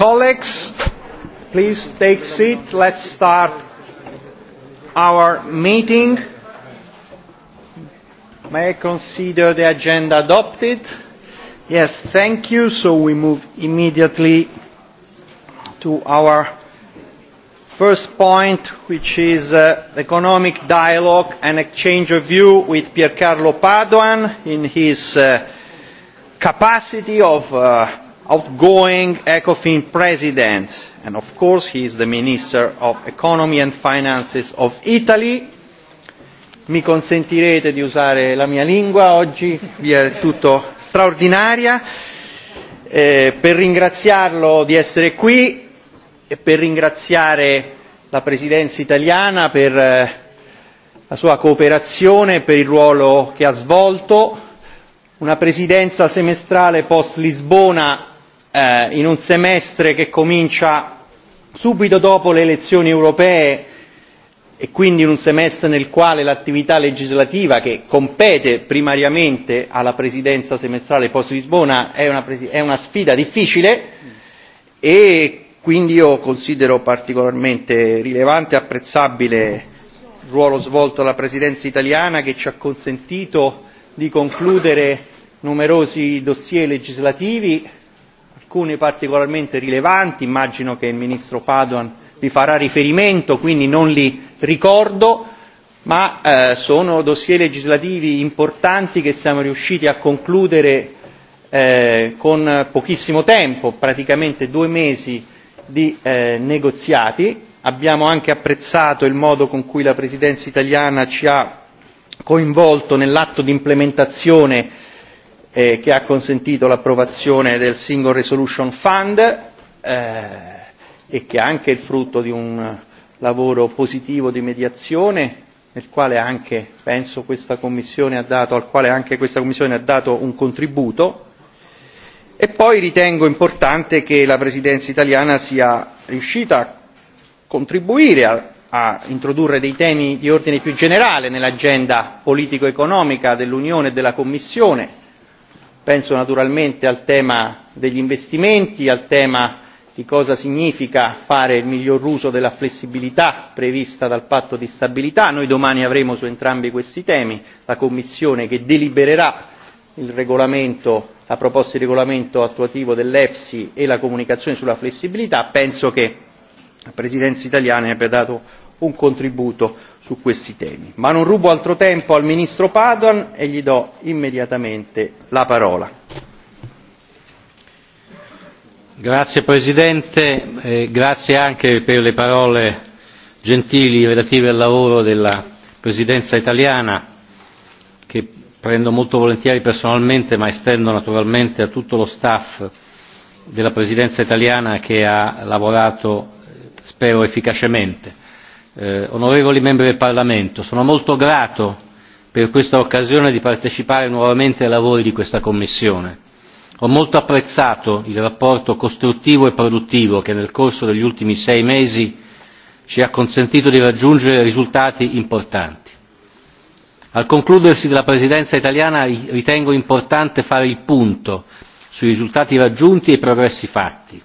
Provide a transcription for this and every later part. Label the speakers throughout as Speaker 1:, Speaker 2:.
Speaker 1: Colleagues, please take seat. Let's start our meeting. May I consider the agenda adopted? Yes, thank you. So we move immediately to our first point, which is uh, economic dialogue and exchange of view with Piercarlo Paduan in his uh, capacity of uh, outgoing ecofin president and of course he is the minister of economy and finances of italy mi consentirete di usare la mia lingua oggi vi è tutto straordinaria per ringraziarlo di essere qui e per ringraziare la presidenza italiana per la sua cooperazione e per il ruolo che ha svolto una presidenza semestrale post lisbona in un semestre che comincia subito dopo le elezioni europee e quindi in un semestre nel quale l'attività legislativa che compete primariamente alla presidenza semestrale post lisbona è una sfida difficile e quindi io considero particolarmente rilevante e apprezzabile il ruolo svolto dalla presidenza italiana che ci ha consentito di concludere numerosi dossier legislativi alcune particolarmente rilevanti, immagino che il Ministro Padoan vi farà riferimento, quindi non li ricordo, ma eh, sono dossier legislativi importanti che siamo riusciti a concludere eh, con pochissimo tempo, praticamente due mesi di eh, negoziati. Abbiamo anche apprezzato il modo con cui la Presidenza italiana ci ha coinvolto nell'atto di implementazione che ha consentito l'approvazione del Single Resolution Fund e che è anche il frutto di un lavoro positivo di mediazione nel quale anche, penso, questa Commissione ha dato, al quale anche questa Commissione ha dato un contributo. E poi ritengo importante che la Presidenza italiana sia riuscita a contribuire a, a introdurre dei temi di ordine più generale nell'agenda politico-economica dell'Unione e della Commissione penso naturalmente al tema degli investimenti al tema di cosa significa fare il miglior uso della flessibilità prevista dal patto di stabilità noi domani avremo su entrambi questi temi la commissione che delibererà il regolamento la proposta di regolamento attuativo dell'efsi e la comunicazione sulla flessibilità penso che la presidenza italiana abbia dato un contributo su questi temi. Ma non rubo altro tempo al Ministro Padoan e gli do immediatamente la parola.
Speaker 2: Grazie Presidente, e grazie anche per le parole gentili relative al lavoro della Presidenza italiana che prendo molto volentieri personalmente ma estendo naturalmente a tutto lo staff della Presidenza italiana che ha lavorato spero efficacemente onorevoli membri del Parlamento, sono molto grato per questa occasione di partecipare nuovamente ai lavori di questa Commissione. Ho molto apprezzato il rapporto costruttivo e produttivo che nel corso degli ultimi sei mesi ci ha consentito di raggiungere risultati importanti. Al concludersi della Presidenza italiana ritengo importante fare il punto sui risultati raggiunti e i progressi fatti,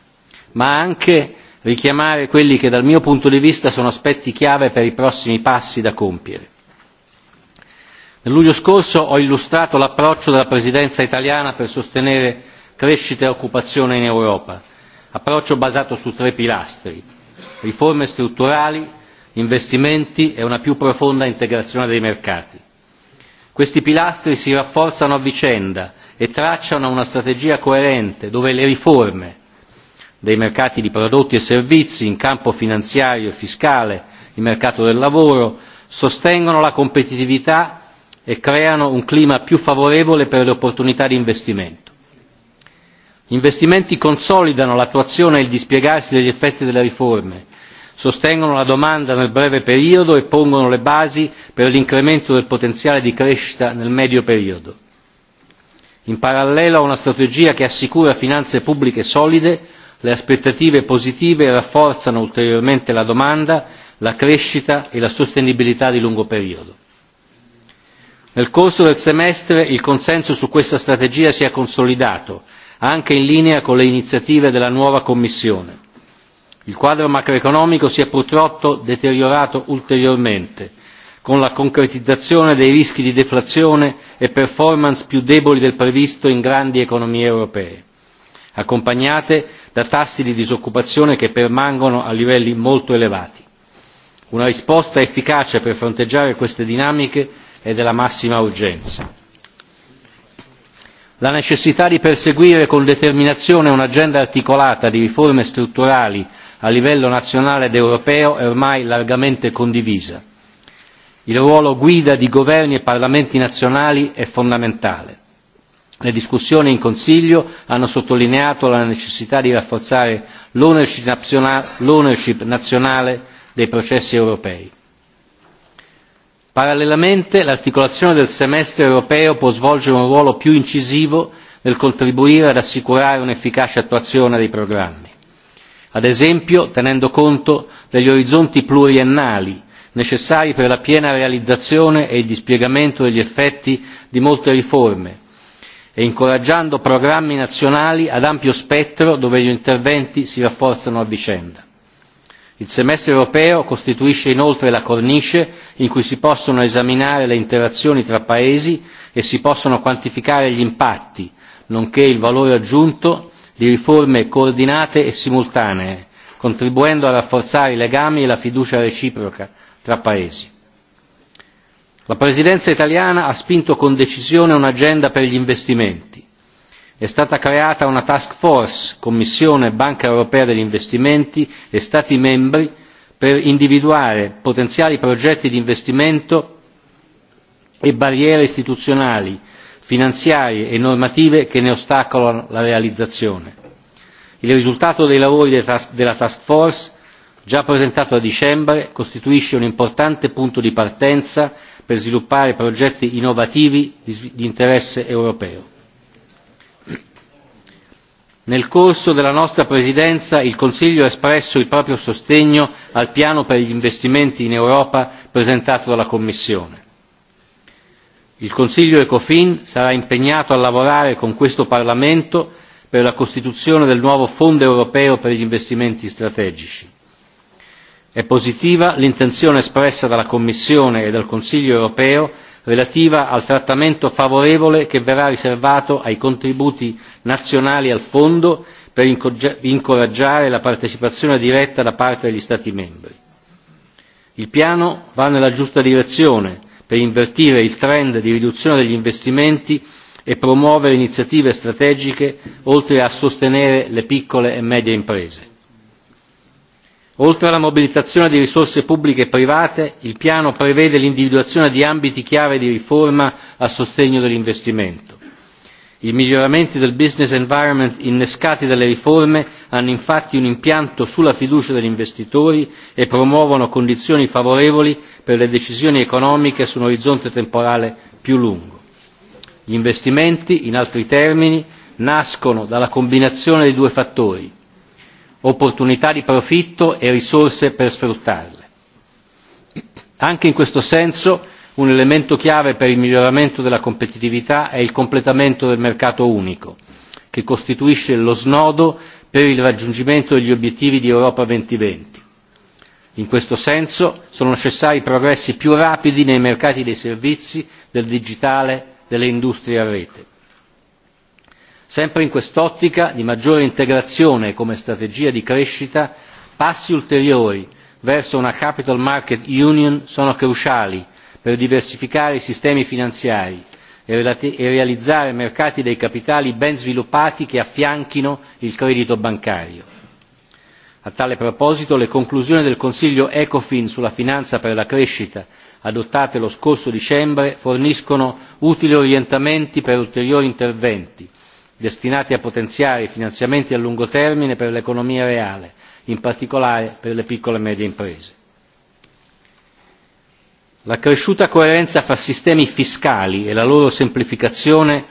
Speaker 2: ma anche richiamare quelli che dal mio punto di vista sono aspetti chiave per i prossimi passi da compiere. Nel luglio scorso ho illustrato l'approccio della Presidenza italiana per sostenere crescita e occupazione in Europa, approccio basato su tre pilastri riforme strutturali, investimenti e una più profonda integrazione dei mercati. Questi pilastri si rafforzano a vicenda e tracciano una strategia coerente dove le riforme, dei mercati di prodotti e servizi in campo finanziario e fiscale, il mercato del lavoro, sostengono la competitività e creano un clima più favorevole per le opportunità di investimento. Gli investimenti consolidano l'attuazione e il dispiegarsi degli effetti delle riforme, sostengono la domanda nel breve periodo e pongono le basi per l'incremento del potenziale di crescita nel medio periodo. In parallelo a una strategia che assicura finanze pubbliche solide, le aspettative positive rafforzano ulteriormente la domanda, la crescita e la sostenibilità di lungo periodo. Nel corso del semestre il consenso su questa strategia si è consolidato, anche in linea con le iniziative della nuova Commissione. Il quadro macroeconomico si è purtroppo deteriorato ulteriormente, con la concretizzazione dei rischi di deflazione e performance più deboli del previsto in grandi economie europee, accompagnate da tassi di disoccupazione che permangono a livelli molto elevati. Una risposta efficace per fronteggiare queste dinamiche è della massima urgenza la necessità di perseguire con determinazione un'agenda articolata di riforme strutturali a livello nazionale ed europeo è ormai largamente condivisa. Il ruolo guida di governi e parlamenti nazionali è fondamentale. Le discussioni in Consiglio hanno sottolineato la necessità di rafforzare l'ownership nazionale dei processi europei. Parallelamente l'articolazione del semestre europeo può svolgere un ruolo più incisivo nel contribuire ad assicurare un'efficace attuazione dei programmi, ad esempio tenendo conto degli orizzonti pluriennali necessari per la piena realizzazione e il dispiegamento degli effetti di molte riforme, e incoraggiando programmi nazionali ad ampio spettro dove gli interventi si rafforzano a vicenda. Il semestre europeo costituisce inoltre la cornice in cui si possono esaminare le interazioni tra Paesi e si possono quantificare gli impatti, nonché il valore aggiunto di riforme coordinate e simultanee, contribuendo a rafforzare i legami e la fiducia reciproca tra Paesi La presidenza italiana ha spinto con decisione un'agenda per gli investimenti. È stata creata una task force, Commissione Banca Europea degli Investimenti e Stati membri per individuare potenziali progetti di investimento e barriere istituzionali, finanziarie e normative che ne ostacolano la realizzazione. Il risultato dei lavori della task force, già presentato a dicembre, costituisce un importante punto di partenza per sviluppare progetti innovativi di interesse europeo. Nel corso della nostra Presidenza il Consiglio ha espresso il proprio sostegno al piano per gli investimenti in Europa presentato dalla Commissione. Il Consiglio Ecofin sarà impegnato a lavorare con questo Parlamento per la costituzione del nuovo Fondo europeo per gli investimenti strategici. È positiva l'intenzione espressa dalla Commissione e dal Consiglio europeo relativa al trattamento favorevole che verrà riservato ai contributi nazionali al fondo per incoraggiare la partecipazione diretta da parte degli Stati membri. Il piano va nella giusta direzione per invertire il trend di riduzione degli investimenti e promuovere iniziative strategiche oltre a sostenere le piccole e medie imprese oltre alla mobilitazione di risorse pubbliche e private il piano prevede l'individuazione di ambiti chiave di riforma a sostegno dell'investimento. i miglioramenti del business environment innescati dalle riforme hanno infatti un impatto sulla fiducia degli investitori e promuovono condizioni favorevoli per le decisioni economiche su un orizzonte temporale più lungo. gli investimenti in altri termini nascono dalla combinazione di due fattori opportunità di profitto e risorse per sfruttarle. Anche in questo senso un elemento chiave per il miglioramento della competitività è il completamento del mercato unico, che costituisce lo snodo per il raggiungimento degli obiettivi di Europa 2020. In questo senso sono necessari progressi più rapidi nei mercati dei servizi, del digitale, delle industrie a rete sempre in quest'ottica di maggiore integrazione come strategia di crescita passi ulteriori verso una capital market union sono cruciali per diversificare i sistemi finanziari e realizzare mercati dei capitali ben sviluppati che affianchino il credito bancario. a tale proposito le conclusioni del consiglio ecofin sulla finanza per la crescita adottate lo scorso dicembre forniscono utili orientamenti per ulteriori interventi destinati a potenziare i finanziamenti a lungo termine per l'economia reale in particolare per le piccole e medie imprese. l'accresciuta coerenza fra sistemi fiscali e la loro semplificazione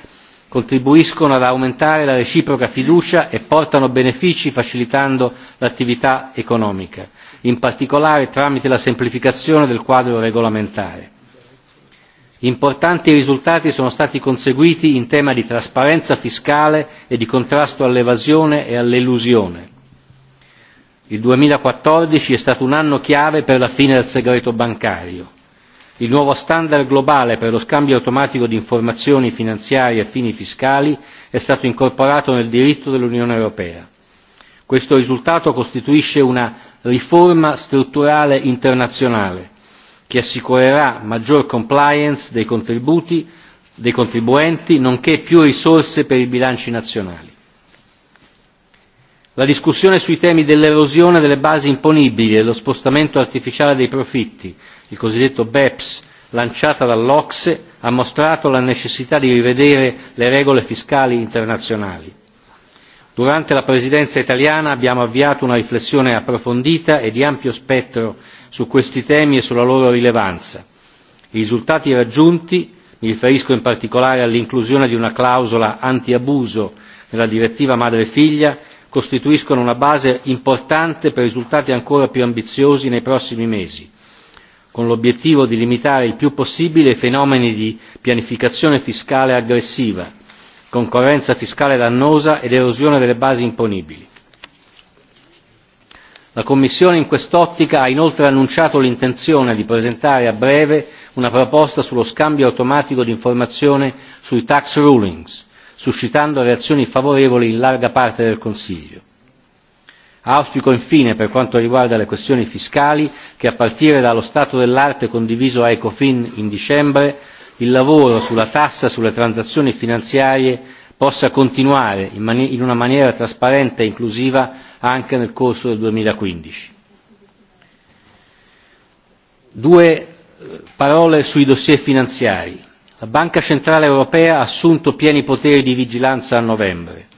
Speaker 2: contribuiscono ad aumentare la reciproca fiducia e portano benefici facilitando l'attività economica in particolare tramite la semplificazione del quadro regolamentare Importanti risultati sono stati conseguiti in tema di trasparenza fiscale e di contrasto all'evasione e all'elusione. Il 2014 è stato un anno chiave per la fine del segreto bancario. Il nuovo standard globale per lo scambio automatico di informazioni finanziarie a fini fiscali è stato incorporato nel diritto dell'Unione Europea. Questo risultato costituisce una riforma strutturale internazionale che assicurerà maggior compliance dei contributi dei contribuenti nonché più risorse per i bilanci nazionali. La discussione sui temi dell'erosione delle basi imponibili e lo spostamento artificiale dei profitti, il cosiddetto BEPS, lanciata dall'Ocse, ha mostrato la necessità di rivedere le regole fiscali internazionali. Durante la presidenza italiana abbiamo avviato una riflessione approfondita e di ampio spettro su questi temi e sulla loro rilevanza. I risultati raggiunti mi riferisco in particolare all'inclusione di una clausola antiabuso nella direttiva madre figlia costituiscono una base importante per risultati ancora più ambiziosi nei prossimi mesi con l'obiettivo di limitare il più possibile i fenomeni di pianificazione fiscale aggressiva concorrenza fiscale dannosa ed erosione delle basi imponibili. La Commissione in quest'ottica ha inoltre annunciato l'intenzione di presentare a breve una proposta sullo scambio automatico di informazioni sui tax rulings, suscitando reazioni favorevoli in larga parte del Consiglio. Auspico infine, per quanto riguarda le questioni fiscali, che a partire dallo stato dell'arte condiviso a Ecofin in dicembre, il lavoro sulla tassa sulle transazioni finanziarie possa continuare in una maniera trasparente e inclusiva anche nel corso del duemilaquindici. Due parole sui dossier finanziari. La Banca Centrale Europea ha assunto pieni poteri di vigilanza a novembre.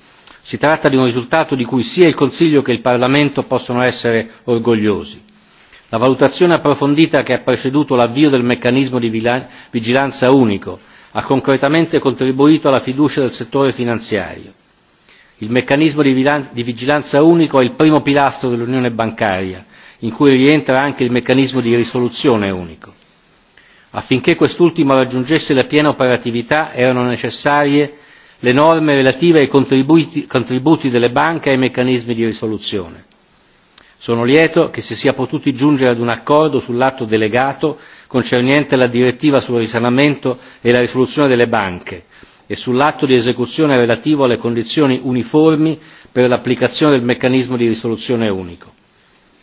Speaker 2: Si tratta di un risultato di cui sia il Consiglio che il Parlamento possono essere orgogliosi. La valutazione approfondita che ha preceduto l'avvio del meccanismo di vigilanza unico ha concretamente contribuito alla fiducia del settore finanziario. Il meccanismo di vigilanza unico è il primo pilastro dell'unione bancaria, in cui rientra anche il meccanismo di risoluzione unico. Affinché quest'ultimo raggiungesse la piena operatività erano necessarie le norme relative ai contributi delle banche e ai meccanismi di risoluzione. Sono lieto che si sia potuti giungere ad un accordo sull'atto delegato concernente la direttiva sul risanamento e la risoluzione delle banche e sull'atto di esecuzione relativo alle condizioni uniformi per l'applicazione del meccanismo di risoluzione unico.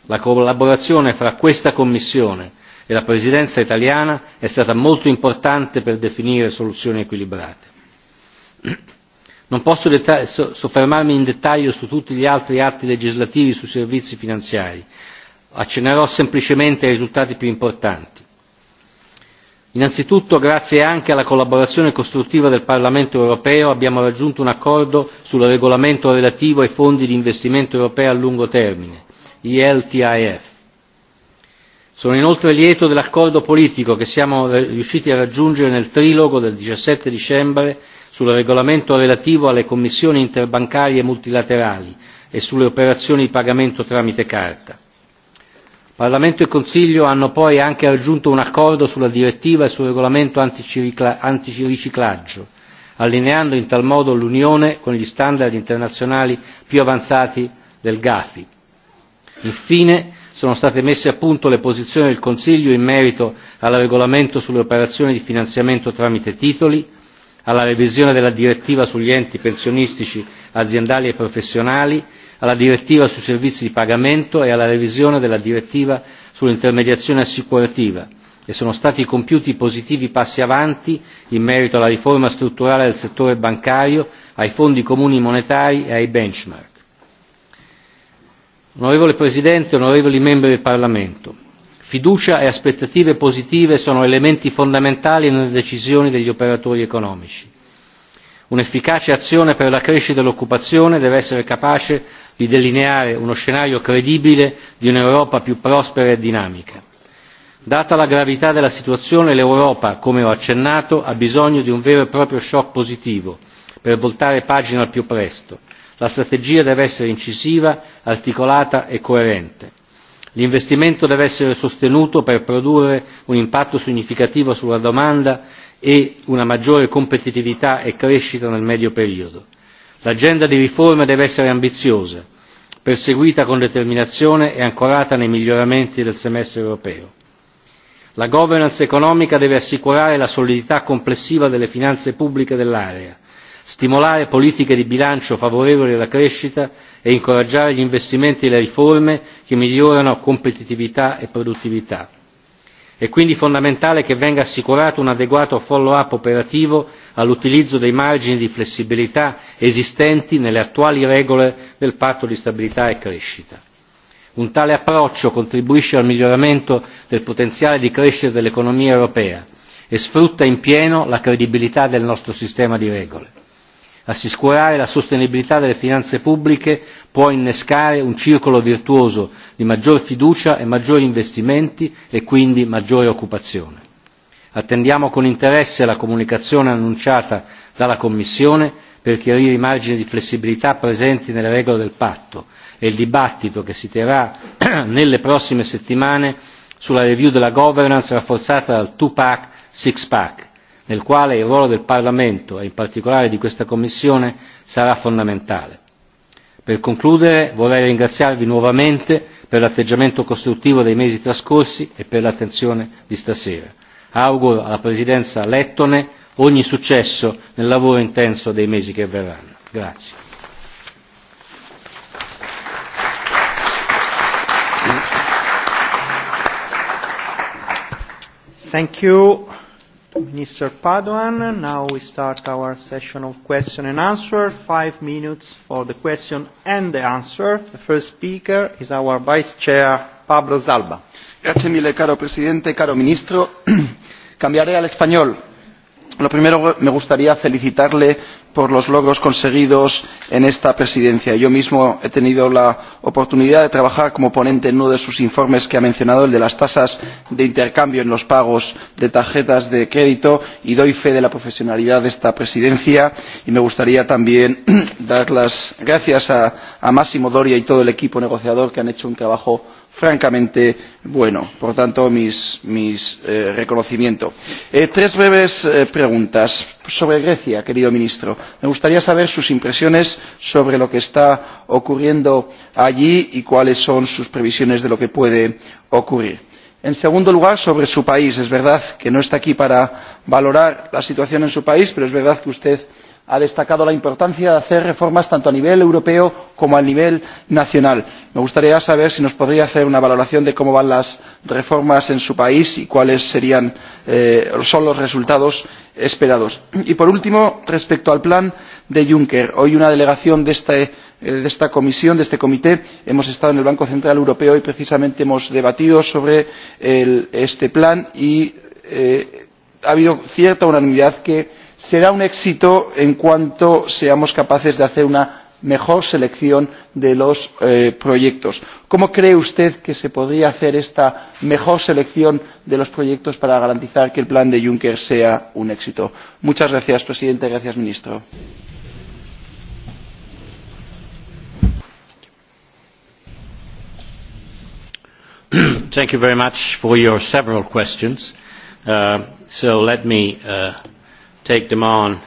Speaker 2: La collaborazione fra questa Commissione e la Presidenza italiana è stata molto importante per definire soluzioni equilibrate. Non posso soffermarmi in dettaglio su tutti gli altri atti legislativi sui servizi finanziari, accennerò semplicemente ai risultati più importanti innanzitutto grazie anche alla collaborazione costruttiva del parlamento europeo abbiamo raggiunto un accordo sul regolamento relativo ai fondi di investimento europei a lungo termine eltif. sono inoltre lieto dell'accordo politico che siamo riusciti a raggiungere nel trilogo del diciassette dicembre sul regolamento relativo alle commissioni interbancarie multilaterali e sulle operazioni di pagamento tramite carta Parlamento e Consiglio hanno poi anche raggiunto un accordo sulla direttiva e sul regolamento antiriciclaggio, allineando in tal modo l'Unione con gli standard internazionali più avanzati del GAFI. Infine, sono state messe a punto le posizioni del Consiglio in merito al regolamento sulle operazioni di finanziamento tramite titoli, alla revisione della direttiva sugli enti pensionistici aziendali e professionali alla direttiva sui servizi di pagamento e alla revisione della direttiva sull'intermediazione assicurativa e sono stati compiuti positivi passi avanti in merito alla riforma strutturale del settore bancario, ai fondi comuni monetari e ai benchmark. Onorevole Presidente, onorevoli membri del Parlamento, fiducia e aspettative positive sono elementi fondamentali nelle decisioni degli operatori economici. Un'efficace azione per la crescita e l'occupazione deve essere capace di delineare uno scenario credibile di un'Europa più prospera e dinamica. Data la gravità della situazione, l'Europa, come ho accennato, ha bisogno di un vero e proprio shock positivo per voltare pagina al più presto. La strategia deve essere incisiva, articolata e coerente. L'investimento deve essere sostenuto per produrre un impatto significativo sulla domanda e una maggiore competitività e crescita nel medio periodo l'agenda di riforma deve essere ambiziosa perseguita con determinazione e ancorata nei miglioramenti del semestre europeo. la governance economica deve assicurare la solidità complessiva delle finanze pubbliche dell'area stimolare politiche di bilancio favorevoli alla crescita e incoraggiare gli investimenti e le riforme che migliorano competitività e produttività. È quindi fondamentale che venga assicurato un adeguato follow-up operativo all'utilizzo dei margini di flessibilità esistenti nelle attuali regole del patto di stabilità e crescita. Un tale approccio contribuisce al miglioramento del potenziale di crescita dell'economia europea e sfrutta in pieno la credibilità del nostro sistema di regole assicurare la sostenibilità delle finanze pubbliche può innescare un circolo virtuoso di maggior fiducia e maggiori investimenti e quindi maggiore occupazione. attendiamo con interesse la comunicazione annunciata dalla commissione per chiarire i margini di flessibilità presenti nelle regole del patto e il dibattito che si terrà nelle prossime settimane sulla review della governance rafforzata dal two pack six pack nel quale il ruolo del Parlamento e in particolare di questa Commissione sarà fondamentale. Per concludere vorrei ringraziarvi nuovamente per l'atteggiamento costruttivo dei mesi trascorsi e per l'attenzione di stasera. Auguro alla Presidenza lettone ogni successo nel lavoro intenso dei mesi che verranno. Grazie.
Speaker 1: Thank you. Mr. Padoan. Now we start our session of question and answer. Five minutes for the question and the answer. The first speaker is our Vice Chair, Pablo Zalba.
Speaker 3: Grazie mille, caro presidente, caro ministro. Cambiaré al español lo primero me gustaría felicitarle por los logros conseguidos en esta presidencia. yo mismo he tenido la oportunidad de trabajar como ponente en uno de sus informes que ha mencionado el de las tasas de intercambio en los pagos de tarjetas de crédito y doy fe de la profesionalidad de esta presidencia y me gustaría también dar las gracias a massimo doria y todo el equipo negociador que han hecho un trabajo francamente bueno. Por tanto, mi eh, reconocimiento. Eh, tres breves eh, preguntas sobre Grecia, querido ministro. Me gustaría saber sus impresiones sobre lo que está ocurriendo allí y cuáles son sus previsiones de lo que puede ocurrir. En segundo lugar, sobre su país. Es verdad que no está aquí para valorar la situación en su país, pero es verdad que usted ha destacado la importancia de hacer reformas tanto a nivel europeo como a nivel nacional. me gustaría saber si nos podría hacer una valoración de cómo van las reformas en su país y cuáles son los resultados esperados. y por último respecto al plan de juncker hoy una delegación de esta comisión de este comité hemos estado en el banco central europeo y precisamente hemos debatido sobre este plan y ha habido cierta unanimidad en que será un éxito en cuanto seamos capaces de hacer una mejor selección de los proyectos. cómo cree usted que se podría hacer esta mejor selección de los proyectos para garantizar que el plan de juncker sea un éxito? muchas gracias presidente gracias ministro.
Speaker 2: thank you very much for your several questions. so let me take them on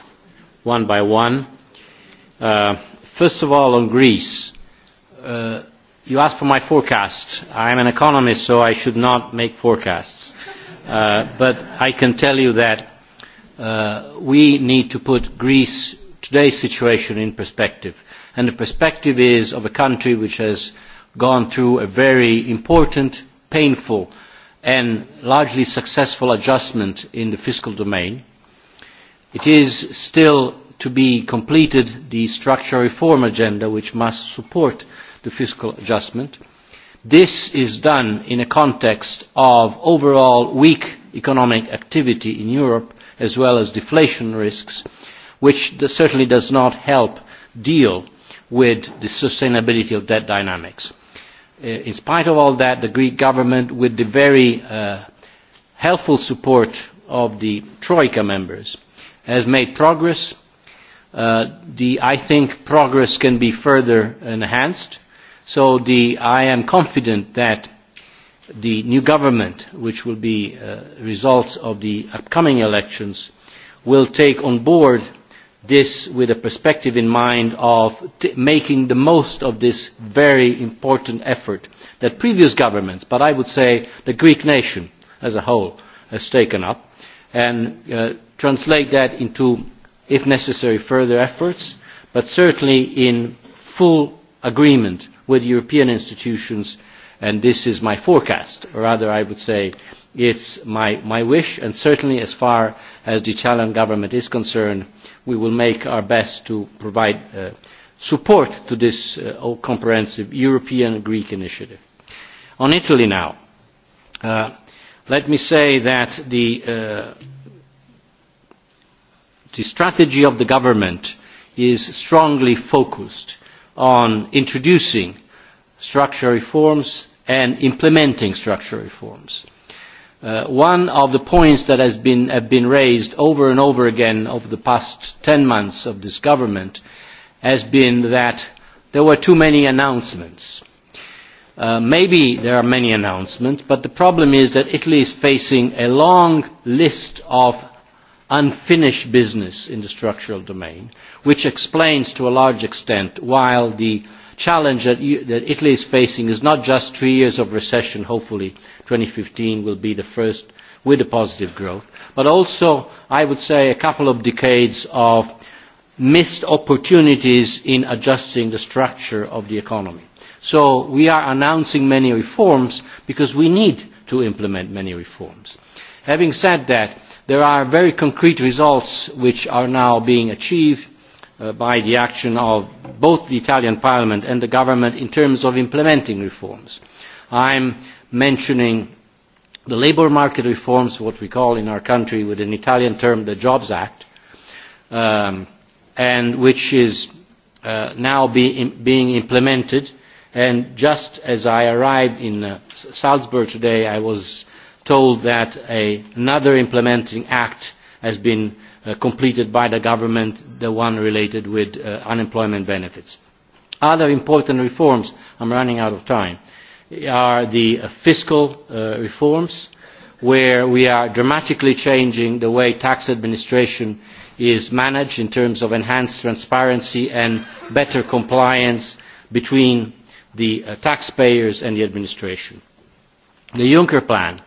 Speaker 2: one by one. Uh, first of all, on Greece. Uh, you asked for my forecast. I'm an economist, so I should not make forecasts. Uh, but I can tell you that uh, we need to put Greece, today's situation, in perspective. And the perspective is of a country which has gone through a very important, painful, and largely successful adjustment in the fiscal domain It is still to be completed the structural reform agenda which must support the fiscal adjustment. This is done in a context of overall weak economic activity in Europe as well as deflation risks, which certainly does not help deal with the sustainability of debt dynamics. In spite of all that, the Greek government, with the very helpful support of the Troika members, has made progress. Uh, the, I think progress can be further enhanced. So the, I am confident that the new government, which will be uh, results of the upcoming elections, will take on board this with a perspective in mind of t making the most of this very important effort that previous governments, but I would say the Greek nation as a whole, has taken up and translate that into, if necessary, further efforts, but certainly in full agreement with European institutions, and this is my forecast, or rather I would say it's my, my wish, and certainly as far as the Italian government is concerned, we will make our best to provide uh, support to this uh, comprehensive European-Greek initiative. On Italy now, uh, let me say that the, uh, the strategy of the government is strongly focused on introducing structural reforms and implementing structural reforms. Uh, one of the points that has been, have been raised over and over again over the past 10 months of this government has been that there were too many announcements. Uh, maybe there are many announcements, but the problem is that Italy is facing a long list of unfinished business in the structural domain, which explains to a large extent why the challenge that, you, that Italy is facing is not just three years of recession, hopefully 2015 will be the first with a positive growth, but also, I would say, a couple of decades of missed opportunities in adjusting the structure of the economy So we are announcing many reforms because we need to implement many reforms. Having said that, there are very concrete results which are now being achieved by the action of both the Italian Parliament and the government in terms of implementing reforms. I am mentioning the labour market reforms, what we call in our country with an Italian term the Jobs Act, and which is now being implemented And just as I arrived in uh, Salzburg today, I was told that a, another implementing act has been uh, completed by the government, the one related with uh, unemployment benefits. Other important reforms, I'm running out of time, are the uh, fiscal uh, reforms, where we are dramatically changing the way tax administration is managed in terms of enhanced transparency and better compliance between the uh, taxpayers and the administration. The Juncker plan.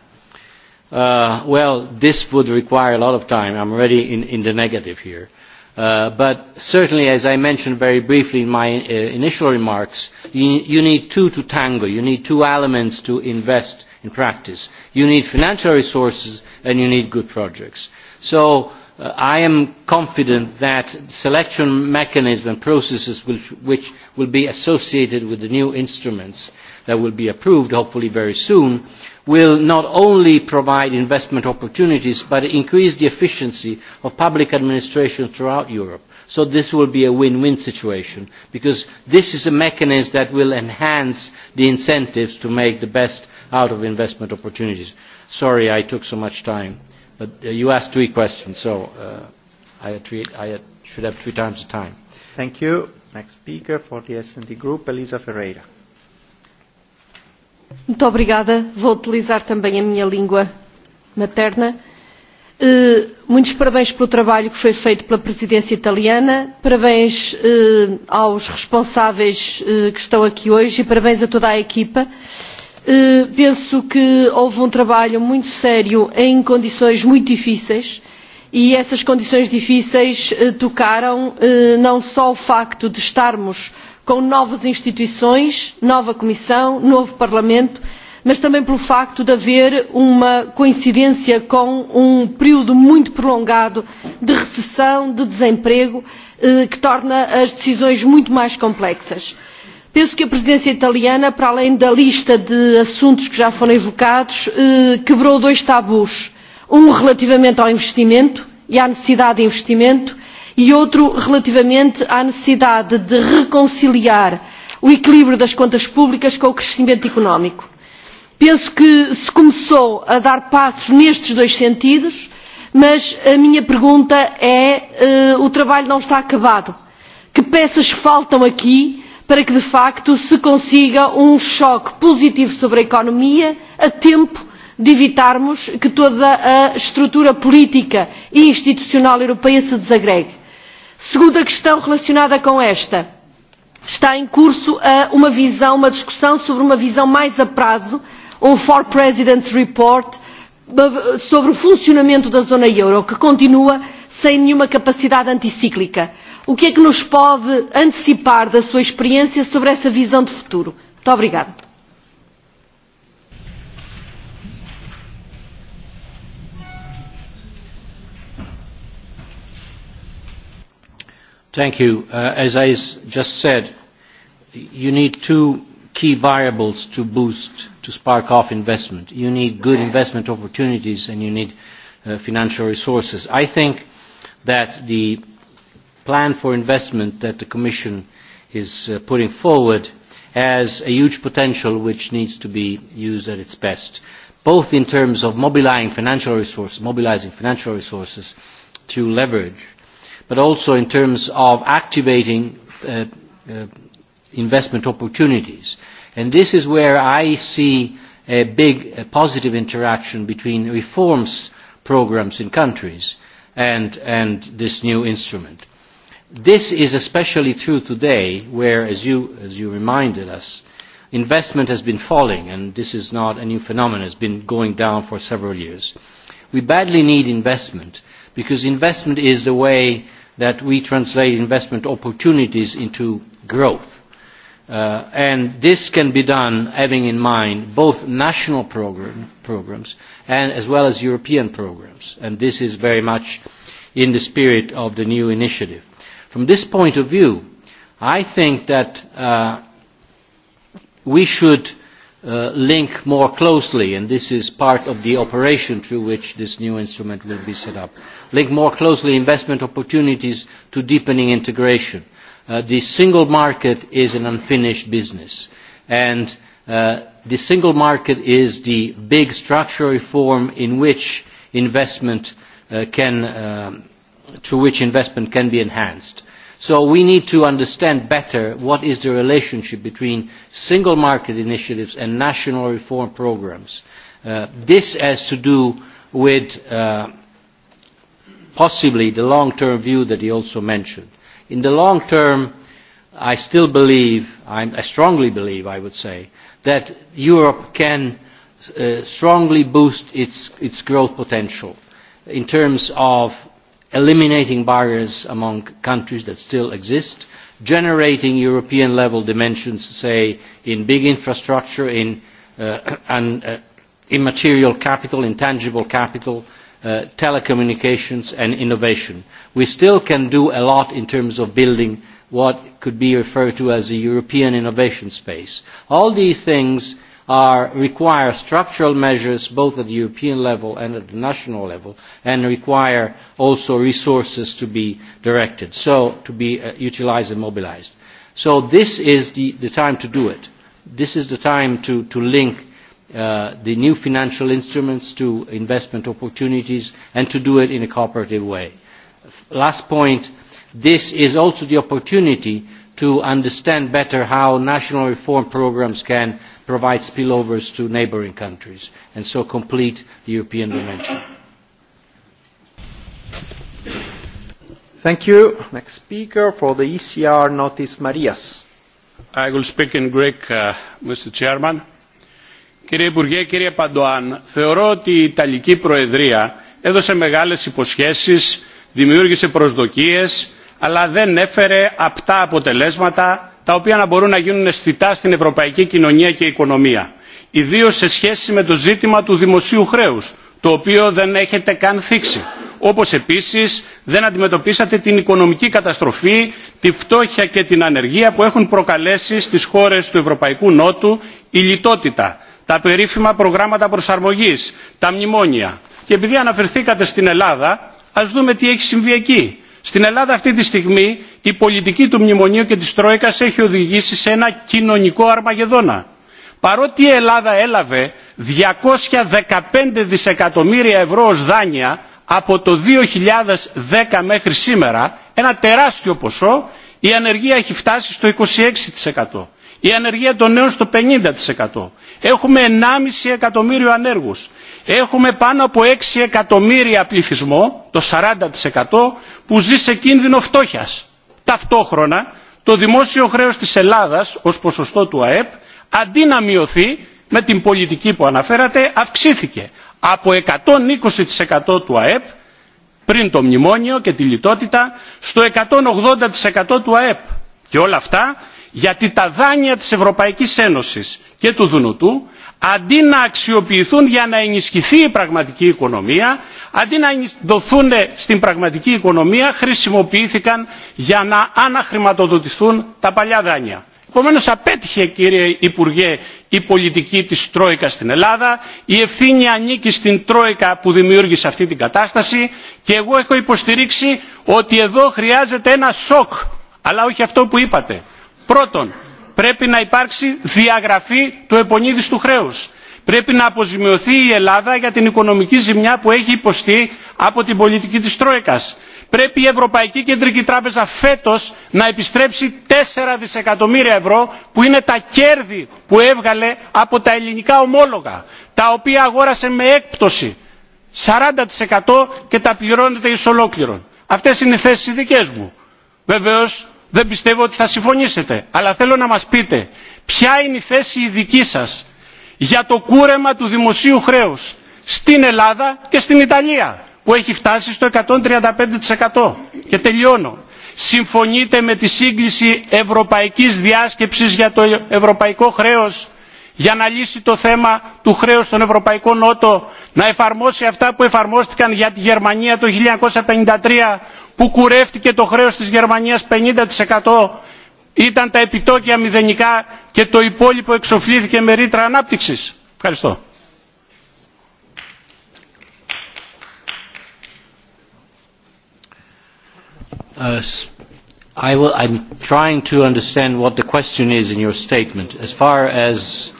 Speaker 2: Uh, well, this would require a lot of time. I'm already in, in the negative here. Uh, but certainly, as I mentioned very briefly in my uh, initial remarks, you, you need two to tango. You need two elements to invest in practice. You need financial resources and you need good projects. So I am confident that selection mechanism and processes which will be associated with the new instruments that will be approved hopefully very soon will not only provide investment opportunities but increase the efficiency of public administration throughout Europe. So this will be a win-win situation because this is a mechanism that will enhance the incentives to make the best out of investment opportunities. Sorry I took so much time. But uh, you asked three questions, so uh,
Speaker 1: I, had three, I had, should have three times the time. Thank you. Next speaker for the S&D Group, Elisa Ferreira.
Speaker 4: Muito obrigada. Vou utilizar também a minha língua materna. Uh, Muitos parabéns pelo trabalho que foi feito pela presidência italiana, parabéns uh, aos responsáveis uh, que estão aqui hoje e parabéns a toda a equipa. Uh, penso que houve um trabalho muito sério em condições muito difíceis e essas condições difíceis tocaram não só o facto de estarmos com novas instituições nova comissão novo parlamento mas também pelo facto de haver uma coincidência com um período muito prolongado de recessão de desemprego que torna as decisões muito mais complexas Penso que a presidência italiana, para além da lista de assuntos que já foram evocados, quebrou dois tabus. Um relativamente ao investimento e à necessidade de investimento e outro relativamente à necessidade de reconciliar o equilíbrio das contas públicas com o crescimento económico. Penso que se começou a dar passos nestes dois sentidos, mas a minha pergunta é, o trabalho não está acabado. Que peças faltam aqui para que de facto se consiga um choque positivo sobre a economia a tempo de evitarmos que toda a estrutura política e institucional europeia se desagregue. Segunda questão relacionada com esta. Está em curso uma visão, uma discussão sobre uma visão mais a prazo, um For Presidents Report sobre o funcionamento da zona euro, que continua sem nenhuma capacidade anticíclica o que é que nos pode antecipar da sua experiência sobre essa visão de futuro? Muito obrigada.
Speaker 2: Thank you. Uh, as I just said, you need two key variables to boost, to spark off investment. You need good investment opportunities and you need uh, financial resources. I think that the plan for investment that the Commission is uh, putting forward has a huge potential which needs to be used at its best, both in terms of mobilizing financial resources, mobilizing financial resources to leverage, but also in terms of activating uh, uh, investment opportunities. And this is where I see a big positive interaction between reforms programs in countries and, and this new instrument This is especially true today, where, as you, as you reminded us, investment has been falling, and this is not a new phenomenon. It's been going down for several years. We badly need investment, because investment is the way that we translate investment opportunities into growth. Uh, and this can be done having in mind both national program, programs and as well as European programs. And this is very much in the spirit of the new initiative From this point of view, I think that uh, we should uh, link more closely, and this is part of the operation through which this new instrument will be set up, link more closely investment opportunities to deepening integration. Uh, the single market is an unfinished business, and uh, the single market is the big structural reform in which investment uh, can uh, to which investment can be enhanced. So we need to understand better what is the relationship between single market initiatives and national reform programs. Uh, this has to do with uh, possibly the long-term view that he also mentioned. In the long term, I still believe, I'm, I strongly believe, I would say, that Europe can uh, strongly boost its, its growth potential in terms of eliminating barriers among countries that still exist, generating European level dimensions, say, in big infrastructure, in uh, and, uh, immaterial capital, intangible capital, uh, telecommunications and innovation. We still can do a lot in terms of building what could be referred to as a European innovation space. All these things are, require structural measures both at the European level and at the national level and require also resources to be directed, so to be uh, utilized and mobilized. So this is the, the time to do it. This is the time to, to link uh, the new financial instruments to investment opportunities and to do it in a cooperative way. Last point, this is also the opportunity to understand better how national reform programmes can provide spillovers to neighbouring countries and
Speaker 1: so complete the European dimension. Thank you. Next speaker for the ECR, Notis
Speaker 5: Marias. I will speak in Greek, uh, Mr. Chairman. Κύριε Υπουργέ, κύριε Παντοάν, θεωρώ ότι η Ιταλική Προεδρία έδωσε μεγάλες υποσχέσεις, δημιούργησε προσδοκίες, αλλά δεν έφερε απτά αποτελέσματα τα οποία να μπορούν να γίνουν αισθητά στην ευρωπαϊκή κοινωνία και οικονομία. Ιδίω σε σχέση με το ζήτημα του δημοσίου χρέους, το οποίο δεν έχετε καν θίξει. Όπως επίσης δεν αντιμετωπίσατε την οικονομική καταστροφή, τη φτώχεια και την ανεργία που έχουν προκαλέσει στις χώρες του Ευρωπαϊκού Νότου η λιτότητα, τα περίφημα προγράμματα προσαρμογής, τα μνημόνια. Και επειδή αναφερθήκατε στην Ελλάδα, ας δούμε τι έχει συμβεί εκεί Στην Ελλάδα αυτή τη στιγμή η πολιτική του μνημονίου και της Τρόικας έχει οδηγήσει σε ένα κοινωνικό αρμαγεδόνα. Παρότι η Ελλάδα έλαβε 215 δισεκατομμύρια ευρώ ως δάνεια από το 2010 μέχρι σήμερα, ένα τεράστιο ποσό, η ανεργία έχει φτάσει στο 26%. Η ανεργία των νέων στο 50%. Έχουμε 1,5 εκατομμύριο ανέργους. Έχουμε πάνω από 6 εκατομμύρια πληθυσμό, το 40% που ζει σε κίνδυνο φτώχειας. Ταυτόχρονα το δημόσιο χρέος της Ελλάδας ως ποσοστό του ΑΕΠ αντί να μειωθεί με την πολιτική που αναφέρατε αυξήθηκε από 120% του ΑΕΠ πριν το μνημόνιο και τη λιτότητα στο 180% του ΑΕΠ. Και όλα αυτά γιατί τα δάνεια της Ευρωπαϊκής Ένωσης και του Δουνουτού αντί να αξιοποιηθούν για να ενισχυθεί η πραγματική οικονομία, αντί να δοθούν στην πραγματική οικονομία, χρησιμοποιήθηκαν για να αναχρηματοδοτηθούν τα παλιά δάνεια. Επομένω, απέτυχε, κύριε Υπουργέ, η πολιτική τη Τρόικα στην Ελλάδα. Η ευθύνη ανήκει στην Τρόικα που δημιούργησε αυτή την κατάσταση. Και εγώ έχω υποστηρίξει ότι εδώ χρειάζεται ένα σοκ. Αλλά όχι αυτό που είπατε. Πρώτον, πρέπει να υπάρξει διαγραφή του επονίδιστου χρέους. Πρέπει να αποζημιωθεί η Ελλάδα για την οικονομική ζημιά που έχει υποστεί από την πολιτική της Τρόικας. Πρέπει η Ευρωπαϊκή Κεντρική Τράπεζα φέτος να επιστρέψει 4 δισεκατομμύρια ευρώ που είναι τα κέρδη που έβγαλε από τα ελληνικά ομόλογα, τα οποία αγόρασε με έκπτωση 40% και τα πληρώνεται εις ολόκληρον. Αυτές είναι οι θέσεις δικές μου. Βεβαίως δεν πιστεύω ότι θα συμφωνήσετε. Αλλά θέλω να μας πείτε ποια είναι η θέση η δική σας για το κούρεμα του δημοσίου χρέους στην Ελλάδα και στην Ιταλία που έχει φτάσει στο 135%. Και τελειώνω. Συμφωνείτε με τη σύγκληση ευρωπαϊκής διάσκεψης για το ευρωπαϊκό χρέος για να λύσει το θέμα του χρέους στον Ευρωπαϊκό Νότο, να εφαρμόσει αυτά που εφαρμόστηκαν για τη Γερμανία το 1953 που κουρεύτηκε το χρέος της Γερμανίας 50% ήταν τα επιτόκια μηδενικά και το υπόλοιπο εξοφλήθηκε με ρήτρα ανάπτυξης. Ευχαριστώ.
Speaker 2: Uh, I will, I'm trying to understand what the question is in your statement. As far as,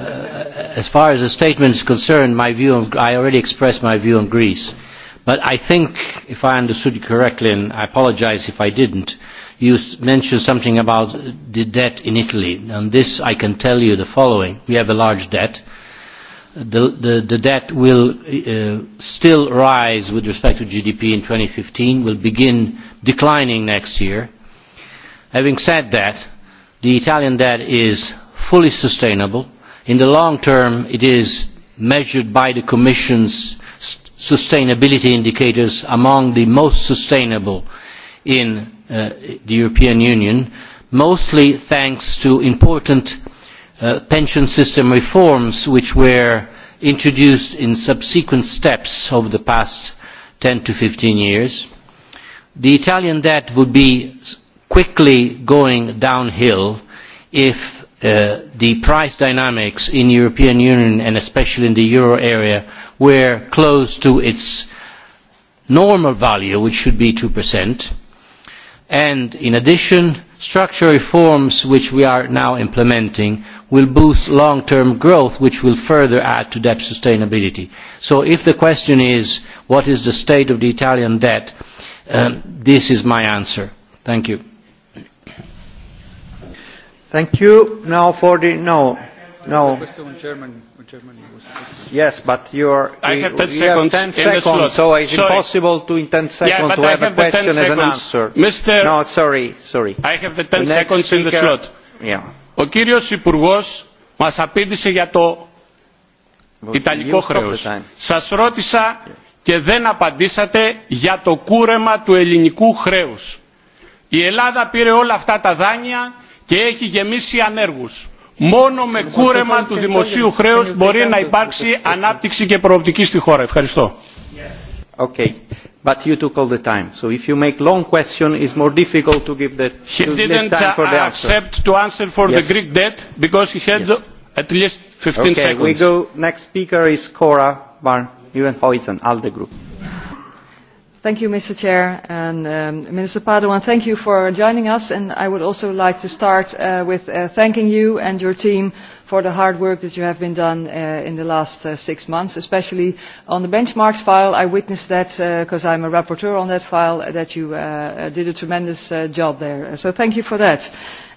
Speaker 2: uh, as far as the statement is concerned, my view on, I already expressed my view on Greece. Uh, But I think, if I understood you correctly, and I apologize if I didn't, you mentioned something about the debt in Italy. On this, I can tell you the following. We have a large debt. The, the, the debt will uh, still rise with respect to GDP in 2015, will begin declining next year. Having said that, the Italian debt is fully sustainable. In the long term, it is measured by the Commission's sustainability indicators among the most sustainable in uh, the European Union, mostly thanks to important uh, pension system reforms which were introduced in subsequent steps over the past 10 to 15 years. The Italian debt would be quickly going downhill if the price dynamics in the European Union and especially in the euro area were close to its normal value, which should be 2%. And in addition, structural reforms which we are now implementing will boost long-term growth, which will further add to debt sustainability. So if the question is, what is the state of the Italian debt, um, this is my answer. Thank you.
Speaker 1: Thank you. Now for the no. No. Yes, but you are. I have 10 seconds. Have 10 seconds so it's sorry. impossible to in 10 seconds yeah, to have, have a question
Speaker 4: as an answer. Mr.
Speaker 5: No, sorry, sorry. I have the 10 the seconds speaker, in the slot. Yeah. Ο κύριος Υπουργός μας απήντησε για το Ιταλικό χρέος. Σας ρώτησα και δεν απαντήσατε για το κούρεμα του ελληνικού χρέους. Η Ελλάδα πήρε όλα αυτά τα δάνεια και έχει γεμίσει ανέργους. Μόνο με κούρεμα του δημοσίου χρέους μπορεί να υπάρξει ανάπτυξη και προοπτική στη χώρα. Ευχαριστώ. Okay. But you took all the time. So if
Speaker 1: you make long question, it's more difficult to give the He didn't time for the answer. accept to answer for yes.
Speaker 5: the Greek debt because he had yes. at least 15 okay, seconds. We go.
Speaker 1: Next speaker is Cora
Speaker 5: Van Uwenhuizen, ALDE Group
Speaker 6: Thank you, Mr. Chair and um, Minister Padoan. Thank you for joining us, and I would also like to start uh, with uh, thanking you and your team for the hard work that you have been done uh, in the last uh, six months, especially on the benchmarks file. I witnessed that because uh, I'm a rapporteur on that file that you uh, did a tremendous uh, job there. So thank you for that.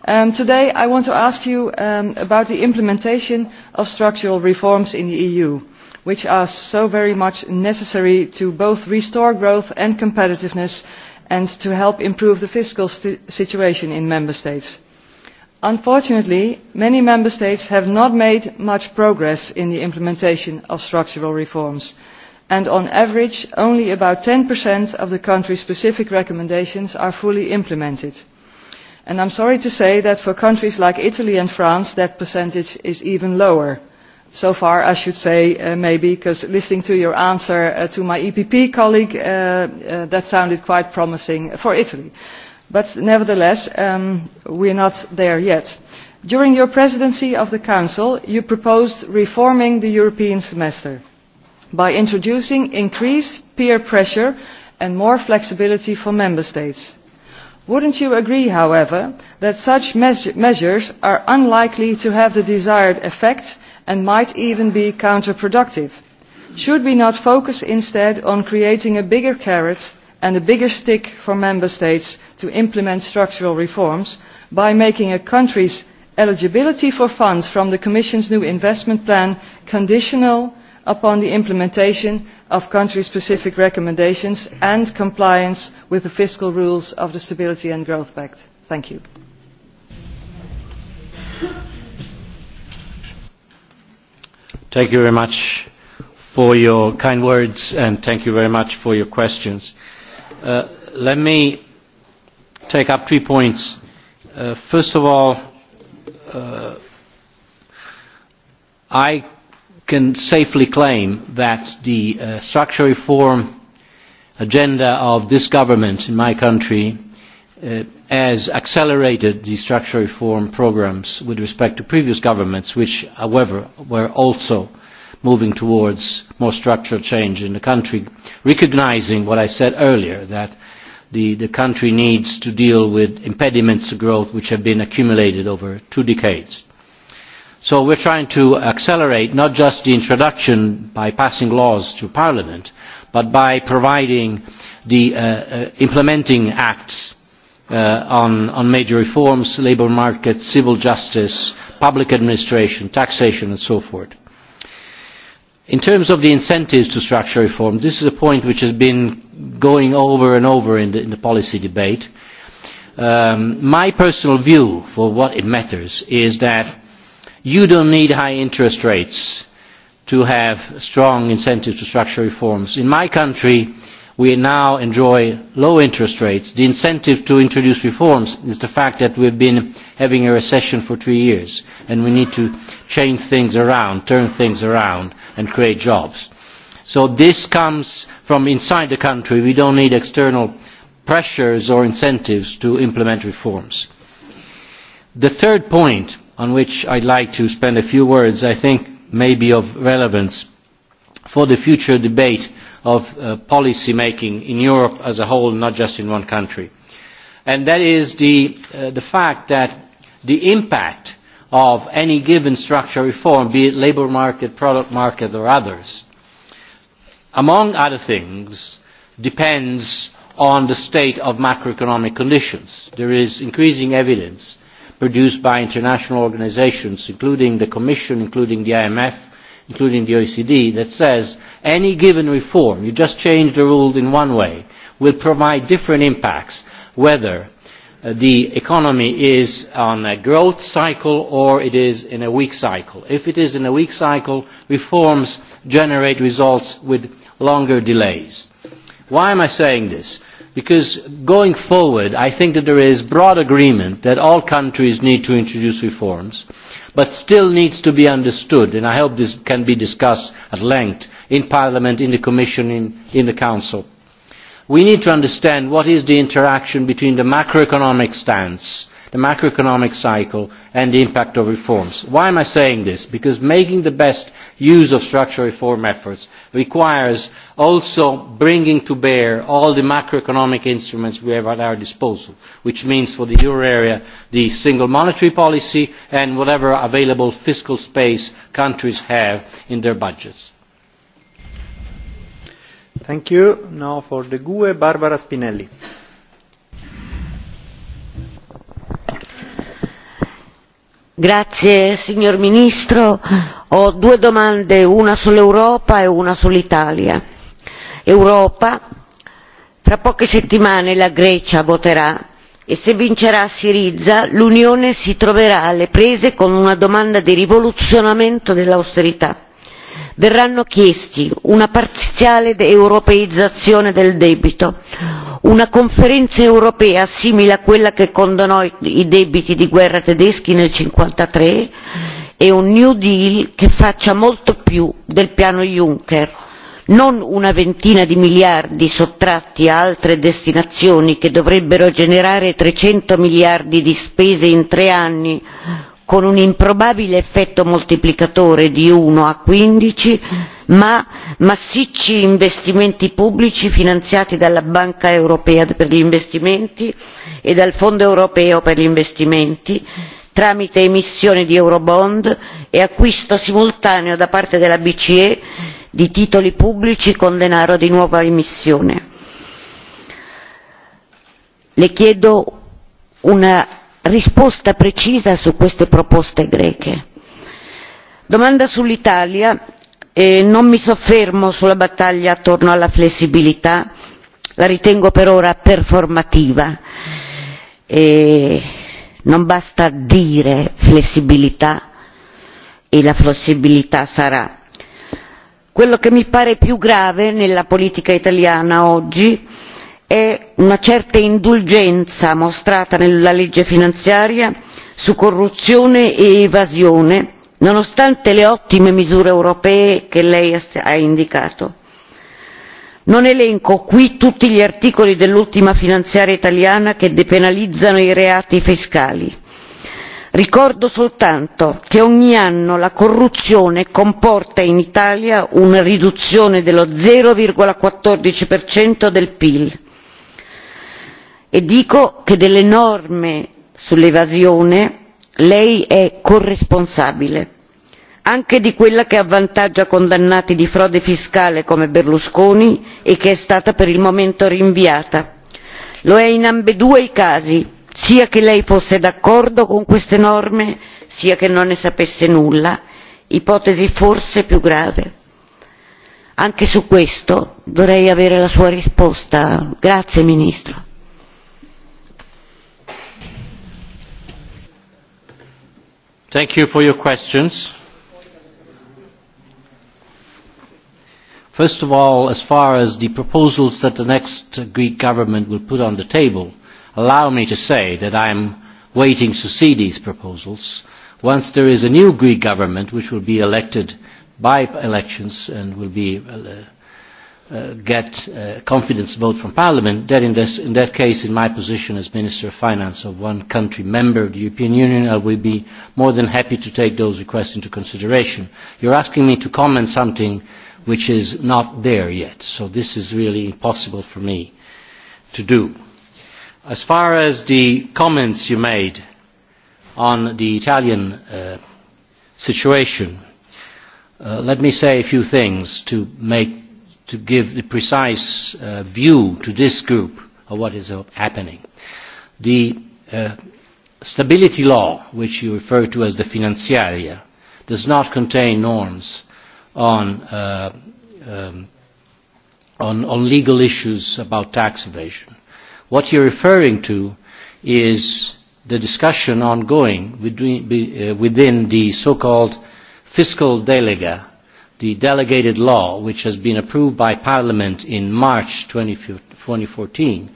Speaker 6: Um, today, I want to ask you um, about the implementation of structural reforms in the EU which are so very much necessary to both restore growth and competitiveness and to help improve the fiscal situation in member states. Unfortunately, many member states have not made much progress in the implementation of structural reforms and on average only about 10% of the country specific recommendations are fully implemented. And I'm sorry to say that for countries like Italy and France that percentage is even lower so far, I should say, uh, maybe, because listening to your answer uh, to my EPP colleague, uh, uh, that sounded quite promising for Italy. But nevertheless, um, we're not there yet. During your presidency of the Council, you proposed reforming the European semester by introducing increased peer pressure and more flexibility for Member States. Wouldn't you agree, however, that such measures are unlikely to have the desired effect and might even be counterproductive. Should we not focus instead on creating a bigger carrot and a bigger stick for member states to implement structural reforms by making a country's eligibility for funds from the Commission's new investment plan conditional upon the implementation of country specific recommendations and compliance with the fiscal rules of the Stability and Growth Pact. Thank you.
Speaker 2: Thank you very much for your kind words and thank you very much for your questions. Uh, let me take up three points. Uh, first of all, uh, I can safely claim that the uh, structural reform agenda of this government in my country as accelerated the structural reform programmes with respect to previous governments, which, however, were also moving towards more structural change in the country, recognising what I said earlier, that the, the country needs to deal with impediments to growth which have been accumulated over two decades. So we're trying to accelerate not just the introduction by passing laws to Parliament, but by providing the uh, uh, implementing acts uh, on, on major reforms, labour market, civil justice, public administration, taxation and so forth. In terms of the incentives to structural reform, this is a point which has been going over and over in the, in the policy debate. Um, my personal view for what it matters is that you don't need high interest rates to have strong incentives to structural reforms. In my country, uh, we now enjoy low interest rates. The incentive to introduce reforms is the fact that we have been having a recession for three years and we need to change things around, turn things around and create jobs. So this comes from inside the country. We don't need external pressures or incentives to implement reforms. The third point on which I'd like to spend a few words, I think may be of relevance for the future debate of uh, policy making in Europe as a whole, not just in one country. And that is the, uh, the fact that the impact of any given structural reform, be it labour market, product market or others, among other things, depends on the state of macroeconomic conditions. There is increasing evidence produced by international organisations, including the Commission, including the IMF, including the OECD, that says any given reform, you just change the rule in one way, will provide different impacts, whether the economy is on a growth cycle or it is in a weak cycle. If it is in a weak cycle, reforms generate results with longer delays. Why am I saying this? Because going forward, I think that there is broad agreement that all countries need to introduce reforms but still needs to be understood, and I hope this can be discussed at length in Parliament, in the Commission, in, in the Council. We need to understand what is the interaction between the macroeconomic stance the macroeconomic cycle and the impact of reforms. Why am I saying this? Because making the best use of structural reform efforts requires also bringing to bear all the macroeconomic instruments we have at our disposal, which means for the euro area the single monetary policy and whatever available fiscal space countries have in their budgets.
Speaker 1: Thank you. Now for the GUE, Barbara Spinelli
Speaker 7: Grazie signor Ministro, ho due domande, una sull'Europa e una sull'Italia. Europa, fra poche settimane la Grecia voterà e se vincerà Siriza l'Unione si troverà alle prese con una domanda di rivoluzionamento dell'austerità verranno chiesti una parziale europeizzazione del debito una conferenza europea simile a quella che condonò i debiti di guerra tedeschi nel cinquantatré e un new deal che faccia molto più del piano juncker non una ventina di miliardi sottratti a altre destinazioni che dovrebbero generare trecento miliardi di spese in tre anni con un improbabile effetto moltiplicatore di uno a quindici ma massicci investimenti pubblici finanziati dalla banca europea per gli investimenti e dal fondo europeo per gli investimenti tramite emissione di eurobond e acquisto simultaneo da parte della bce di titoli pubblici con denaro di nuova emissione. le chiedo una risposta precisa su queste proposte greche. Domanda sull'Italia, e non mi soffermo sulla battaglia attorno alla flessibilità, la ritengo per ora performativa. E non basta dire flessibilità e la flessibilità sarà. Quello che mi pare più grave nella politica italiana oggi È una certa indulgenza mostrata nella legge finanziaria su corruzione e evasione nonostante le ottime misure europee che lei ha indicato. Non elenco qui tutti gli articoli dell'ultima finanziaria italiana che depenalizzano i reati fiscali. Ricordo soltanto che ogni anno la corruzione comporta in Italia una riduzione dello zero quattordici del PIL e dico che delle norme sull'evasione lei è corresponsabile anche di quella che avvantaggia condannati di frode fiscale come berlusconi e che è stata per il momento rinviata. lo è in ambedue i casi sia che lei fosse d'accordo con queste norme sia che non ne sapesse nulla ipotesi forse più grave. anche su questo vorrei avere la sua risposta grazie ministro.
Speaker 2: Thank you for your questions. First of all, as far as the proposals that the next Greek government will put on the table, allow me to say that I am waiting to see these proposals. Once there is a new Greek government, which will be elected by elections and will be uh, uh, get a confidence vote from Parliament, then in, this, in that case, in my position as Minister of Finance of one country member of the European Union, I will be more than happy to take those requests into consideration. You're asking me to comment something which is not there yet, so this is really impossible for me to do. As far as the comments you made on the Italian uh, situation, uh, let me say a few things to make to give the precise uh, view to this group of what is happening. The uh, stability law, which you refer to as the financiaria, does not contain norms on, uh, um, on, on legal issues about tax evasion. What you're referring to is the discussion ongoing uh, within the so-called fiscal delega the delegated law, which has been approved by Parliament in March 2014,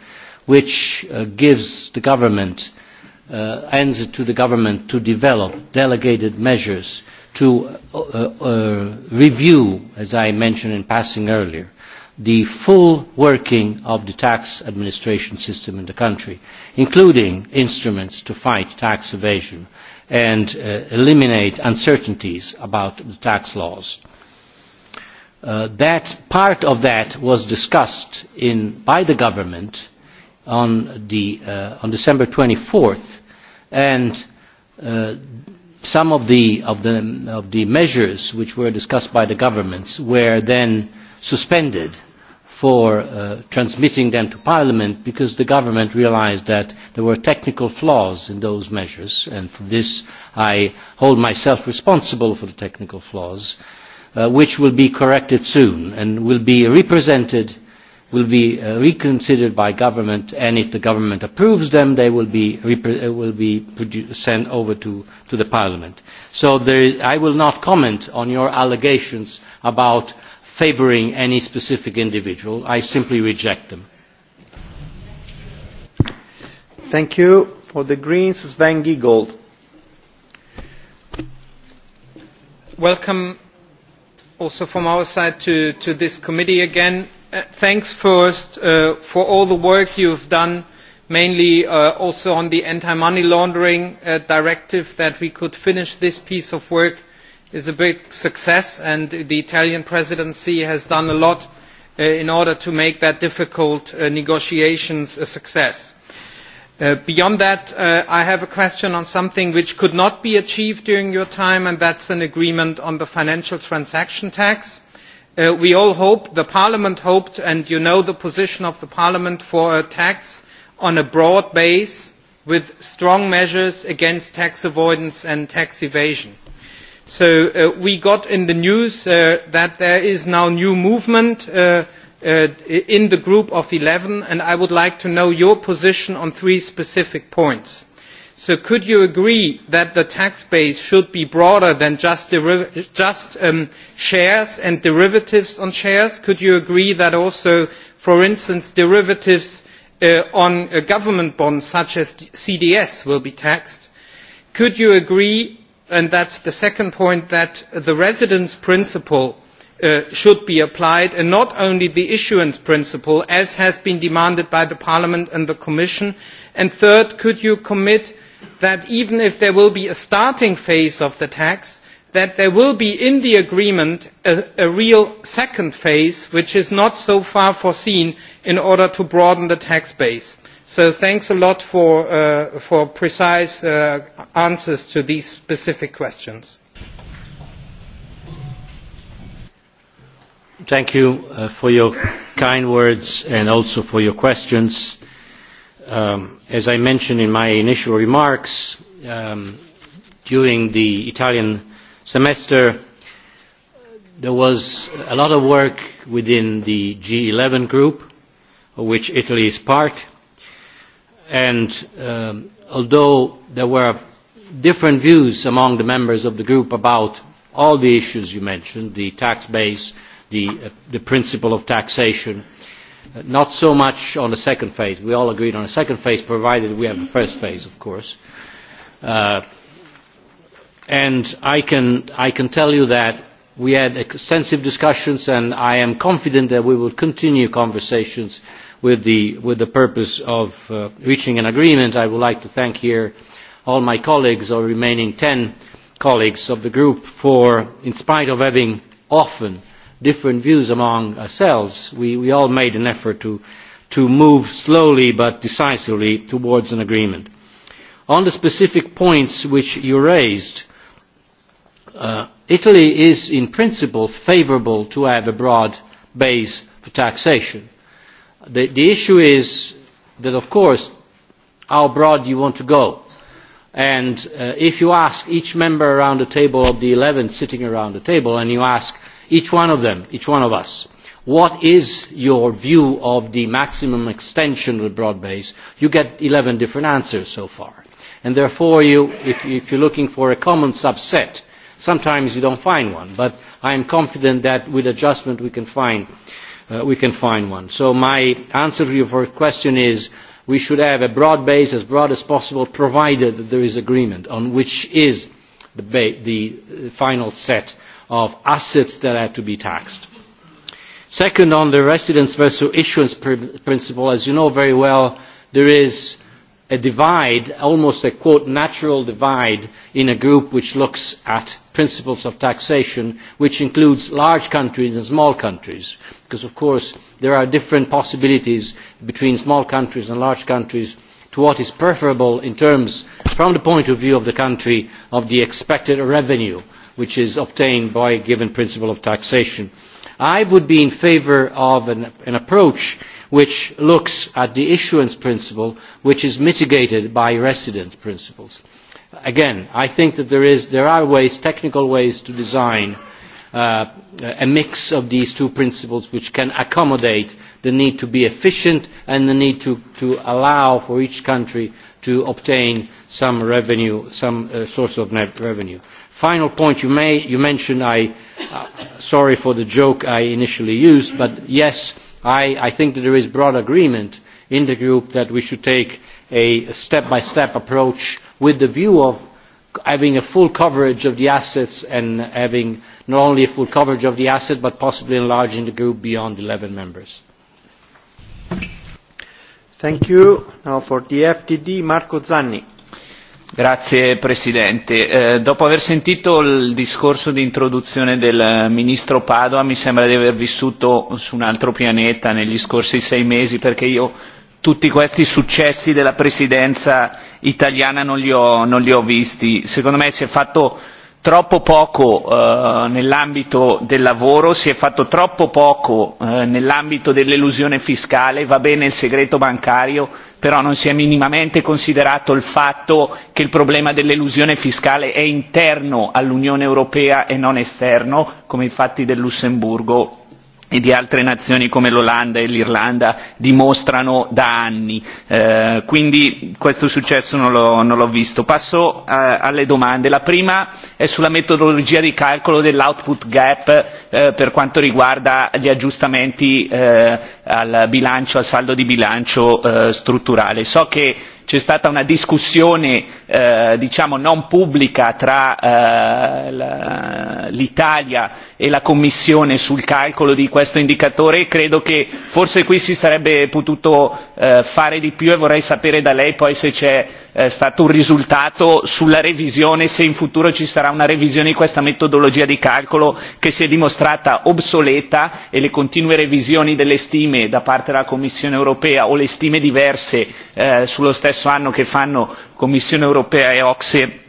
Speaker 2: which uh, gives the government, uh, ends to the government to develop delegated measures to uh, uh, review, as I mentioned in passing earlier, the full working of the tax administration system in the country, including instruments to fight tax evasion and uh, eliminate uncertainties about the tax laws. Uh, that part of that was discussed in, by the government on, the, uh, on December 24th, and uh, some of the, of, the, of the measures which were discussed by the governments were then suspended for uh, transmitting them to Parliament because the government realized that there were technical flaws in those measures, and for this I hold myself responsible for the technical flaws. Uh, uh, which will be corrected soon and will be represented, will be uh, reconsidered by government, and if the government approves them, they will be, will be sent over to, to the parliament. So there, I will not comment on your allegations about favouring any specific individual. I simply reject them.
Speaker 1: Thank you. For the Greens, Sven Giegold.
Speaker 8: Welcome also from our side to, to this committee again. thanks first uh, for all the work you've done, mainly uh, also on the anti-money laundering uh, directive that we could finish this piece of work is a big success and the Italian presidency has done a lot uh, in order to make that difficult uh, negotiations a success beyond that, I have a question on something which could not be achieved during your time, and that is an agreement on the financial transaction tax. we all hoped, the Parliament hoped, and you know the position of the Parliament for a tax on a broad base with strong measures against tax avoidance and tax evasion. we got in the news that there is now new movement in the group of eleven and i would like to know your position on three specific points. so could you agree that the tax base should be broader than just shares and derivatives on shares? could you agree that also for instance derivatives on government bonds such as cds will be taxed? could you agree and that is the second point that the residence principle should be applied and not only the issuance principle as has been demanded by parliament and the commission and third could you commit that even if there will be a starting phase of the tax that there will be in the agreement a, real second phase which is not so far foreseen in order to broaden the tax base so thanks a lot for precise answers to these specific questions
Speaker 2: thank you for your kind words and also for your questions. as I mentioned in my initial remarks, during the Italian semester, there was a lot of work within the g eleven group, of which Italy is part. And although there were different views among the members of the group about all the issues you mentioned, the tax base, the, the principle of taxation. Not so much on the second phase. We all agreed on the second phase, provided we have the first phase, of course. Uh, and I can, I can tell you that we had extensive discussions, and I am confident that we will continue conversations with the, with the purpose of uh, reaching an agreement. I would like to thank here all my colleagues, or remaining ten colleagues of the group, for, in spite of having often different views among ourselves, we, we all made an effort to, to move slowly but decisively towards an agreement. On the specific points which you raised, uh, Italy is in principle favourable to have a broad base for taxation. The, the issue is that, of course, how broad you want to go. And uh, if you ask each member around the table of the 11 sitting around the table and you ask each one of them, each one of us. What is your view of the maximum extension of the broad base? You get 11 different answers so far. And therefore, you, if, if you're looking for a common subset, sometimes you don't find one. But I am confident that with adjustment we can find, uh, we can find one. So my answer to your question is we should have a broad base as broad as possible, provided that there is agreement on which is the, ba- the final set of assets that are to be taxed. Second, on the residence versus issuance principle, as you know very well, there is a divide, almost a quote natural divide in a group which looks at principles of taxation, which includes large countries and small countries, because of course there are different possibilities between small countries and large countries to what is preferable in terms, from the point of view of the country, of the expected revenue which is obtained by a given principle of taxation. I would be in favour of an, an approach which looks at the issuance principle, which is mitigated by residence principles. Again, I think that there, is, there are ways, technical ways to design uh, a mix of these two principles which can accommodate the need to be efficient and the need to, to allow for each country to obtain some revenue, some uh, source of net revenue final point you, may, you mentioned, I, uh, sorry for the joke I initially used, but yes, I, I think that there is broad agreement in the group that we should take a step-by-step approach with the view of having a full coverage of the assets and having not only a full coverage of the asset but possibly enlarging the
Speaker 9: group beyond 11 members.
Speaker 1: Thank you. Now for the Marco Zanni
Speaker 9: Grazie Presidente. Eh, dopo aver sentito il discorso di introduzione del Ministro Padova mi sembra di aver vissuto su un altro pianeta negli scorsi sei mesi perché io tutti questi successi della Presidenza italiana non li ho, non li ho visti. Secondo me si è fatto troppo poco eh, nell'ambito del lavoro, si è fatto troppo poco eh, nell'ambito dell'elusione fiscale, va bene il segreto bancario, però non si è minimamente considerato il fatto che il problema dell'elusione fiscale è interno all'Unione Europea e non esterno, come i fatti del Lussemburgo e di altre nazioni come l'Olanda e l'Irlanda dimostrano da anni. Eh, quindi questo successo non l'ho, non l'ho visto. Passo eh, alle domande. La prima è sulla metodologia di calcolo dell'output gap eh, per quanto riguarda gli aggiustamenti eh, al bilancio al saldo di bilancio strutturale. so che c'è stata una discussione diciamo non pubblica tra l'Italia e la Commissione sul calcolo di questo indicatore e credo che forse qui si sarebbe potuto fare di più e vorrei sapere da lei poi se c'è è stato un risultato sulla revisione se in futuro ci sarà una revisione di questa metodologia di calcolo che si è dimostrata obsoleta e le continue revisioni delle stime da parte della Commissione europea o le stime diverse sullo stesso anno che fanno Commissione europea e Ocse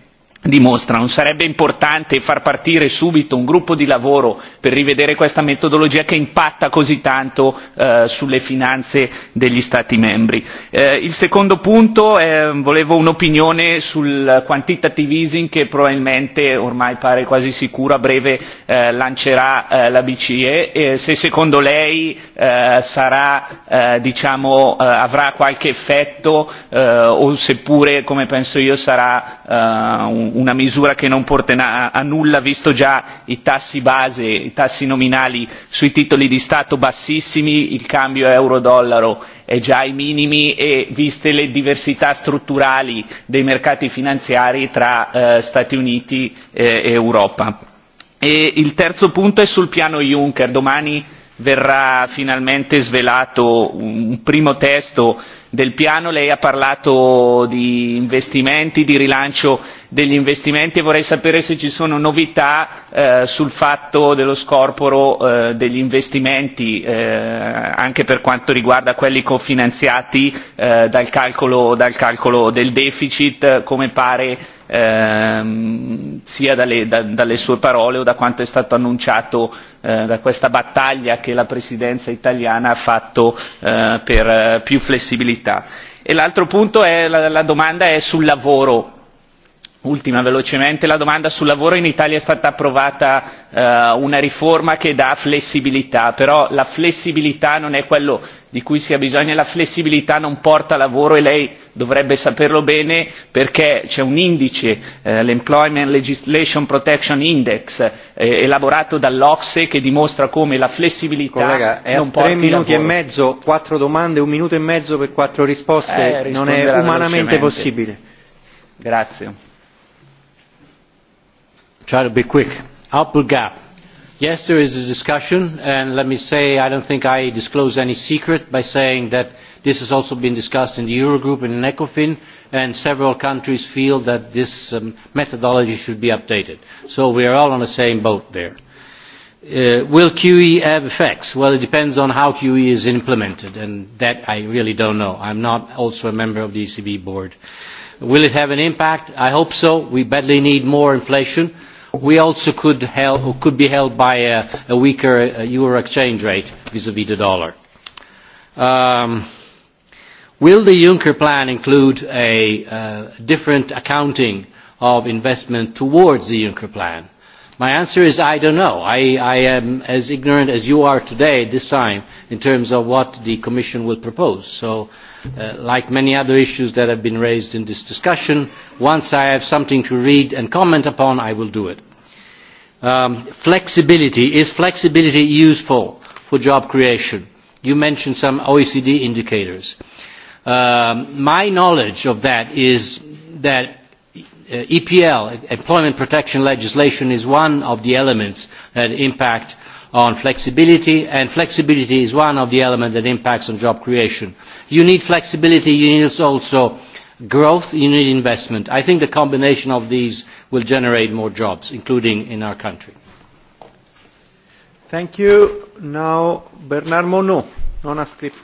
Speaker 9: dimostrano. Sarebbe importante far partire subito un gruppo di lavoro per rivedere questa metodologia che impatta così tanto eh, sulle finanze degli Stati membri. Eh, il secondo punto, è volevo un'opinione sul quantitative easing che probabilmente, ormai pare quasi sicuro, a breve eh, lancerà eh, la BCE e se secondo lei eh, sarà, eh, diciamo, eh, avrà qualche effetto eh, o seppure, come penso io, sarà eh, un una misura che non porterà a nulla visto già i tassi base, i tassi nominali sui titoli di Stato bassissimi, il cambio euro-dollaro è già ai minimi e viste le diversità strutturali dei mercati finanziari tra eh, Stati Uniti e Europa. E il terzo punto è sul piano Juncker. Domani verrà finalmente svelato un primo testo del piano lei ha parlato di investimenti di rilancio degli investimenti e vorrei sapere se ci sono novità sul fatto dello scorporo degli investimenti anche per quanto riguarda quelli cofinanziati dal calcolo del deficit come pare ehm, sia dalle, da, dalle sue parole o da quanto è stato annunciato eh, da questa battaglia che la presidenza italiana ha fatto eh, per eh, più flessibilità. E l'altro punto è la, la domanda è sul lavoro Ultima velocemente la domanda sul lavoro. In Italia è stata approvata eh, una riforma che dà flessibilità, però la flessibilità non è quello di cui si ha bisogno, la flessibilità non porta lavoro e lei dovrebbe saperlo bene perché c'è un indice, eh, l'Employment Legislation Protection Index, eh, elaborato dall'Ocse che dimostra come la flessibilità Collega, è non porti tre minuti e
Speaker 1: mezzo, quattro domande, un minuto e mezzo per quattro risposte, eh, non
Speaker 9: è umanamente possibile. Grazie
Speaker 2: try to be quick. Output gap. Yes, there is a discussion, and let me say I don't think I disclose any secret by saying that this has also been discussed in the Eurogroup and in ECOFIN, and several countries feel that this um methodology should be updated. So we are all on the same boat there. Uh will QE have effects? Well, it depends on how QE is implemented, and that I really don't know. I'm not also a member of the ECB board. Will it have an impact? I hope so. We badly need more inflation we also could, help, or could be helped by a, a weaker uh, euro exchange rate vis-à-vis the dollar. Um, will the Juncker plan include a uh, different accounting of investment towards the Juncker plan? My answer is I don't know. I, I am as ignorant as you are today at this time in terms of what the Commission will propose. So like many other issues that have been raised in this discussion, once I have something to read and comment upon, I will do it. flexibility. Is flexibility useful for job creation? You mentioned some OECD indicators. my knowledge of that is that uh EPL, employment protection legislation, is one of the elements that impact on flexibility, and flexibility is one of the elements that impacts on job creation. You need flexibility, you need also growth, you need investment. I think the combination of these will generate more jobs, including in our country.
Speaker 1: Thank you. Now,
Speaker 10: Bernard Monod, non Script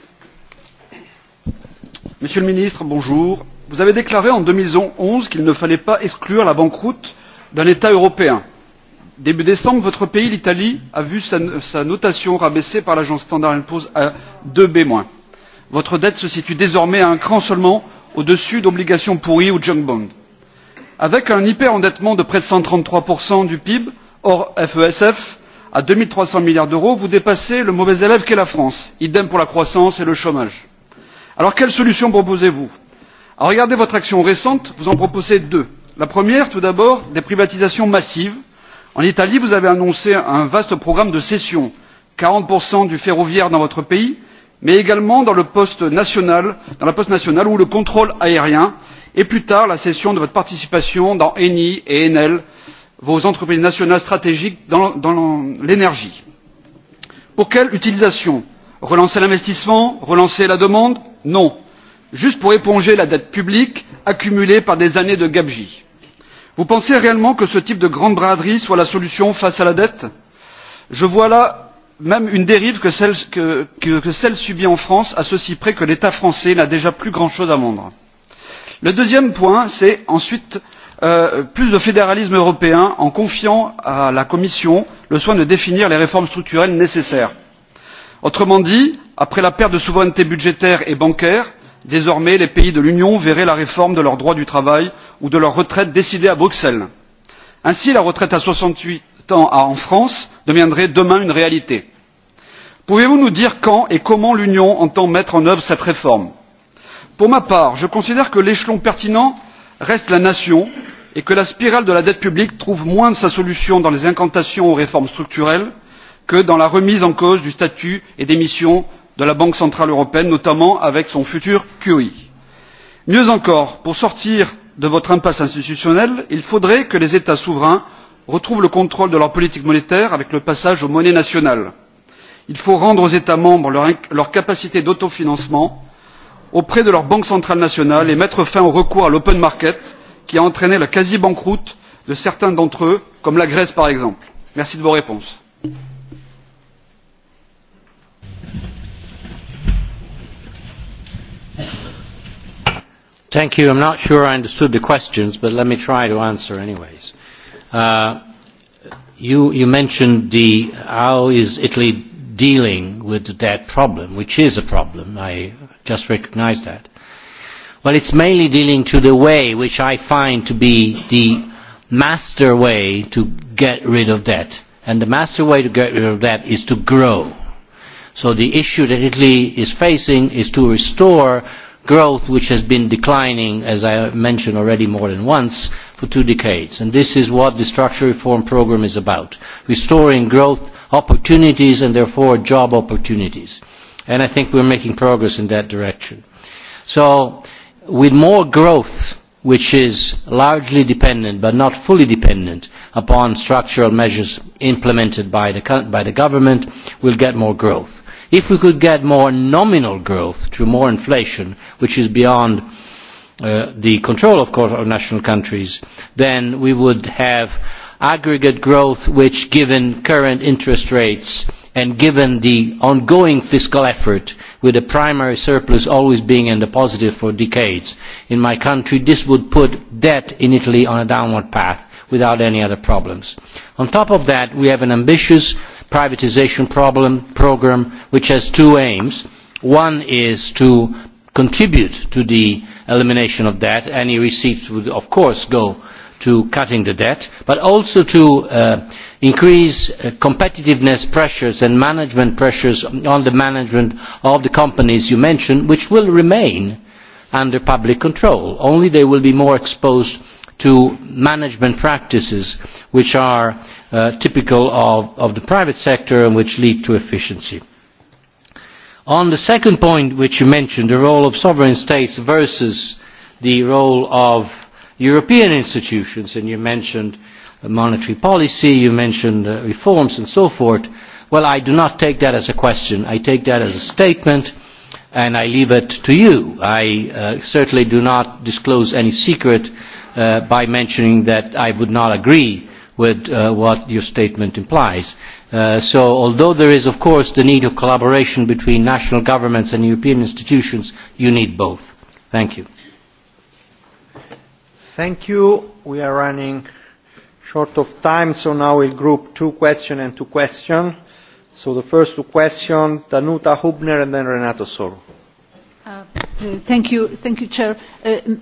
Speaker 10: Monsieur le ministre, bonjour. Vous avez déclaré en deux mille onze qu'il ne fallait pas exclure la banqueroute d'un État européen début décembre votre pays l'italie a vu sa notation rabaissée par l'agence standard poors à deux b. votre dette se situe désormais à un cran seulement au dessus d'obligations pourries ou junk bonds. avec un hyperendettement de près de cent trente trois du pib hors fesf à deux trois cents milliards d'euros vous dépassez le mauvais élève qu'est la france idem pour la croissance et le chômage. alors quelles solutions proposez vous? à regarder votre action récente vous en proposez deux. la première tout d'abord des privatisations massives en italie vous avez annoncé un vaste programme de cession quarante du ferroviaire dans votre pays mais également dans la poste nationale ou le contrôle aérien et plus tard la cession de votre participation dans eni et enel vos entreprises nationales stratégiques dans l'énergie. pour quelle utilisation? relancer l'investissement relancer la demande? non juste pour éponger la dette publique accumulée par des années de gabegie vous pensez réellement que ce type de grande braderie soit la solution face à la dette? je vois là même une dérive que celle, que, que, que celle subie en France à ceci près que l'état français n'a déjà plus grand chose à vendre. le deuxième point c'est ensuite euh, plus de fédéralisme européen en confiant à la commission le soin de définir les réformes structurelles nécessaires. autrement dit après la perte de souveraineté budgétaire et bancaire désormais les pays de l'union verraient la réforme de leur droit du travail ou de leur retraite décidée à Bruxelles. Ainsi, la retraite à soixante huit ans en France deviendrait demain une réalité. Pouvez-vous nous dire quand et comment l'Union entend mettre en œuvre cette réforme Pour ma part, je considère que l'échelon pertinent reste la nation et que la spirale de la dette publique trouve moins de sa solution dans les incantations aux réformes structurelles que dans la remise en cause du statut et des missions de la Banque centrale européenne, notamment avec son futur QI. Mieux encore, pour sortir de votre impasse institutionnelle il faudrait que les états souverains retrouvent le contrôle de leur politique monétaire avec le passage aux monnaies nationales. il faut rendre aux états membres leur capacité d'autofinancement auprès de leurs banques centrales nationales et mettre fin au recours à l'open market qui a entraîné la quasi banqueroute de certains d'entre eux comme la grèce par exemple. merci de vos réponses.
Speaker 2: Thank you. I'm not sure I understood the questions, but let me try to answer anyways. Uh, you, you mentioned the, how is Italy dealing with debt problem, which is a problem. I just recognize that. Well, it's mainly dealing to the way, which I find to be the master way to get rid of debt. And the master way to get rid of debt is to grow. So the issue that Italy is facing is to restore growth which has been declining, as I mentioned already more than once, for two decades. And this is what the structural reform program is about, restoring growth opportunities and therefore job opportunities. And I think we're making progress in that direction. So with more growth, which is largely dependent but not fully dependent upon structural measures implemented by the, by the government, we'll get more growth If we could get more nominal growth through more inflation, which is beyond uh, the control, of course, of national countries, then we would have aggregate growth which, given current interest rates and given the ongoing fiscal effort, with a primary surplus always being in the positive for decades, in my country this would put debt in Italy on a downward path without any other problems. On top of that, we have an ambitious privatisation problem, program which has two aims. One is to contribute to the elimination of debt. Any receipts would, of course, go to cutting the debt, but also to uh, increase competitiveness pressures and management pressures on the management of the companies you mentioned, which will remain under public control. Only they will be more exposed to management practices which are uh, typical of, of the private sector and which lead to efficiency. On the second point which you mentioned, the role of sovereign states versus the role of European institutions, and you mentioned monetary policy, you mentioned reforms and so forth, well, I do not take that as a question. I take that as a statement and I leave it to you. I uh, certainly do not disclose any secret uh, by mentioning that I would not agree with uh, what your statement implies. Uh, so although there is of course the need of collaboration between national governments and European institutions, you need both. Thank you.
Speaker 1: Thank you. We are running short of time, so now we'll group two questions and two questions. So the first two questions, Danuta Hubner and then Renato Soro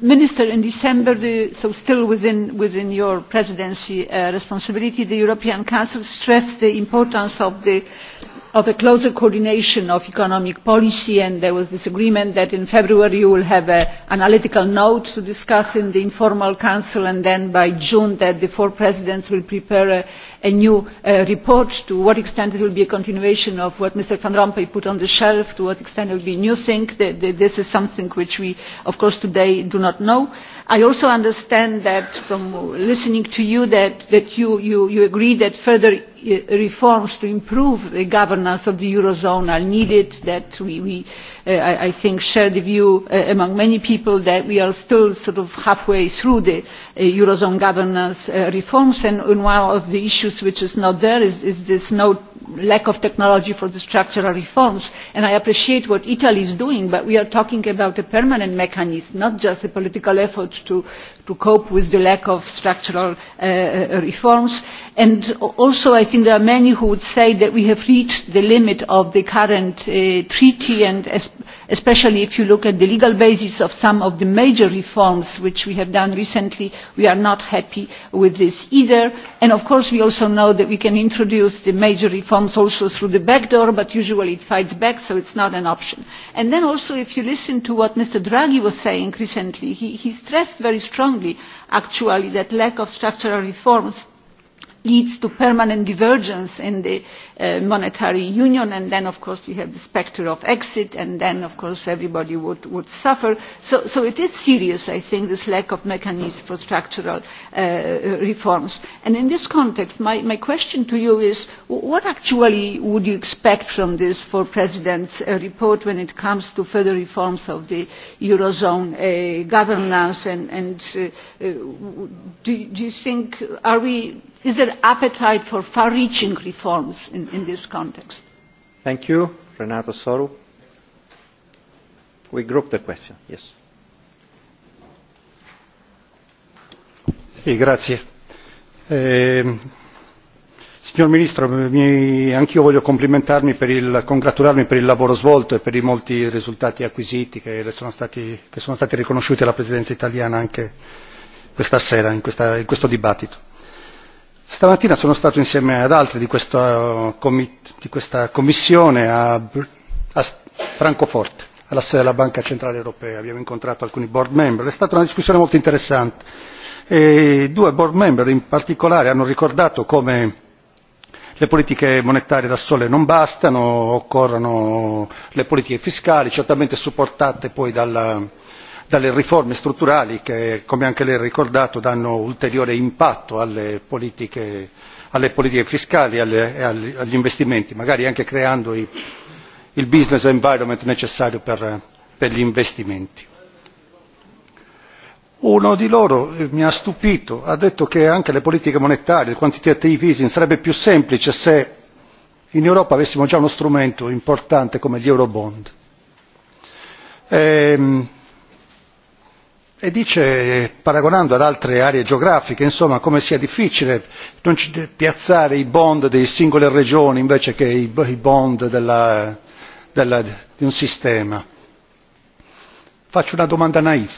Speaker 11: minister in december so still within your presidency responsibility the european council stressed the importance of a closer coordination of economic policy and there was this agreement that in february you will have an analytical note to discuss in the informal council and then by june the four presidents will prepare a a new report to what extent it will be a continuation of what mr van rompuy put on the shelf to what extent it will be a new thing this is something which we of course today do not know. i also understand that from listening to you that you agree that further reforms to improve the governance of the eurozone are needed that I, I think, share the view among many people that we are still sort of halfway through the Eurozone governance reforms. And one of the issues which is not there is, is this note lack of technology for the structural reforms and i appreciate what italy is doing but we are talking about a permanent mechanism not just a political effort to cope with the lack of structural reforms and also i think there are many who would say that we have reached the limit of the current treaty and especially if you look at the legal basis of some of the major reforms which we have done recently we are not happy with this either and of course we also know that we can introduce the major reforms also through the back door but usually it fights back so it's not an option. and then also if you listen to what mr draghi was saying recently he, he stressed very strongly actually that lack of structural reforms leads to permanent divergence in the uh, monetary union and then of course we have the spectre of exit and then of course everybody would, would suffer. So, so it is serious I think this lack of mechanism for structural uh, reforms. And in this context my, my question to you is what actually would you expect from this for President's uh, report when it comes to further reforms of the Eurozone uh, governance and, and uh, uh, do, do you think are we Is there appetite for far-reaching reforms in, in this context?
Speaker 1: Thank you. Renato Soru. We group the question. Yes.
Speaker 12: Sì, grazie. Eh, signor Ministro, anch'io voglio complimentarmi per il, congratularmi per il lavoro svolto e per i molti risultati acquisiti che sono stati, che sono stati riconosciuti alla Presidenza italiana anche questa sera, in, questa, in questo dibattito Stamattina sono stato insieme ad altri di questa, di questa commissione a, a Francoforte, alla sede della Banca Centrale Europea. Abbiamo incontrato alcuni board member. È stata una discussione molto interessante. E due board member in particolare hanno ricordato come le politiche monetarie da sole non bastano, occorrono le politiche fiscali, certamente supportate poi dalla, dalle riforme strutturali che come anche lei ha ricordato danno ulteriore impatto alle politiche fiscali e agli investimenti magari anche creando il business environment necessario per gli investimenti. uno di loro mi ha stupito ha detto che anche le politiche monetarie il quantitative easing sarebbe più semplice se in europa avessimo già uno strumento importante come gli eurobond e dice paragonando ad altre aree geografiche insomma come sia difficile piazzare i bond delle singole regioni invece che i bond di un sistema. faccio una domanda naif.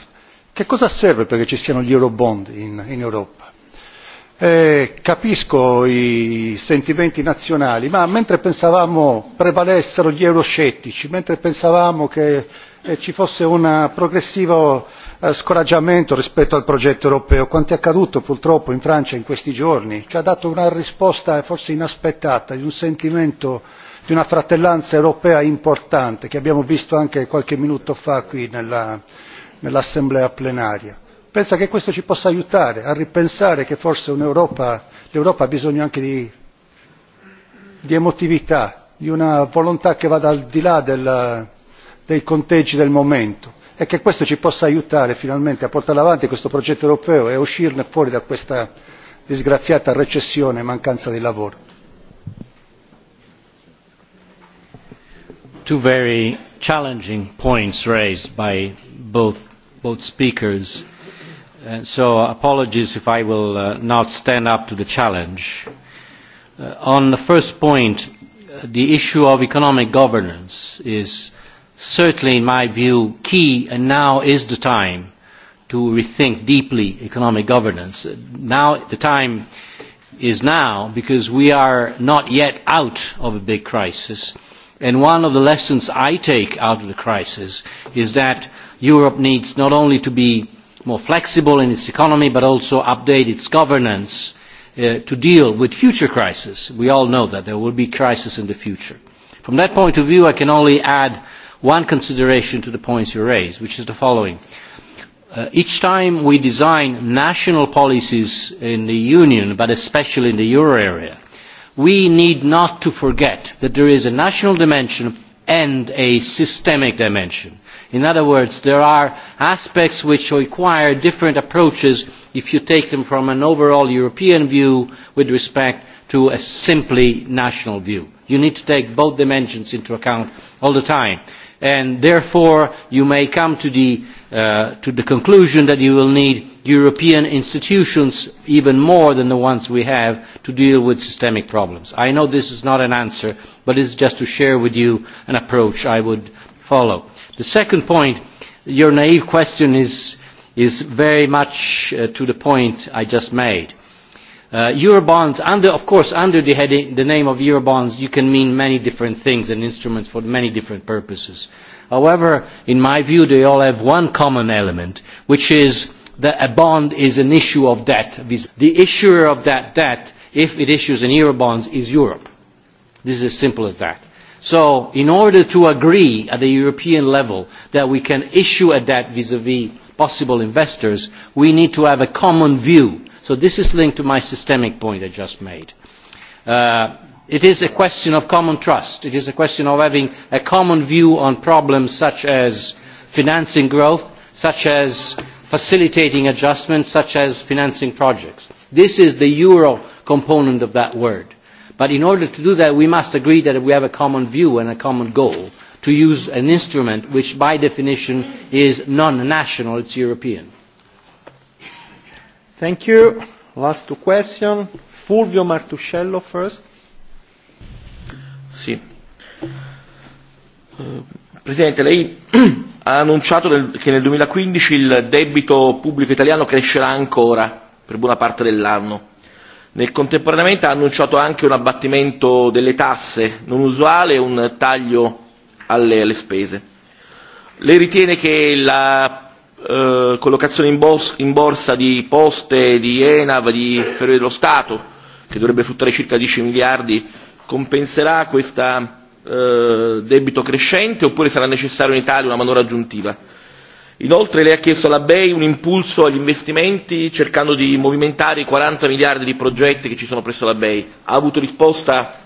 Speaker 12: che cosa serve perché ci siano gli eurobond in europa? capisco i sentimenti nazionali ma mentre pensavamo prevalessero gli euroscettici mentre pensavamo che ci fosse un progressivo scoraggiamento rispetto al progetto europeo quanto è accaduto purtroppo in francia in questi giorni ci ha dato una risposta forse inaspettata di un sentimento di una fratellanza europea importante che abbiamo visto anche qualche minuto fa qui nell'assemblea plenaria. penso che questo ci possa aiutare a ripensare che forse l'europa ha bisogno anche di emotività di una volontà che vada al di là dei conteggi del momento e che questo ci possa aiutare finalmente a portare avanti questo progetto europeo e a uscirne fuori da questa disgraziata recessione e mancanza di lavoro.
Speaker 2: two very challenging points raised by both speakers so apologies if i will not stand up to the challenge. on the first point the issue of economic governance is certainly in my view key and now is the time to rethink deeply economic governance. Now the time is now because we are not yet out of a big crisis and one of the lessons I take out of the crisis is that Europe needs not only to be more flexible in its economy but also update its governance to deal with future crises. We all know that there will be crises in the future. From that point of view, I can only add one consideration to the points you raised, which is the following. Uh, each time we design national policies in the Union, but especially in the euro area, we need not to forget that there is a national dimension and a systemic dimension. In other words, there are aspects which require different approaches if you take them from an overall European view with respect to a simply national view. You need to take both dimensions into account all the time and therefore you may come to the, uh, to the conclusion that you will need European institutions even more than the ones we have to deal with systemic problems. I know this is not an answer, but it's just to share with you an approach I would follow. The second point, your naive question is, is very much uh, to the point I just made. Uh, Eurobonds, under, of course, under the, heading, the name of Eurobonds, you can mean many different things and instruments for many different purposes. However, in my view, they all have one common element, which is that a bond is an issue of debt. The issuer of that debt, if it issues an Eurobonds, is Europe. This is as simple as that. So, in order to agree at the European level that we can issue a debt vis-à-vis possible investors, we need to have a common view So this is linked to my systemic point I just made. Uh, it is a question of common trust. It is a question of having a common view on problems such as financing growth, such as facilitating adjustments, such as financing projects. This is the euro component of that word. But in order to do that, we must agree that we have a common view and a common goal to use an instrument which by definition is non-national, it's European
Speaker 1: Thank you. Last two question. Fulvio Martuscello first.
Speaker 13: Sì. Presidente, lei ha annunciato che nel 2015 il debito pubblico italiano crescerà ancora per buona parte dell'anno. Nel contemporaneamente ha annunciato anche un abbattimento delle tasse non usuale e un taglio alle, alle spese. Lei ritiene che la collocazione in, bors- in borsa di poste, di ENAV, di Ferrovie dello Stato, che dovrebbe fruttare circa 10 miliardi, compenserà questo eh, debito crescente oppure sarà necessario in Italia una manovra aggiuntiva? Inoltre lei ha chiesto alla BEI un impulso agli investimenti cercando di movimentare i 40 miliardi di progetti che ci sono presso la BEI. Ha avuto risposta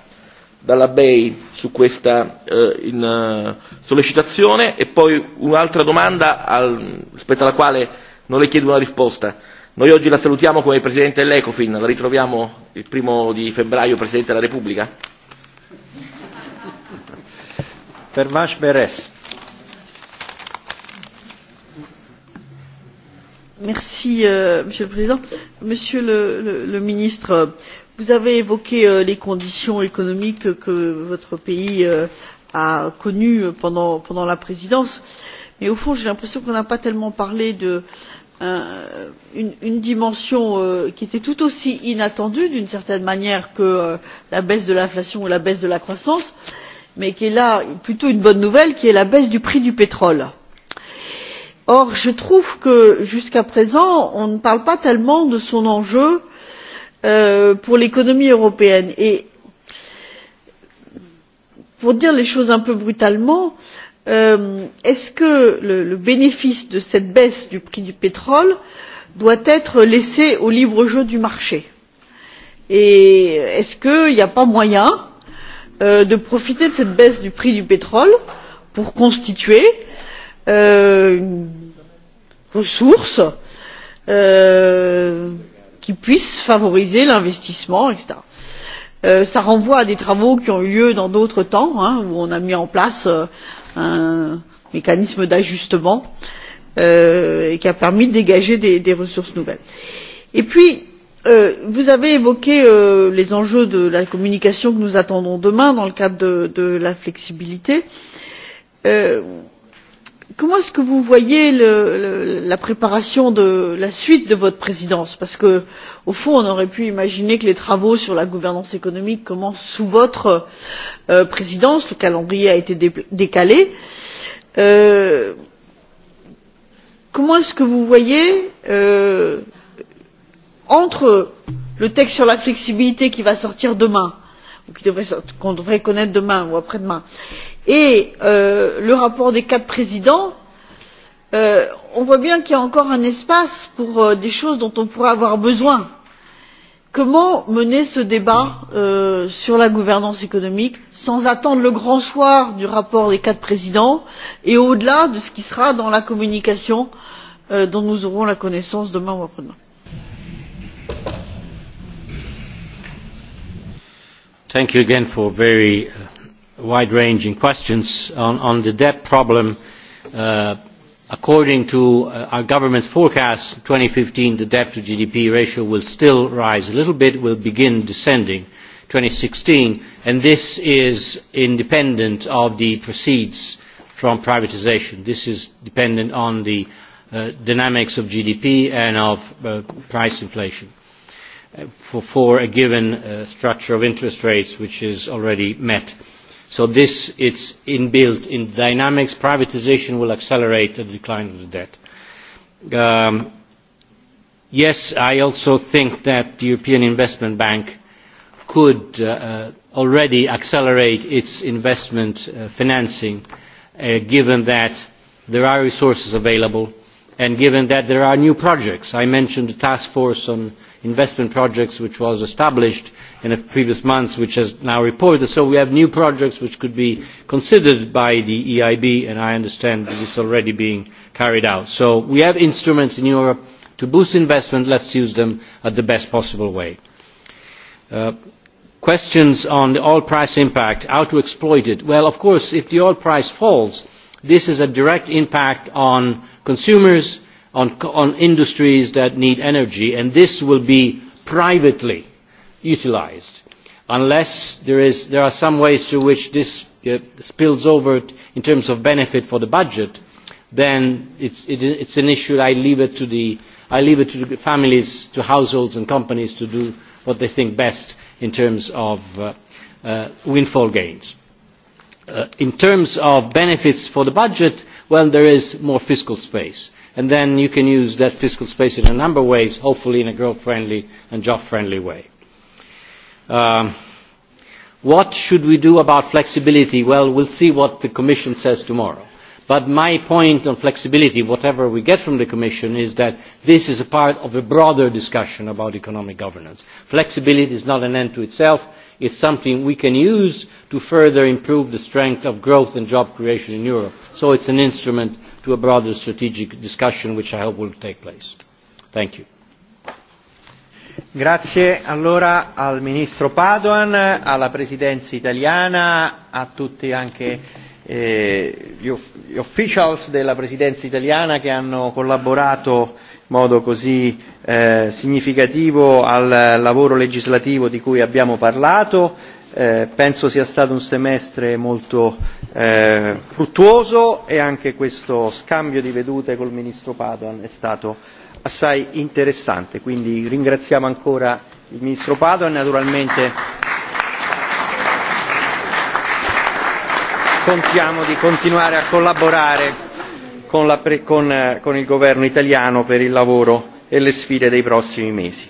Speaker 13: dalla BEI su questa eh, in, uh, sollecitazione e poi un'altra domanda al, rispetto alla quale non le chiedo una risposta. Noi oggi la salutiamo come Presidente dell'Ecofin, la ritroviamo il primo di febbraio Presidente della Repubblica?
Speaker 14: Pervash Beres. Merci, euh, Monsieur le Président. Monsieur le, le, le Ministre, euh, vous avez évoqué les conditions économiques que votre pays a connues pendant la présidence mais au fond j'ai l'impression qu'on n'a pas tellement parlé d'une dimension qui était tout aussi inattendue d'une certaine manière que la baisse de l'inflation ou la baisse de la croissance mais qui est là plutôt une bonne nouvelle qui est la baisse du prix du pétrole. or je trouve que jusqu'à présent on ne parle pas tellement de son enjeu pour l'économie européenne. Et pour dire les choses un peu brutalement est ce que le bénéfice de cette baisse du prix du pétrole doit être laissé au libre jeu du marché et est ce qu'il n'y a pas moyen de profiter de cette baisse du prix du pétrole pour constituer une ressource qui puisse favoriser l'investissement etc. Cela renvoie à des travaux qui ont eu lieu dans d'autres temps où on a mis en place un mécanisme d'ajustement et qui a permis de dégager des ressources nouvelles. et puis vous avez évoqué les enjeux de la communication que nous attendons demain dans le cadre de la flexibilité comment est ce que vous voyez la préparation de la suite de votre présidence parce que au fond on aurait pu imaginer que les travaux sur la gouvernance économique commencent sous votre présidence le calendrier a été décalé. comment est ce que vous voyez entre le texte sur la flexibilité qui va sortir demain ou qu'on devrait connaître demain ou après demain et le rapport des quatre présidents on voit bien qu'il y a encore un espace pour des choses dont on pourrait avoir besoin. comment mener ce débat sur la gouvernance économique sans attendre le grand soir du rapport des quatre présidents et au delà de ce qui sera dans la communication dont nous aurons la connaissance demain ou après demain?
Speaker 2: Thank you again for very wide-ranging questions on, on the debt problem. Uh, according to uh, our government's forecast, 2015, the debt to GDP ratio will still rise a little bit, will begin descending. 2016, and this is independent of the proceeds from privatisation. This is dependent on the uh, dynamics of GDP and of uh, price inflation for, for a given uh, structure of interest rates which is already met. So this, is inbuilt in dynamics. Privatization will accelerate the decline of the debt. Um, yes, I also think that the European Investment Bank could uh, already accelerate its investment uh, financing, uh, given that there are resources available and given that there are new projects. I mentioned the task force on investment projects which was established in the previous months which has now reported. So we have new projects which could be considered by the EIB and I understand that is already being carried out. So we have instruments in Europe to boost investment. Let's use them in the best possible way. questions on the oil price impact, how to exploit it. Well, of course, if the oil price falls, this is a direct impact on consumers, on, on industries that need energy, and this will be privately utilised unless there, is, there are some ways to which this uh, spills over in terms of benefit for the budget, then it's, it, it's an issue I leave it to the I leave it to the families, to households and companies to do what they think best in terms of uh, uh, windfall gains. Uh, in terms of benefits for the budget, well, there is more fiscal space. And then you can use that fiscal space in a number of ways, hopefully in a growth-friendly and job-friendly way. Um, what should we do about flexibility? Well, we'll see what the Commission says tomorrow. But my point on flexibility, whatever we get from the Commission, is that this is a part of a broader discussion about economic governance. Flexibility is not an end to itself is something we can use to further improve the strength of growth and job creation in Europe. So it is an instrument to a broader strategic discussion which I hope will take place.
Speaker 1: Thank you. Grazie allora al Ministro Padoan, alla Presidenza italiana, a tutti anche eh, gli, gli officials della Presidenza italiana che hanno collaborato modo così eh, significativo al lavoro legislativo di cui abbiamo parlato. Eh, penso sia stato un semestre molto eh, fruttuoso e anche questo scambio di vedute col Ministro Padoan è stato assai interessante. Quindi ringraziamo ancora il Ministro Padoan e naturalmente contiamo di continuare a collaborare con, il governo italiano per il lavoro e le sfide dei prossimi mesi.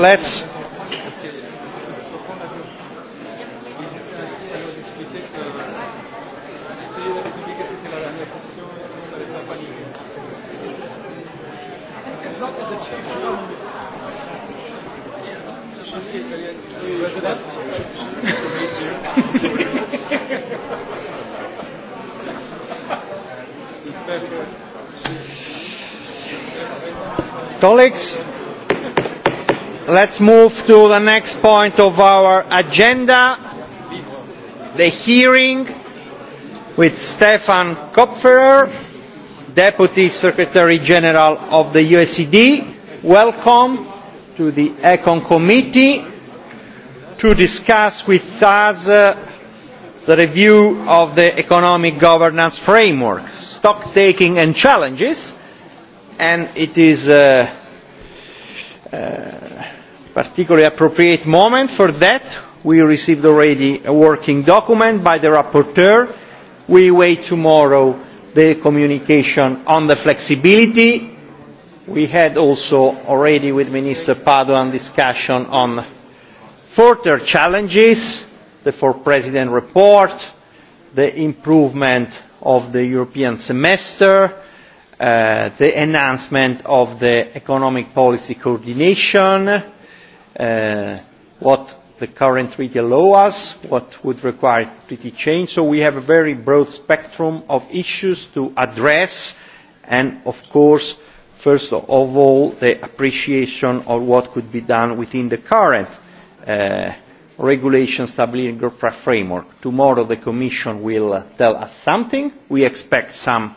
Speaker 1: Let's colleagues Let's move to the next point of our agenda, the hearing with Stefan Kopferer, Deputy Secretary General of the USED. Welcome to the ECON Committee to discuss with us uh, the review of the economic governance framework, stock taking and challenges, and it is uh, uh, particularly appropriate moment for that. We received already a working document by the rapporteur. We wait tomorrow the communication on the flexibility. We had also already with Minister Padoan discussion on further challenges, the four president report, the improvement of the European semester, the enhancement of the economic policy coordination, what the current treaty allows us, what would require treaty change. So we have a very broad spectrum of issues to address and, of course, first of all, the appreciation of what could be done within the current uh, regulation stability group framework. Tomorrow the Commission will tell us something. We expect some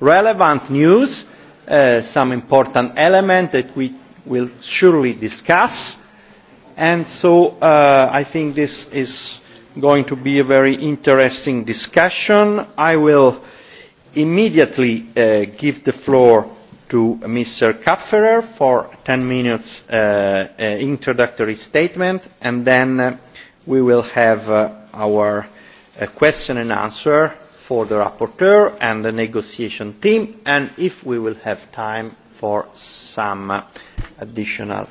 Speaker 1: relevant news, uh, some important element that we will surely discuss and so uh, I think this is going to be a very interesting discussion. I will immediately uh, give the floor to Mr. Kapferer for 10 minutes uh, introductory statement, and then uh, we will have uh, our uh, question and answer for the rapporteur and the negotiation team, and if we will have time for some additional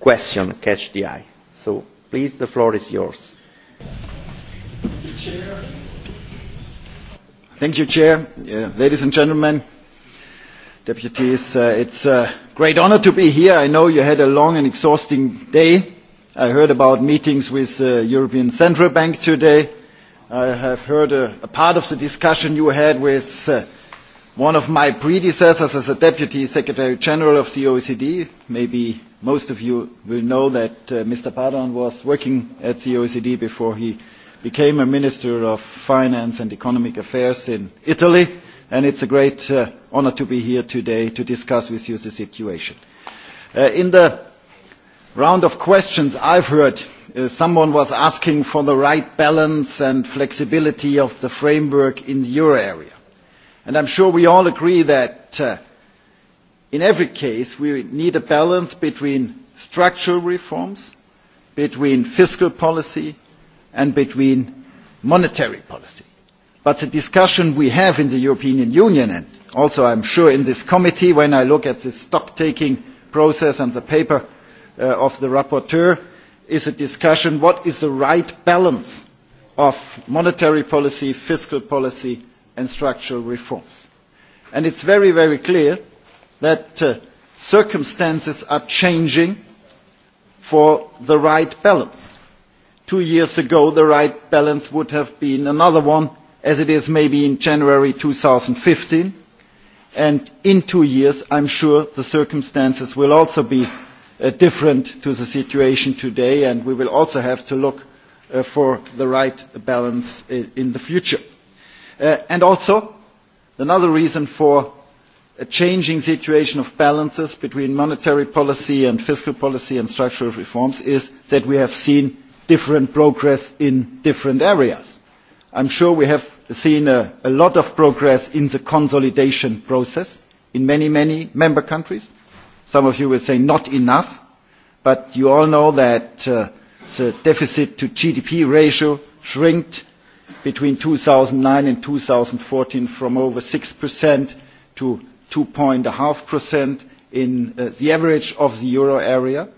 Speaker 1: question, Catch the Eye. So please, the floor is yours.
Speaker 15: Thank you, Chair. Uh, ladies and gentlemen, deputies, uh, it's a great honor to be here. I know you had a long and exhausting day. I heard about meetings with the European Central Bank today. I have heard a, a part of the discussion you had with uh, one of my predecessors as a Deputy Secretary General of the OECD, maybe most of you will know that Mr. Pardon was working at the OECD before he became a Minister of Finance and Economic Affairs in Italy, and it's a great uh, honor to be here today to discuss with you the situation. in the round of questions I've heard, someone was asking for the right balance and flexibility of the framework in the euro area. And I'm sure we all agree that in every case, we need a balance between structural reforms, between fiscal policy, and between monetary policy. But the discussion we have in the European Union, and also I am sure in this committee, when I look at the stock-taking process and the paper of the rapporteur, is a discussion what is the right balance of monetary policy, fiscal policy, and structural reforms. And it's very, very clear that uh, circumstances are changing for the right balance. Two years ago, the right balance would have been another one, as it is maybe in January 2015. And in two years, I'm sure the circumstances will also be uh, different to the situation today, and we will also have to look uh, for the right balance in, in the future. Uh, and also, another reason for a changing situation of balances between monetary policy and fiscal policy and structural reforms is that we have seen different progress in different areas. I am sure we have seen a, lot of progress in the consolidation process in many, many member countries. Some of you will say not enough, but you all know that the deficit to GDP ratio shrinked between two thousand nine and fourteen from over 6% to two 2.5% in the average of the euro area.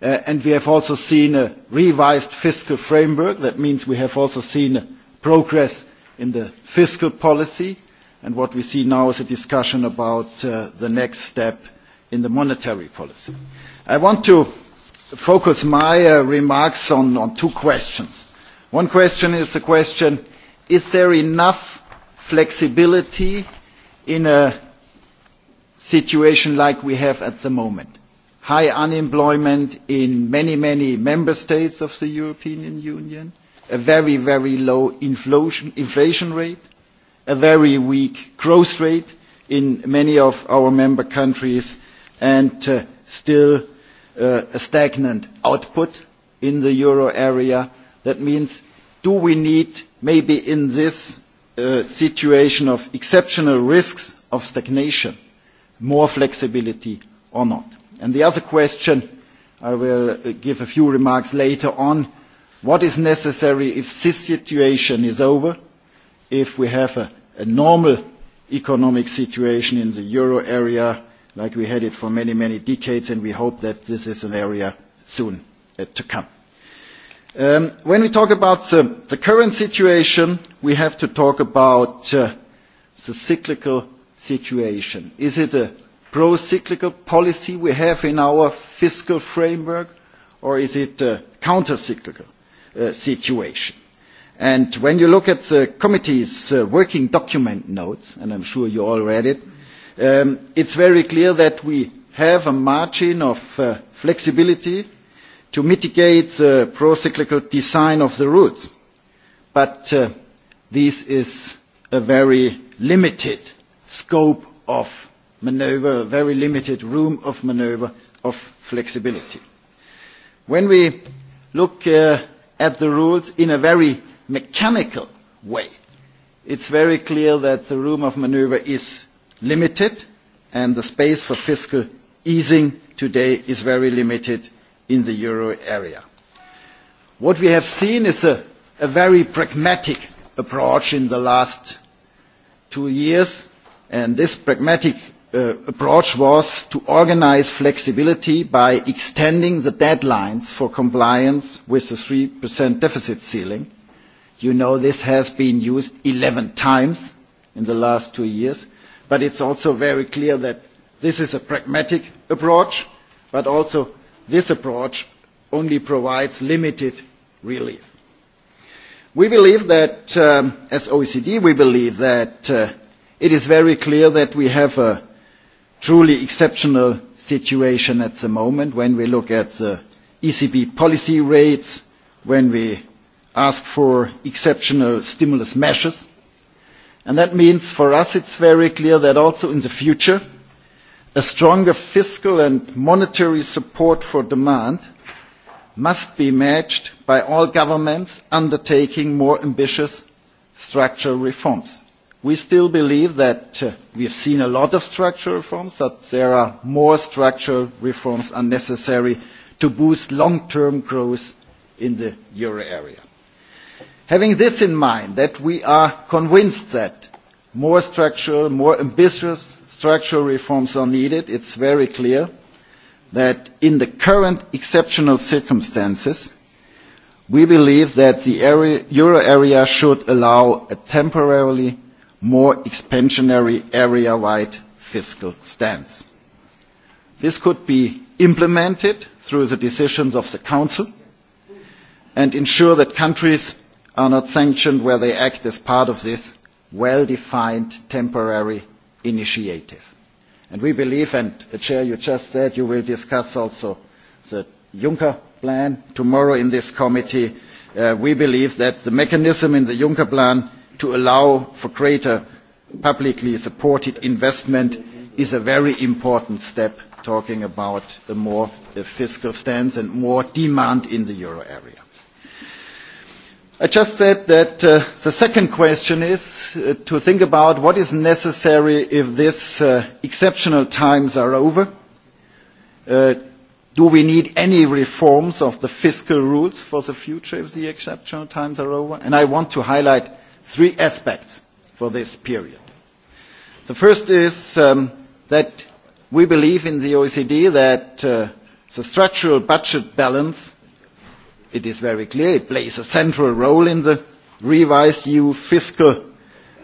Speaker 15: And we have also seen a revised fiscal framework. That means we have also seen progress in the fiscal policy, and what we see now is a discussion about the next step in the monetary policy. I want to focus my remarks on two questions. One question is the question, is there enough flexibility in a situation like we have at the moment. High unemployment in many, many member states of the European Union, a very, very low inflation, inflation rate, a very weak growth rate in many of our member countries, and uh, still uh, a stagnant output in the euro area. That means, do we need, maybe in this uh, situation of exceptional risks of stagnation, more flexibility or not. And the other question, I will give a few remarks later on, what is necessary if this situation is over, if we have a, a normal economic situation in the euro area like we had it for many, many decades, and we hope that this is an area soon uh, to come. Um, when we talk about the, the current situation, we have to talk about uh, the cyclical situation? Is it a pro-cyclical policy we have in our fiscal framework, or is it a counter-cyclical situation? And when you look at the committee's working document notes, and I'm sure you all read it, it it's very clear that we have a margin of flexibility to mitigate the pro-cyclical design of the routes. But this is a very limited scope of manoeuvre, a very limited room of manoeuvre of flexibility. When we look uh, at the rules in a very mechanical way, it's very clear that the room of manoeuvre is limited and the space for fiscal easing today is very limited in the euro area. What we have seen is a, a very pragmatic approach in the last two years And this pragmatic uh, approach was to organize flexibility by extending the deadlines for compliance with the 3% deficit ceiling. You know this has been used 11 times in the last two years, but it's also very clear that this is a pragmatic approach, but also this approach only provides limited relief. We believe that, um, as OECD, we believe that uh, It is very clear that we have a truly exceptional situation at the moment when we look at the ECB policy rates, when we ask for exceptional stimulus measures. And that means for us it's very clear that also in the future, a stronger fiscal and monetary support for demand must be matched by all governments undertaking more ambitious structural reforms. We still believe that we have seen a lot of structural reforms, that there are more structural reforms are necessary to boost long-term growth in the euro area. Having this in mind, that we are convinced that more structural, more ambitious structural reforms are needed, it's very clear that in the current exceptional circumstances, we believe that the euro area should allow a temporarily more expansionary area-wide fiscal stance. This could be implemented through the decisions of the Council and ensure that countries are not sanctioned where they act as part of this well-defined temporary initiative. And we believe, and the Chair, you just said you will discuss also the Juncker plan tomorrow in this committee. we believe that the mechanism in the Juncker plan to allow for greater publicly supported investment is a very important step talking about a more fiscal stance and more demand in the euro area. I just said that the second question is to think about what is necessary if these exceptional times are over. do we need any reforms of the fiscal rules for the future if the exceptional times are over? And I want to highlight three aspects for this period. The first is um, that we believe in the OECD that uh, the structural budget balance, it is very clear, it plays a central role in the revised EU fiscal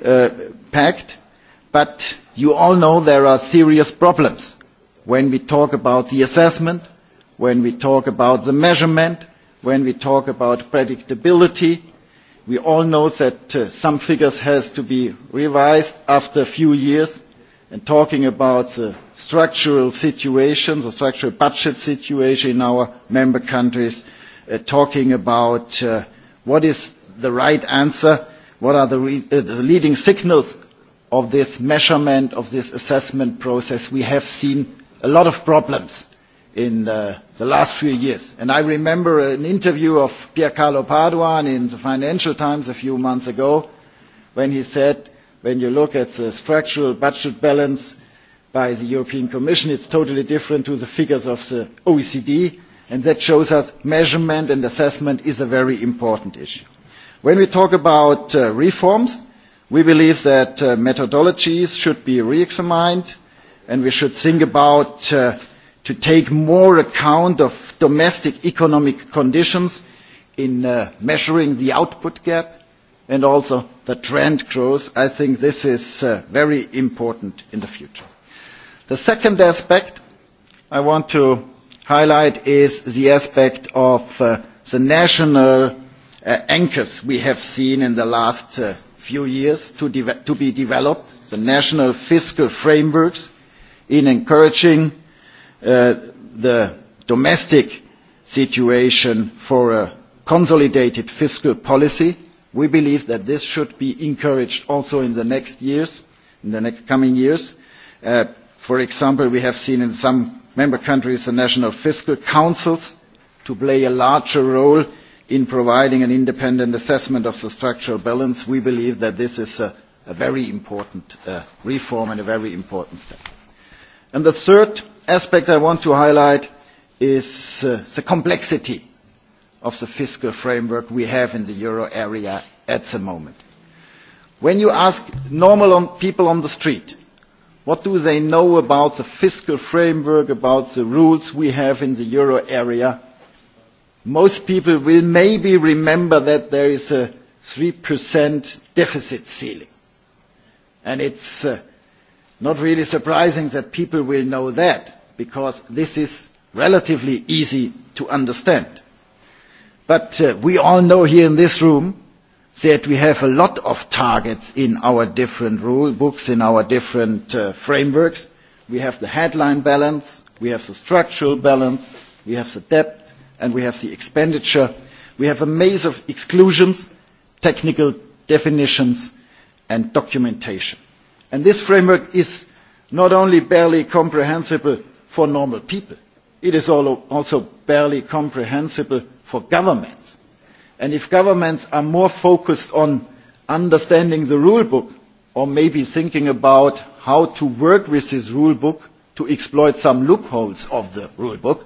Speaker 15: uh, pact, but you all know there are serious problems when we talk about the assessment, when we talk about the measurement, when we talk about predictability, We all know that uh, some figures have to be revised after a few years and talking about the structural situation, the structural budget situation in our member countries, uh, talking about uh, what is the right answer, what are the, re uh, the leading signals of this measurement, of this assessment process. We have seen a lot of problems in uh, the last few years. And I remember an interview of Piercarlo Paduan in the Financial Times a few months ago when he said, when you look at the structural budget balance by the European Commission, it's totally different to the figures of the OECD, and that shows us measurement and assessment is a very important issue. When we talk about uh, reforms, we believe that uh, methodologies should be re-examined, and we should think about uh, to take more account of domestic economic conditions in uh, measuring the output gap and also the trend growth. I think this is uh, very important in the future. The second aspect I want to highlight is the aspect of uh, the national uh, anchors we have seen in the last uh, few years to, de to be developed, the national fiscal frameworks in encouraging the domestic situation for a consolidated fiscal policy. We believe that this should be encouraged also in the next years, in the next coming years. for example, we have seen in some member countries the national fiscal councils to play a larger role in providing an independent assessment of the structural balance. We believe that this is a, very important reform and a very important step the third aspect I want to highlight is uh, the complexity of the fiscal framework we have in the euro area at the moment. When you ask normal people on the street, what do they know about the fiscal framework, about the rules we have in the euro area? Most people will maybe remember that there is a 3% deficit ceiling. And it's uh, not really surprising that people will know that because this is relatively easy to understand. But uh, we all know here in this room that we have a lot of targets in our different rule books, in our different uh, frameworks. We have the headline balance, we have the structural balance, we have the debt, and we have the expenditure. We have a maze of exclusions, technical definitions, and documentation And this framework is not only barely comprehensible for normal people, it is also barely comprehensible for governments. And if governments are more focused on understanding the rule book or maybe thinking about how to work with this rule book to exploit some loopholes of the rule book,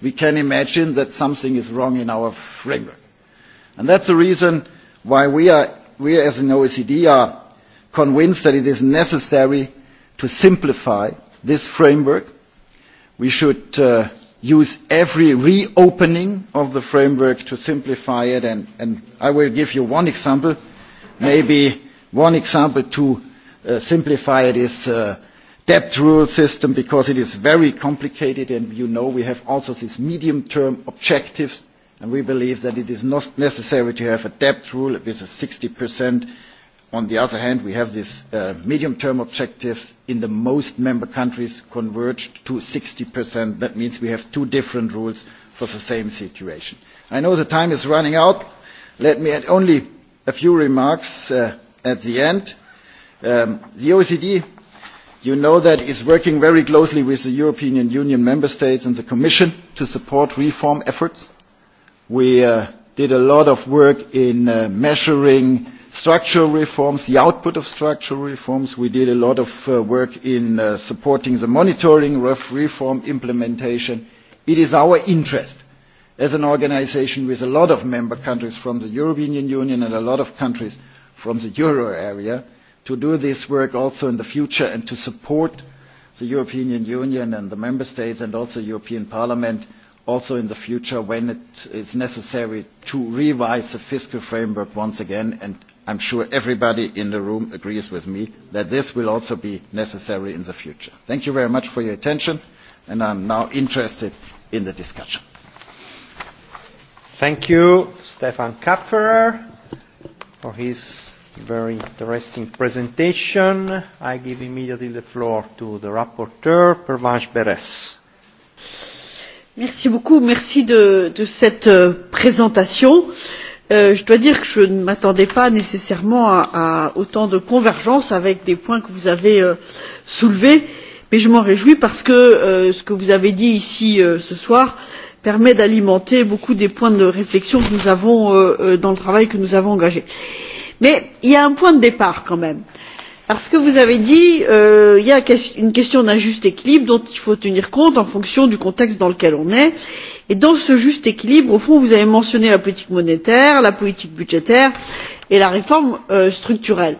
Speaker 15: we can imagine that something is wrong in our framework. And that's the reason why we, are, we as an OECD are convinced that it is necessary to simplify this framework. We should uh, use every reopening of the framework to simplify it, and, and I will give you one example. Maybe one example to uh, simplify it is uh, debt rule system because it is very complicated and you know we have also these medium term objectives and we believe that it is not necessary to have a debt rule with a 60% On the other hand, we have these medium-term objectives in the most member countries converged to 60%. That means we have two different rules for the same situation. I know the time is running out. Let me add only a few remarks at the end. the OECD, you know that, is working very closely with the European Union member states and the Commission to support reform efforts. We did a lot of work in measuring structural reforms, the output of structural reforms. We did a lot of uh, work in uh, supporting the monitoring of reform implementation. It is our interest as an organization with a lot of member countries from the European Union and a lot of countries from the euro area to do this work also in the future and to support the European Union and the member states and also the European Parliament also in the future when it is necessary to revise the fiscal framework once again and I am sure everybody in the room agrees with me that this will also be necessary in the future. Thank you very much for your attention, and I am now interested in the discussion. Thank you, Stefan Kapferer,
Speaker 1: for his very interesting presentation. I give immediately the floor to the rapporteur, Pervanche Beres.
Speaker 14: Merci beaucoup, merci de, de cette présentation. Euh, je dois dire que je ne m'attendais pas nécessairement à autant de convergence avec des points que vous avez soulevés mais je m'en réjouis parce que ce que vous avez dit ici ce soir permet d'alimenter beaucoup des points de réflexion que nous avons dans le travail que nous avons engagé. mais il y a un point de départ quand même parce que vous avez dit il y a une question d'un juste équilibre dont il faut tenir compte en fonction du contexte dans lequel on est et dans ce juste équilibre au fond vous avez mentionné la politique monétaire la politique budgétaire et la réforme structurelle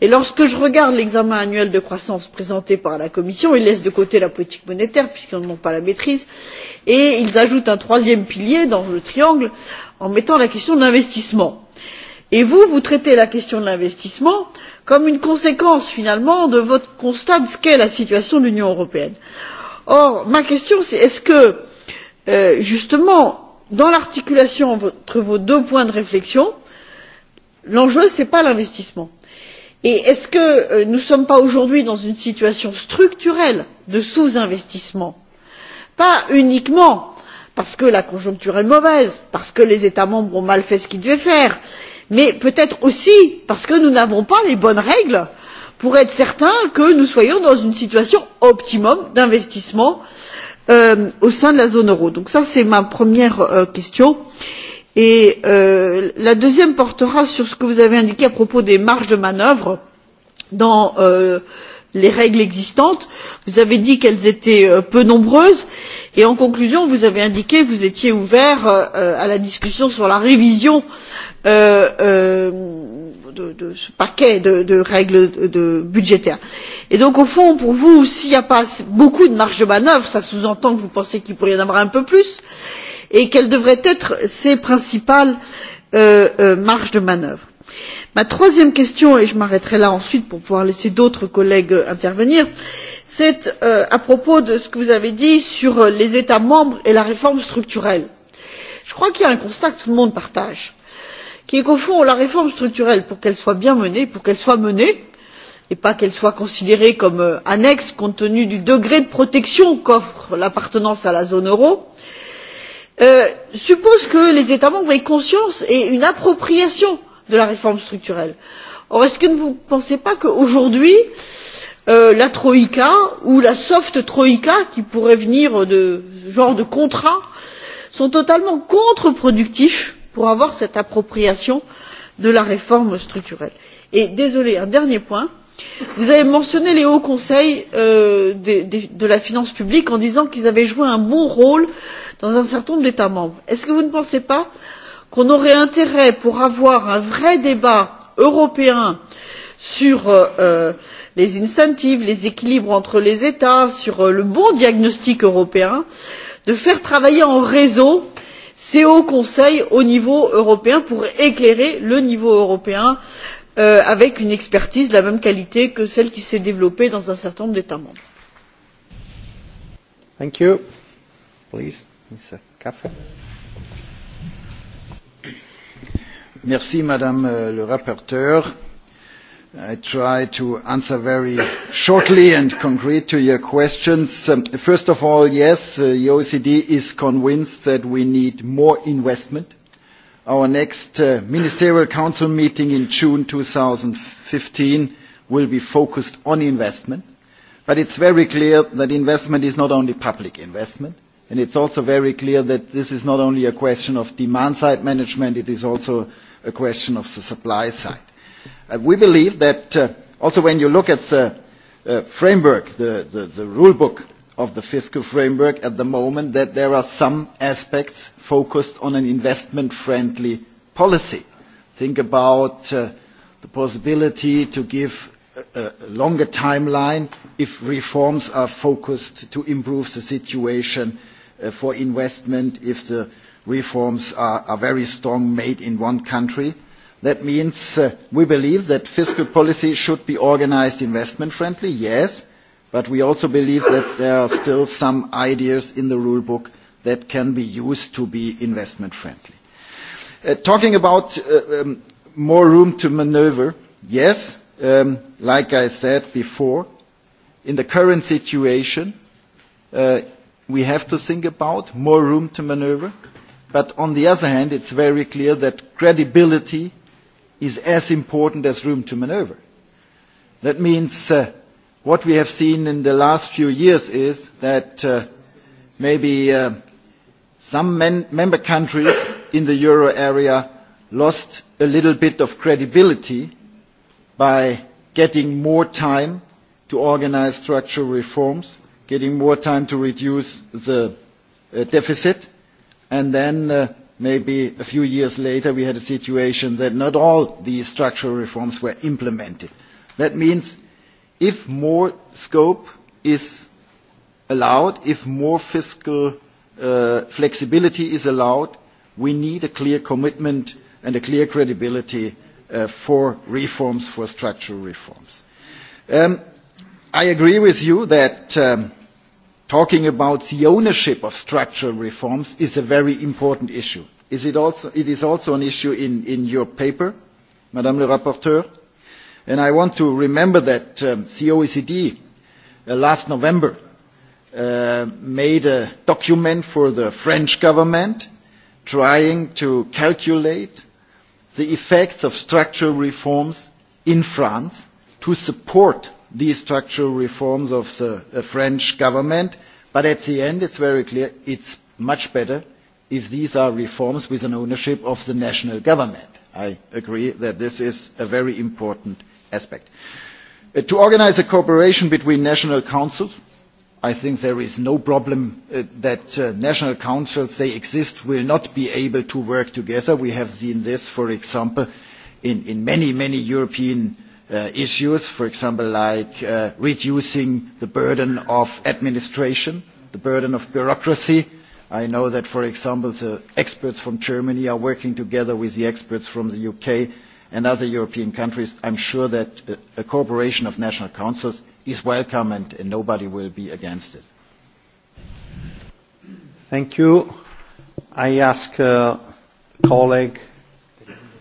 Speaker 14: et lorsque je regarde l'examen annuel de croissance présenté par la commission ils laissent de côté la politique monétaire puisqu'ils n'en ont pas la maîtrise et ils ajoutent un troisième pilier dans le triangle en mettant la question de l'investissement. et vous vous traitez la question de l'investissement comme une conséquence finalement de votre constat de ce qu'est la situation de l'union européenne. or ma question c'est est ce que justement dans l'articulation entre vos deux points de réflexion l'enjeu ce n'est pas l'investissement. Et est ce que nous ne sommes pas aujourd'hui dans une situation structurelle de sous investissement pas uniquement parce que la conjoncture est mauvaise parce que les états membres ont mal fait ce qu'ils devaient faire mais peut être aussi parce que nous n'avons pas les bonnes règles pour être certains que nous soyons dans une situation optimum d'investissement et au sein de la zone euro. donc ça c'est ma première question. Et la deuxième portera sur ce que vous avez indiqué à propos des marges de manœuvre dans les règles existantes. vous avez dit qu'elles étaient peu nombreuses et en conclusion vous avez indiqué que vous étiez ouvert à la discussion sur la révision de, de ce paquet de, de règles de, budgétaires. Et donc, au fond, pour vous, s'il n'y a pas beaucoup de marge de manœuvre, ça sous-entend que vous pensez qu'il pourrait y en avoir un peu plus, et quelles devraient être ses principales euh, euh, marges de manœuvre. Ma troisième question, et je m'arrêterai là ensuite pour pouvoir laisser d'autres collègues intervenir, c'est euh, à propos de ce que vous avez dit sur les États membres et la réforme structurelle. Je crois qu'il y a un constat que tout le monde partage qui est qu'au fond la réforme structurelle pour qu'elle soit bien menée pour qu'elle soit menée et pas qu'elle soit considérée comme annexe compte tenu du degré de protection qu'offre l'appartenance à la zone euro suppose que les états membres aient conscience et une appropriation de la réforme structurelle. or est ce que vous ne pensez pas qu'aujourd'hui la troïka ou la soft troïka qui pourrait venir de ce genre de contrat sont totalement contreproductifs pour avoir cette appropriation de la réforme structurelle. et désolée un dernier point vous avez mentionné les hauts conseils de la finance publique en disant qu'ils avaient joué un bon rôle dans un certain nombre d'états membres. est ce que vous ne pensez pas qu'on aurait intérêt pour avoir un vrai débat européen sur les incentives les équilibres entre les états sur le bon diagnostic européen de faire travailler en réseau euh, c'est au conseil au niveau européen pour éclairer le niveau européen avec une expertise de la même qualité que celle qui s'est développée dans un certain nombre d'états membres.
Speaker 15: Merci, Madame la rapporteure, I try to answer very shortly and concrete to your questions. First of all, yes, the OECD is convinced that we need more investment. Our next Ministerial Council meeting in June fifteen will be focused on investment. But it is very clear that investment is not only public investment, and it is also very clear that this is not only a question of demand-side management, it is also a question of the supply side we believe that uh, also when you look at the uh, framework, the, the, the rule book of the fiscal framework at the moment, that there are some aspects focused on an investment-friendly policy. Think about uh, the possibility to give a longer timeline if reforms are focused to improve the situation for investment, if the reforms are, are very strong made in one country. That means we believe that fiscal policy should be organised investment friendly, yes, but we also believe that there are still some ideas in the rule book that can be used to be investment friendly. Talking about more room to maneuver, yes, like I said before, in the current situation, we have to think about more room to maneuver. But on the other hand, it's very clear that credibility is as important as room to maneuver. That means uh, what we have seen in the last few years is that uh, maybe uh, some men- member countries in the euro area lost a little bit of credibility by getting more time to organise structural reforms, getting more time to reduce the uh, deficit, and then uh, maybe a few years later we had a situation that not all the structural reforms were implemented. That means if more scope is allowed, if more fiscal uh, flexibility is allowed, we need a clear commitment and a clear credibility uh, for reforms, for structural reforms. Um, I agree with you that um, talking about the ownership of structural reforms is a very important issue. Is it, also, it is also an issue in, in your paper, Madame le Rapporteur. And I want to remember that um, the OECD uh, last November uh, made a document for the French government trying to calculate the effects of structural reforms in France to support the structural reforms of the French government. But at the end, it's very clear it's much better if these are reforms with an ownership of the national government. I agree that this is a very important aspect. to organise a cooperation between national councils, I think there is no problem that national councils, they exist, will not be able to work together. We have seen this, for example, in, many, many European issues, for example, like reducing the burden of administration, the burden of bureaucracy. I know that, for example, the experts from Germany are working together with the experts from the UK and other European countries. I am sure that a cooperation of national councils is welcome and, nobody will be against it. Thank you. I ask a colleague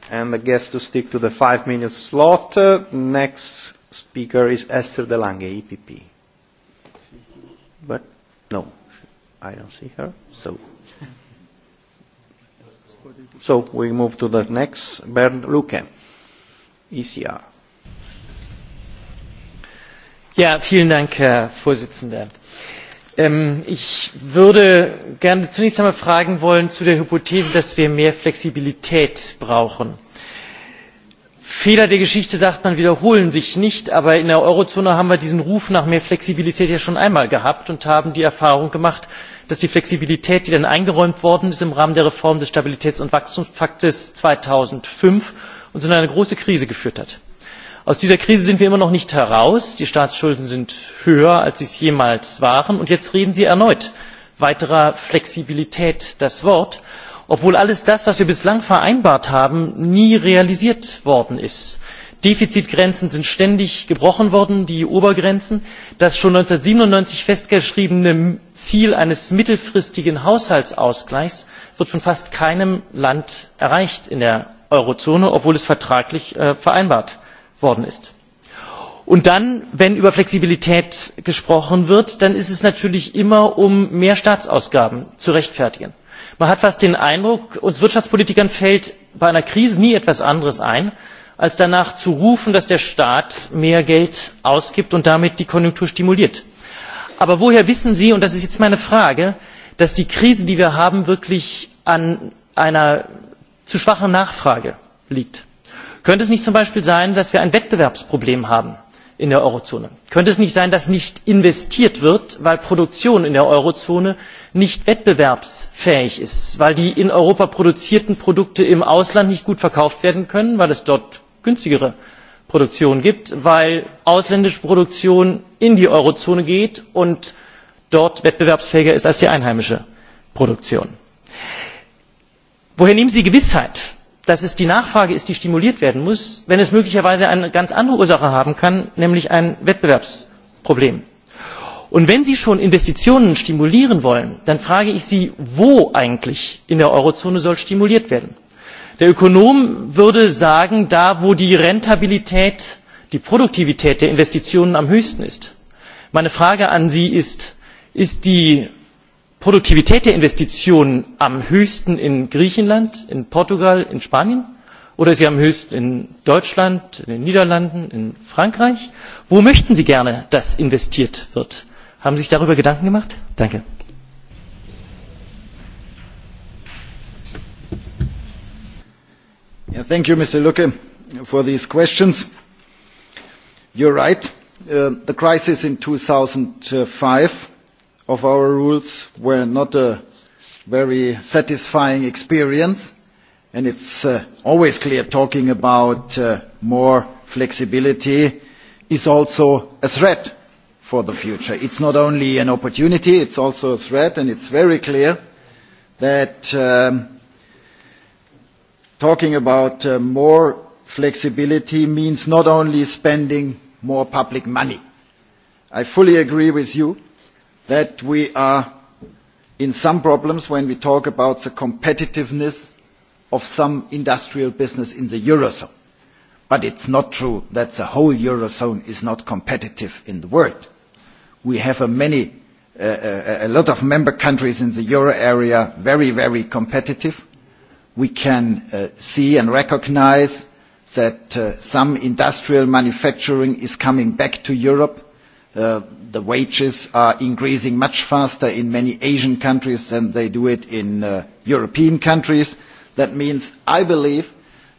Speaker 15: and
Speaker 1: the guests to stick to the five minute slot. Uh, next speaker is Esther De Lange, EPP. But no, I don't see her. So, so we move to the next, Bernd
Speaker 16: Luke, ECR. Ja, vielen Dank, Herr Vorsitzender ich würde gerne zunächst einmal fragen wollen zu der hypothese dass wir mehr flexibilität brauchen. fehler der geschichte sagt man wiederholen sich nicht aber in der eurozone haben wir diesen ruf nach mehr flexibilität ja schon einmal gehabt und haben die erfahrung gemacht dass die flexibilität die dann eingeräumt worden ist im rahmen der reform des stabilitäts und wachstumspakts zweitausendfünf uns in eine große krise geführt hat aus dieser krise sind wir immer noch nicht heraus die staatsschulden sind höher als sie es jemals waren und jetzt reden sie erneut weiterer flexibilität das wort obwohl alles das was wir bislang vereinbart haben nie realisiert worden ist. defizitgrenzen sind ständig gebrochen worden die obergrenzen. das schon eintausendneunhundertsiebenundneunzig festgeschriebene ziel eines mittelfristigen haushaltsausgleichs wird von fast keinem land erreicht in der eurozone erreicht, obwohl es vertraglich vereinbart worden ist. Und dann, wenn über Flexibilität gesprochen wird, dann ist es natürlich immer, um mehr Staatsausgaben zu rechtfertigen. Man hat fast den Eindruck, uns Wirtschaftspolitikern fällt bei einer Krise nie etwas anderes ein, als danach zu rufen, dass der Staat mehr Geld ausgibt und damit die Konjunktur stimuliert. Aber woher wissen Sie, und das ist jetzt meine Frage, dass die Krise, die wir haben, wirklich an einer zu schwachen Nachfrage liegt? könnte es nicht zum beispiel sein dass wir ein wettbewerbsproblem haben in der eurozone? könnte es nicht sein dass nicht investiert wird weil produktion in der eurozone nicht wettbewerbsfähig ist weil die in europa produzierten produkte im ausland nicht gut verkauft werden können weil es dort günstigere produktion gibt weil ausländische produktion in die eurozone geht und dort wettbewerbsfähiger ist als die einheimische produktion? woher nehmen sie die gewissheit dass es die nachfrage ist die stimuliert werden muss wenn es möglicherweise eine ganz andere ursache haben kann nämlich ein wettbewerbsproblem. und wenn sie schon investitionen stimulieren wollen dann frage ich sie wo eigentlich in der eurozone soll stimuliert werden? der ökonom würde sagen da wo die rentabilität die produktivität der investitionen am höchsten ist. meine frage an sie ist ist die produktivität der investitionen am höchsten in griechenland in portugal in spanien oder ist sie am höchsten in deutschland in den niederlanden in frankreich? wo möchten sie gerne dass investiert wird? haben sie sich darüber gedanken gemacht? danke. thank you mr
Speaker 15: lucke for these questions. you are right the crisis in two thousand and five of our rules were not a very satisfying experience, and it's uh, always clear talking about uh, more flexibility is also a threat for the future. It's not only an opportunity, it's also a threat, and it's very clear that um, talking about uh, more flexibility means not only spending more public money. I fully agree with you that we are in some problems when we talk about the competitiveness of some industrial business in the eurozone. But it's not true that the whole eurozone is not competitive in the world. We have a many a lot of member countries in the euro area very, very competitive. We can see and recognize that some industrial manufacturing is coming back to Europe the wages are increasing much faster in many Asian countries than they do it in European countries. That means, I believe,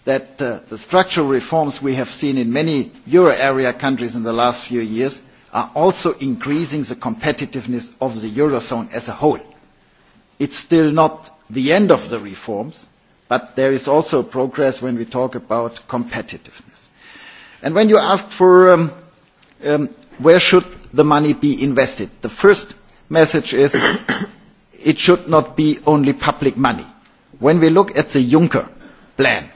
Speaker 15: that the structural reforms we have seen in many euro area countries in the last few years are also increasing the competitiveness of the eurozone as a whole. It is still not the end of the reforms, but there is also progress when we talk about competitiveness. And when you asked for where should the money be invested? The first message is it should not be only public money. When we look at the Juncker plan,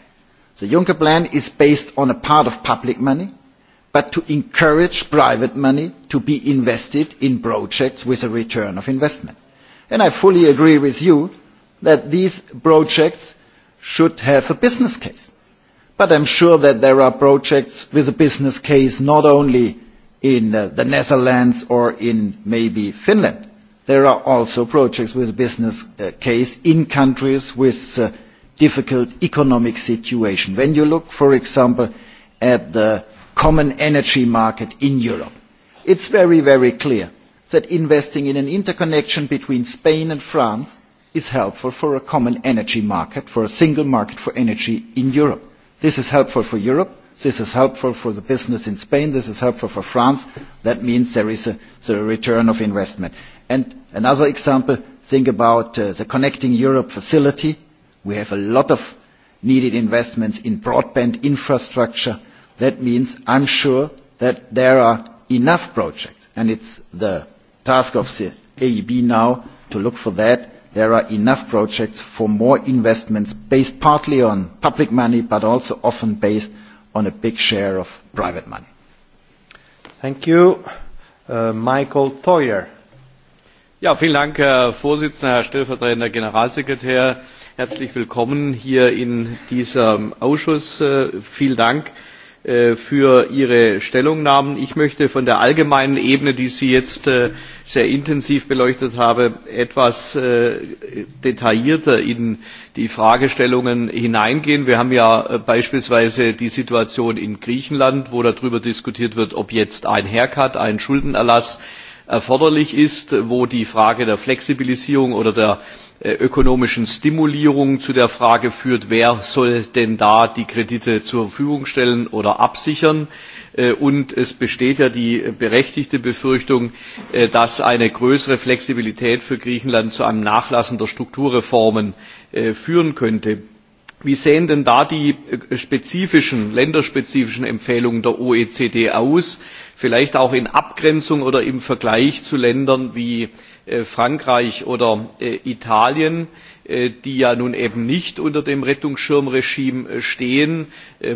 Speaker 15: the Juncker plan is based on a part of public money, but to encourage private money to be invested in projects with a return of investment. And I fully agree with you that these projects should have a business case. But I'm sure that there are projects with a business case not only in uh, the Netherlands or in maybe Finland. There are also projects with business uh, case in countries with uh, difficult economic situation. When you look, for example, at the common energy market in Europe, it's very, very clear that investing in an interconnection between Spain and France is helpful for a common energy market, for a single market for energy in Europe. This is helpful for Europe This is helpful for the business in Spain. This is helpful for France. That means there is a the return of investment. And another example, think about uh, the Connecting Europe facility. We have a lot of needed investments in broadband infrastructure. That means I'm sure that there are enough projects, and it's the task of the AEB now to look for that. There are enough projects for more investments based partly on public money, but also often based on on a big share of private money. Thank you. Uh, Michael Theuer.
Speaker 17: Ja, vielen Dank, Herr Vorsitzender, Herr stellvertretender Generalsekretär. Herzlich willkommen hier in diesem Ausschuss. Vielen Dank für Ihre Stellungnahmen. Ich möchte von der allgemeinen Ebene, die Sie jetzt sehr intensiv beleuchtet haben, etwas detaillierter in die Fragestellungen hineingehen. Wir haben ja beispielsweise die Situation in Griechenland, wo darüber diskutiert wird, ob jetzt ein Haircut, ein Schuldenerlass erforderlich ist, wo die Frage der Flexibilisierung oder der ökonomischen Stimulierung zu der Frage führt, wer soll denn da die Kredite zur Verfügung stellen oder absichern. Und es besteht ja die berechtigte Befürchtung, dass eine größere Flexibilität für Griechenland zu einem Nachlassen der Strukturreformen führen könnte. Wie sehen denn da die spezifischen, länderspezifischen Empfehlungen der OECD aus? Vielleicht auch in Abgrenzung oder im Vergleich zu Ländern wie frankreich oder italien die ja nun eben nicht unter dem rettungsschirmregime stehen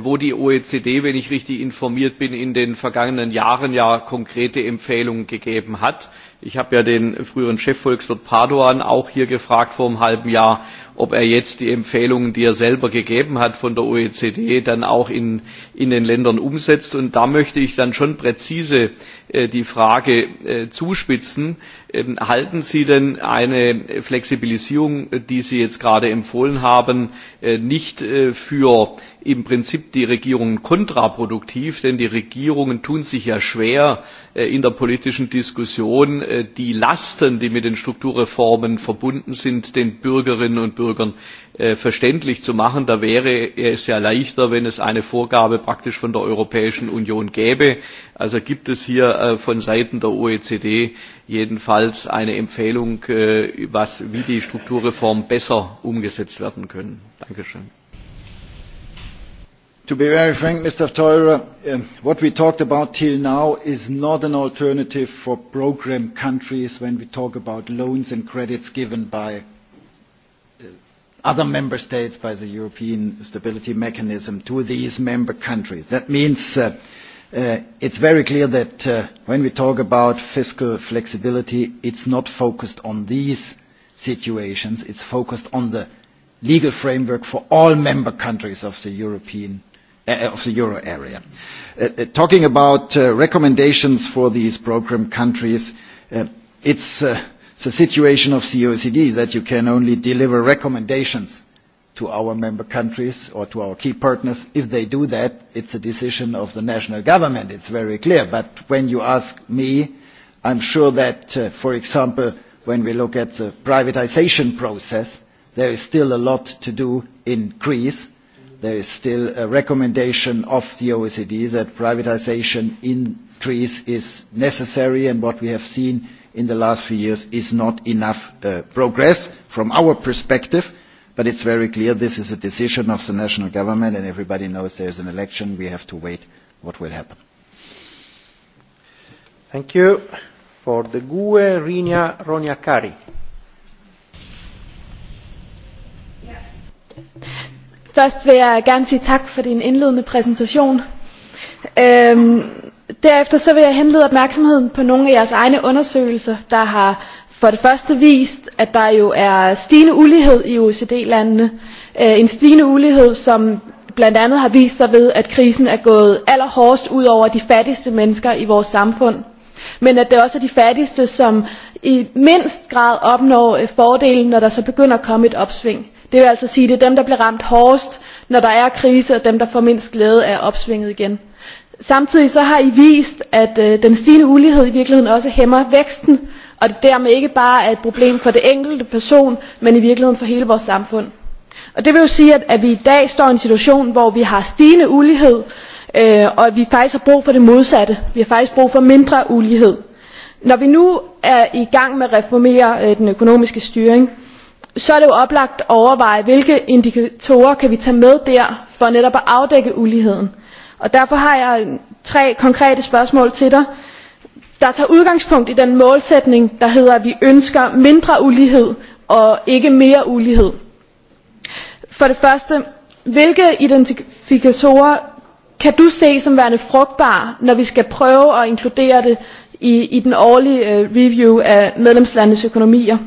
Speaker 17: wo die oecd wenn ich richtig informiert bin in den vergangenen jahren ja konkrete empfehlungen gegeben hat. ich habe ja den früheren chefvolkswirt padoan auch hier gefragt vor einem halben jahr ob er jetzt die empfehlungen die er selber gegeben hat von der oecd dann auch in den ländern umsetzt und da möchte ich dann schon präzise die Frage zuspitzen. Halten Sie denn eine Flexibilisierung, die Sie jetzt gerade empfohlen haben, nicht für im Prinzip die Regierungen kontraproduktiv, denn die Regierungen tun sich ja schwer in der politischen Diskussion die Lasten, die mit den Strukturreformen verbunden sind, den Bürgerinnen und Bürgern verständlich zu machen. Da wäre es ja leichter, wenn es eine Vorgabe praktisch von der Europäischen Union gäbe. Also gibt es hier von Seiten der OECD jedenfalls eine Empfehlung, was, wie die Strukturreform besser umgesetzt werden können. Dankeschön.
Speaker 15: To be very frank, Mr. Teurer, what we talked about till now is not an alternative for program countries when we talk about loans and credits given by other member states by the European Stability Mechanism to these member countries. That means uh, uh, it's very clear that uh, when we talk about fiscal flexibility, it's not focused on these situations. It's focused on the legal framework for all member countries of the European uh, of the euro area. Uh, uh, talking about uh, recommendations for these program countries, uh, it's uh, The situation of the OECD that you can only deliver recommendations to our member countries or to our key partners. If they do that, it's a decision of the national government. It's very clear. But when you ask me, I'm sure that, uh, for example, when we look at the privatization process, there is still a lot to do in Greece. There is still a recommendation of the OECD that privatization in Greece is necessary, and what we have seen in the last few years is not enough progress from our perspective, but it is very clear this is a decision of the national government, and everybody knows there is an election. We have to wait what will happen.
Speaker 1: Thank you. For the GUE, Roniakari.
Speaker 18: Først vil jeg gerne sige tak for din indledende præsentation. Øhm, Derefter så vil jeg henlede opmærksomheden på nogle af jeres egne undersøgelser, der har for det første vist, at der jo er stigende ulighed i OECD-landene. En stigende ulighed, som blandt andet har vist sig ved, at krisen er gået allerhårdest ud over de fattigste mennesker i vores samfund. Men at det også er de fattigste, som i mindst grad opnår fordelen, når der så begynder at komme et opsving. Det vil altså sige, at det er dem, der bliver ramt hårdest, når der er krise, og dem, der får mindst glæde af opsvinget igen. Samtidig så har I vist, at øh, den stigende ulighed i virkeligheden også hæmmer væksten, og det dermed ikke bare er et problem for det enkelte person, men i virkeligheden for hele vores samfund. Og det vil jo sige, at, at vi i dag står i en situation, hvor vi har stigende ulighed, øh, og at vi faktisk har brug for det modsatte. Vi har faktisk brug for mindre ulighed. Når vi nu er i gang med at reformere øh, den økonomiske styring, så er det jo oplagt at overveje, hvilke indikatorer kan vi tage med der, for netop at afdække uligheden og derfor har jeg tre konkrete spørgsmål til dig der tager udgangspunkt i den målsætning der hedder at vi ønsker mindre ulighed og ikke mere ulighed for det første hvilke identifikatorer kan du se som værende frugtbare når vi skal prøve at inkludere det i, i den årlige review af medlemslandets økonomier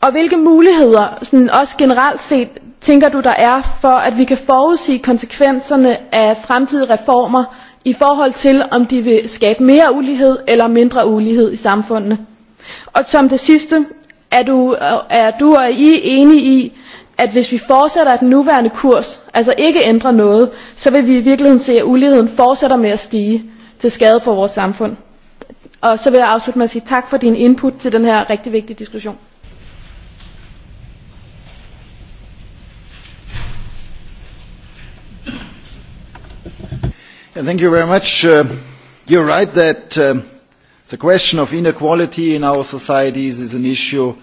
Speaker 18: og hvilke muligheder sådan også generelt set tænker du der er for at vi kan forudsige konsekvenserne af fremtidige reformer i forhold til om de vil skabe mere ulighed eller mindre ulighed i samfundene og som det sidste er du, er du og I enige i, at hvis vi fortsætter den nuværende kurs, altså ikke ændrer noget, så vil vi i virkeligheden se, at uligheden fortsætter med at stige til skade for vores samfund. Og så vil jeg afslutte med at sige tak for din input til den her rigtig vigtige diskussion.
Speaker 15: Thank you very much. You're right that the question of inequality in our societies is an issue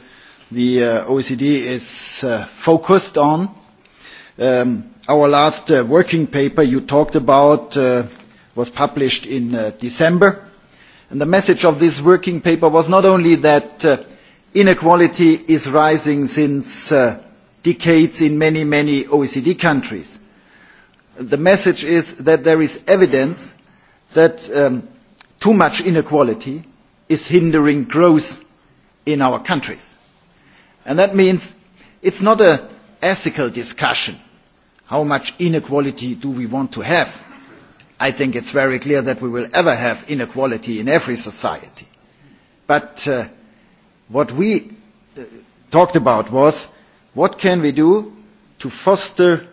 Speaker 15: the OECD is focused on. Our last working paper you talked about was published in December. And the message of this working paper was not only that inequality is rising since decades in many, many OECD countries, the message is that there is evidence that um, too much inequality is hindering growth in our countries. And that means it's not an ethical discussion. How much inequality do we want to have? I think it's very clear that we will ever have inequality in every society. But uh, what we uh, talked about was what can we do to foster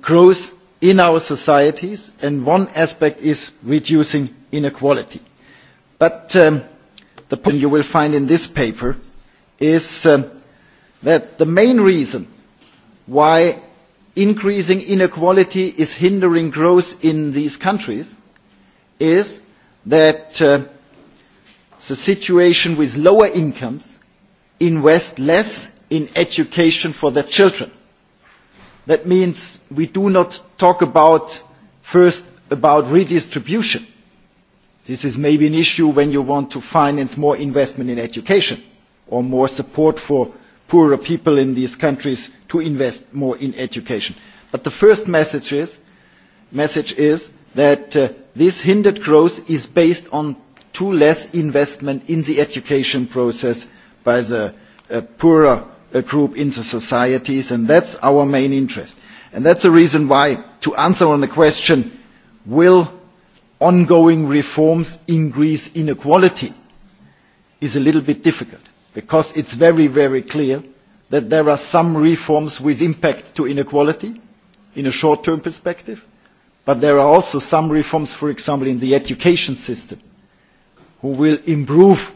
Speaker 15: growth in our societies, and one aspect is reducing inequality. But the point you will find in this paper is that the main reason why increasing inequality is hindering growth in these countries is that the situation with lower incomes invest less in education for their children That means we do not talk about first about redistribution. This is maybe an issue when you want to finance more investment in education or more support for poorer people in these countries to invest more in education. But the first message is, message is that uh, this hindered growth is based on too less investment in the education process by the uh, poorer group in the societies, and that's our main interest. And that's the reason why, to answer on the question, will ongoing reforms increase inequality, is a little bit difficult, because it's very, very clear that there are some reforms with impact to inequality in a short-term perspective, but there are also some reforms, for example, in the education system, who will improve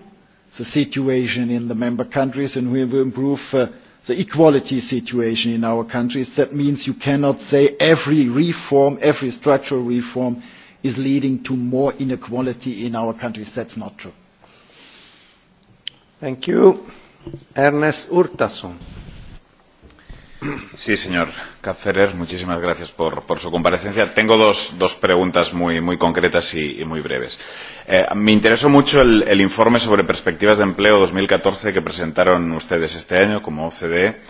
Speaker 15: the situation in the member countries and we will improve uh, the equality situation in our countries. That means you cannot say every reform, every structural reform is leading to more inequality in our countries. That's not true.
Speaker 1: Thank you.
Speaker 19: Ernest Urtasun Sí, señor Capferer, muchísimas gracias por, por su comparecencia. Tengo dos, dos preguntas muy, muy concretas y, y muy breves. Eh, me interesó mucho el, el informe sobre perspectivas de empleo 2014 que presentaron ustedes este año como OCDE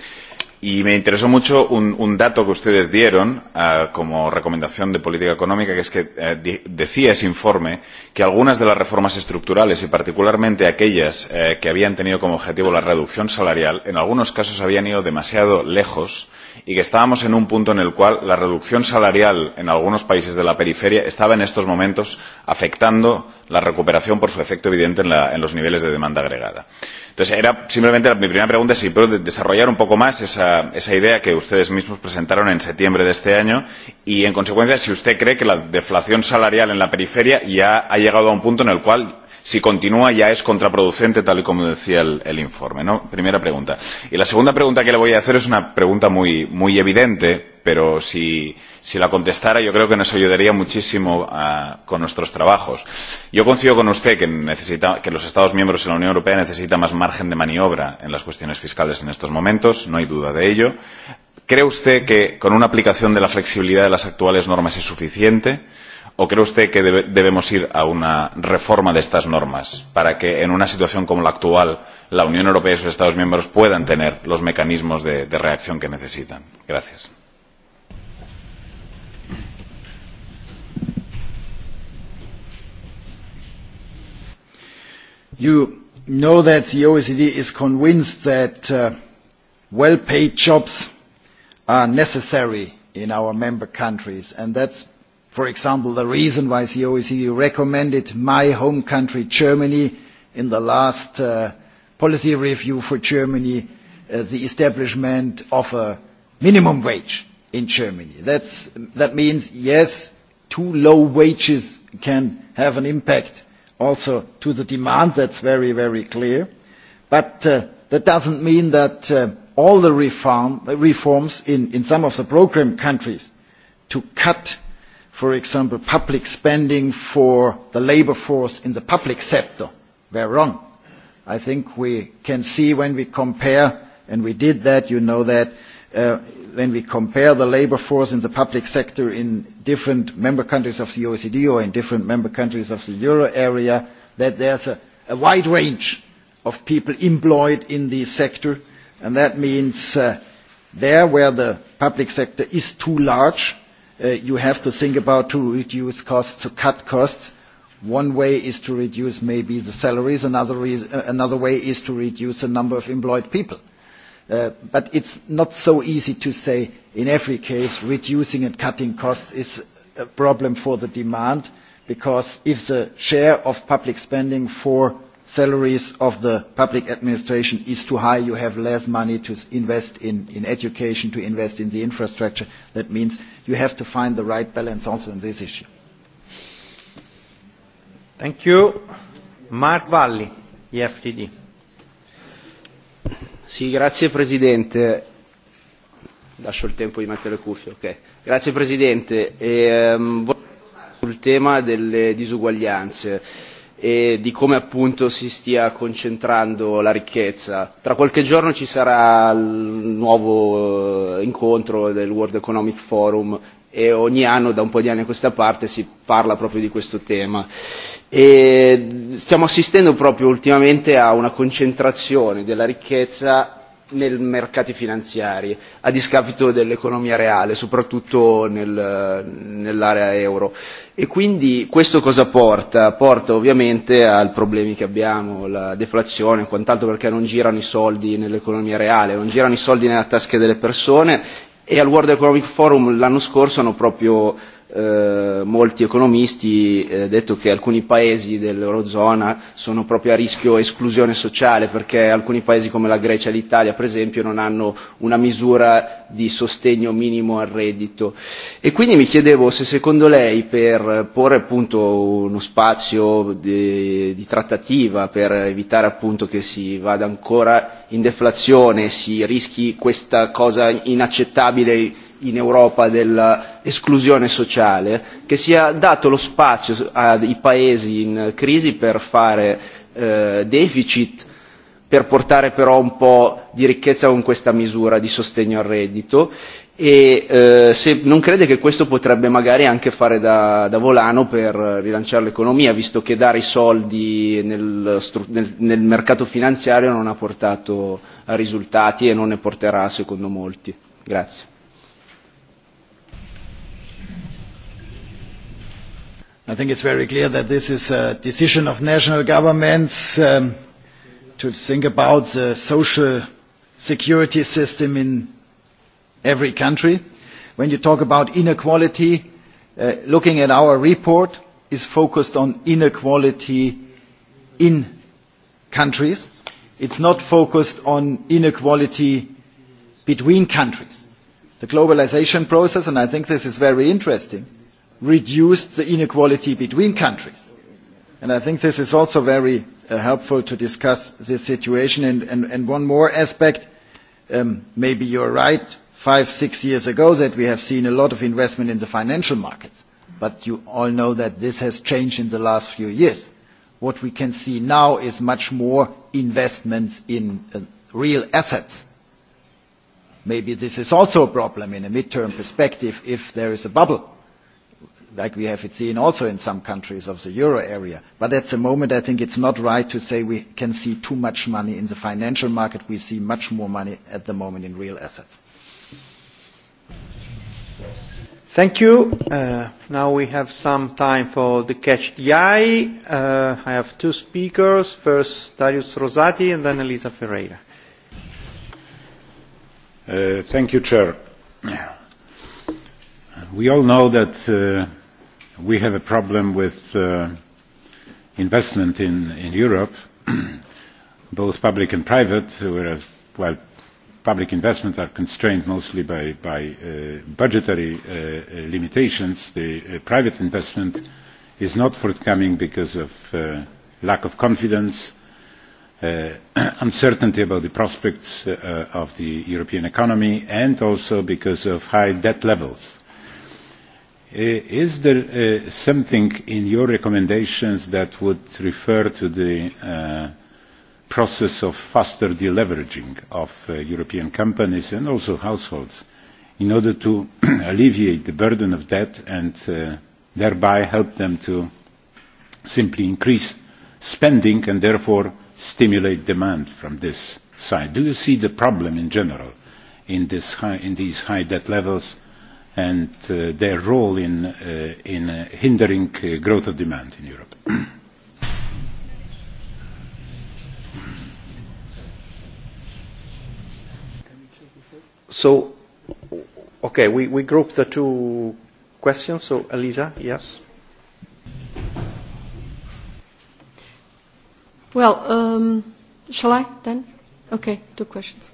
Speaker 19: Y me interesó mucho un, un dato que ustedes dieron uh, como recomendación de política económica, que es que uh, di, decía ese informe que algunas de las reformas estructurales y particularmente aquellas uh, que habían tenido como objetivo la reducción salarial, en algunos casos habían ido demasiado lejos y que estábamos en un punto en el cual la reducción salarial en algunos países de la periferia estaba en estos momentos afectando la recuperación por su efecto evidente en, la, en los niveles de demanda agregada. Entonces, era simplemente mi primera pregunta es si puedo desarrollar un poco más esa, esa idea que ustedes mismos presentaron en septiembre de este año y, en consecuencia, si usted cree que la deflación salarial en la periferia ya ha llegado a un punto en el cual si continúa ya es contraproducente, tal y como decía el, el informe. ¿no? Primera pregunta. Y la segunda pregunta que le voy a hacer es una pregunta muy, muy evidente, pero si, si la contestara yo creo que nos ayudaría muchísimo con nuestros trabajos. Yo coincido con usted que, necesita, que los Estados miembros y la Unión Europea necesitan más margen de maniobra en las cuestiones fiscales en estos momentos, no hay duda de ello. ¿Cree usted que con una aplicación de la flexibilidad de las actuales normas es suficiente? ¿O cree usted que debemos ir a una reforma de estas normas para que en una situación como la actual la Unión Europea y sus Estados miembros puedan tener los mecanismos de, reacción que necesitan? Gracias.
Speaker 15: You know that the OECD is convinced that uh, well-paid jobs are necessary in our member countries. And that's, for example, the reason why the OECD recommended my home country, Germany, in the last uh, policy review for Germany, uh, the establishment of a minimum wage in Germany. That's, that means, yes, too low wages can have an impact also to the demand. That's very, very clear. But that doesn't mean that all the reform, reforms in, in some of the program countries to cut, for example, public spending for the labor force in the public sector were wrong. I think we can see when we compare, and we did that, you know that, when we compare the labour force in the public sector in different member countries of the OECD or in different member countries of the euro area, that there's a, a wide range of people employed in the sector, and that means uh, there where the public sector is too large, uh, you have to think about to reduce costs, to cut costs. One way is to reduce maybe the salaries, another, reason, another way is to reduce the number of employed people but it's not so easy to say in every case reducing and cutting costs is a problem for the demand because if the share of public spending for salaries of the public administration is too high, you have less money to invest in, in education, to invest in the infrastructure. That means you have to find the right balance also on this issue. Thank you. Mark Valli, EFTD. Sì, grazie
Speaker 20: Presidente. Lascio il tempo di mettere le cuffie, ok. Grazie Presidente. sul tema delle disuguaglianze e di come appunto si stia concentrando la ricchezza. Tra qualche giorno ci sarà il nuovo incontro del World Economic Forum e ogni anno, da un po' di anni a questa parte, si parla proprio di questo tema E stiamo assistendo proprio ultimamente a una concentrazione della ricchezza nei mercati finanziari a discapito dell'economia reale, soprattutto nel, nell'area euro. E quindi questo cosa porta? Porta ovviamente ai problemi che abbiamo, la deflazione e quant'altro perché non girano i soldi nell'economia reale, non girano i soldi nella tasca delle persone e al World Economic Forum l'anno scorso hanno proprio eh, molti economisti eh, detto che alcuni paesi dell'Eurozona sono proprio a rischio esclusione sociale perché alcuni paesi come la Grecia e l'Italia per esempio non hanno una misura di sostegno minimo al reddito e quindi mi chiedevo se secondo lei per porre appunto uno spazio di, di trattativa per evitare appunto che si vada ancora in deflazione si rischi questa cosa inaccettabile in Europa dell'esclusione sociale, che sia dato lo spazio ai paesi in crisi per fare eh, deficit, per portare però un po' di ricchezza con questa misura di sostegno al reddito e eh, se non crede che questo potrebbe magari anche fare da, da volano per rilanciare l'economia, visto che dare i soldi nel, nel, nel mercato finanziario non ha portato a risultati e non ne porterà secondo molti. Grazie.
Speaker 15: I think it's very clear that this is a decision of national governments um, to think about the social security system in every country. When you talk about inequality, uh, looking at our report is focused on inequality in countries. It's not focused on inequality between countries. The globalization process, and I think this is very interesting, reduced the inequality between countries. And I think this is also very uh, helpful to discuss this situation. And, and, and one more aspect, um, maybe you're right, five, six years ago that we have seen a lot of investment in the financial markets. But you all know that this has changed in the last few years. What we can see now is much more investments in uh, real assets. Maybe this is also a problem in a midterm perspective if there is a bubble like we have it seen also in some countries of the euro area. But at the moment, I think it's not right to say we can see too much money in the financial market. We see much more money at the moment in real assets.
Speaker 1: Thank you. Uh, now we have some time for the catch the eye. Uh, I have two speakers, first Darius Rosati and then Elisa Ferreira.
Speaker 21: Uh, thank you, Chair. We all know that uh, we have a problem with investment in Europe, both public and private, whereas, well, public investments are constrained mostly by budgetary limitations. The private investment is not forthcoming because of lack of confidence, uncertainty about the prospects of the European economy, and also because of high debt levels Is there something in your recommendations that would refer to the process of faster deleveraging of European companies and also households in order to alleviate the burden of debt and thereby help them to simply increase spending and therefore stimulate demand from this side? Do you see the problem in general in these high debt levels and uh, their role in, uh, uh, in hindering uh, growth of demand in Europe.
Speaker 1: So, okay, we, we group the two questions. So, Elisa, yes?
Speaker 4: Well, um, shall I then? Okay, two questions.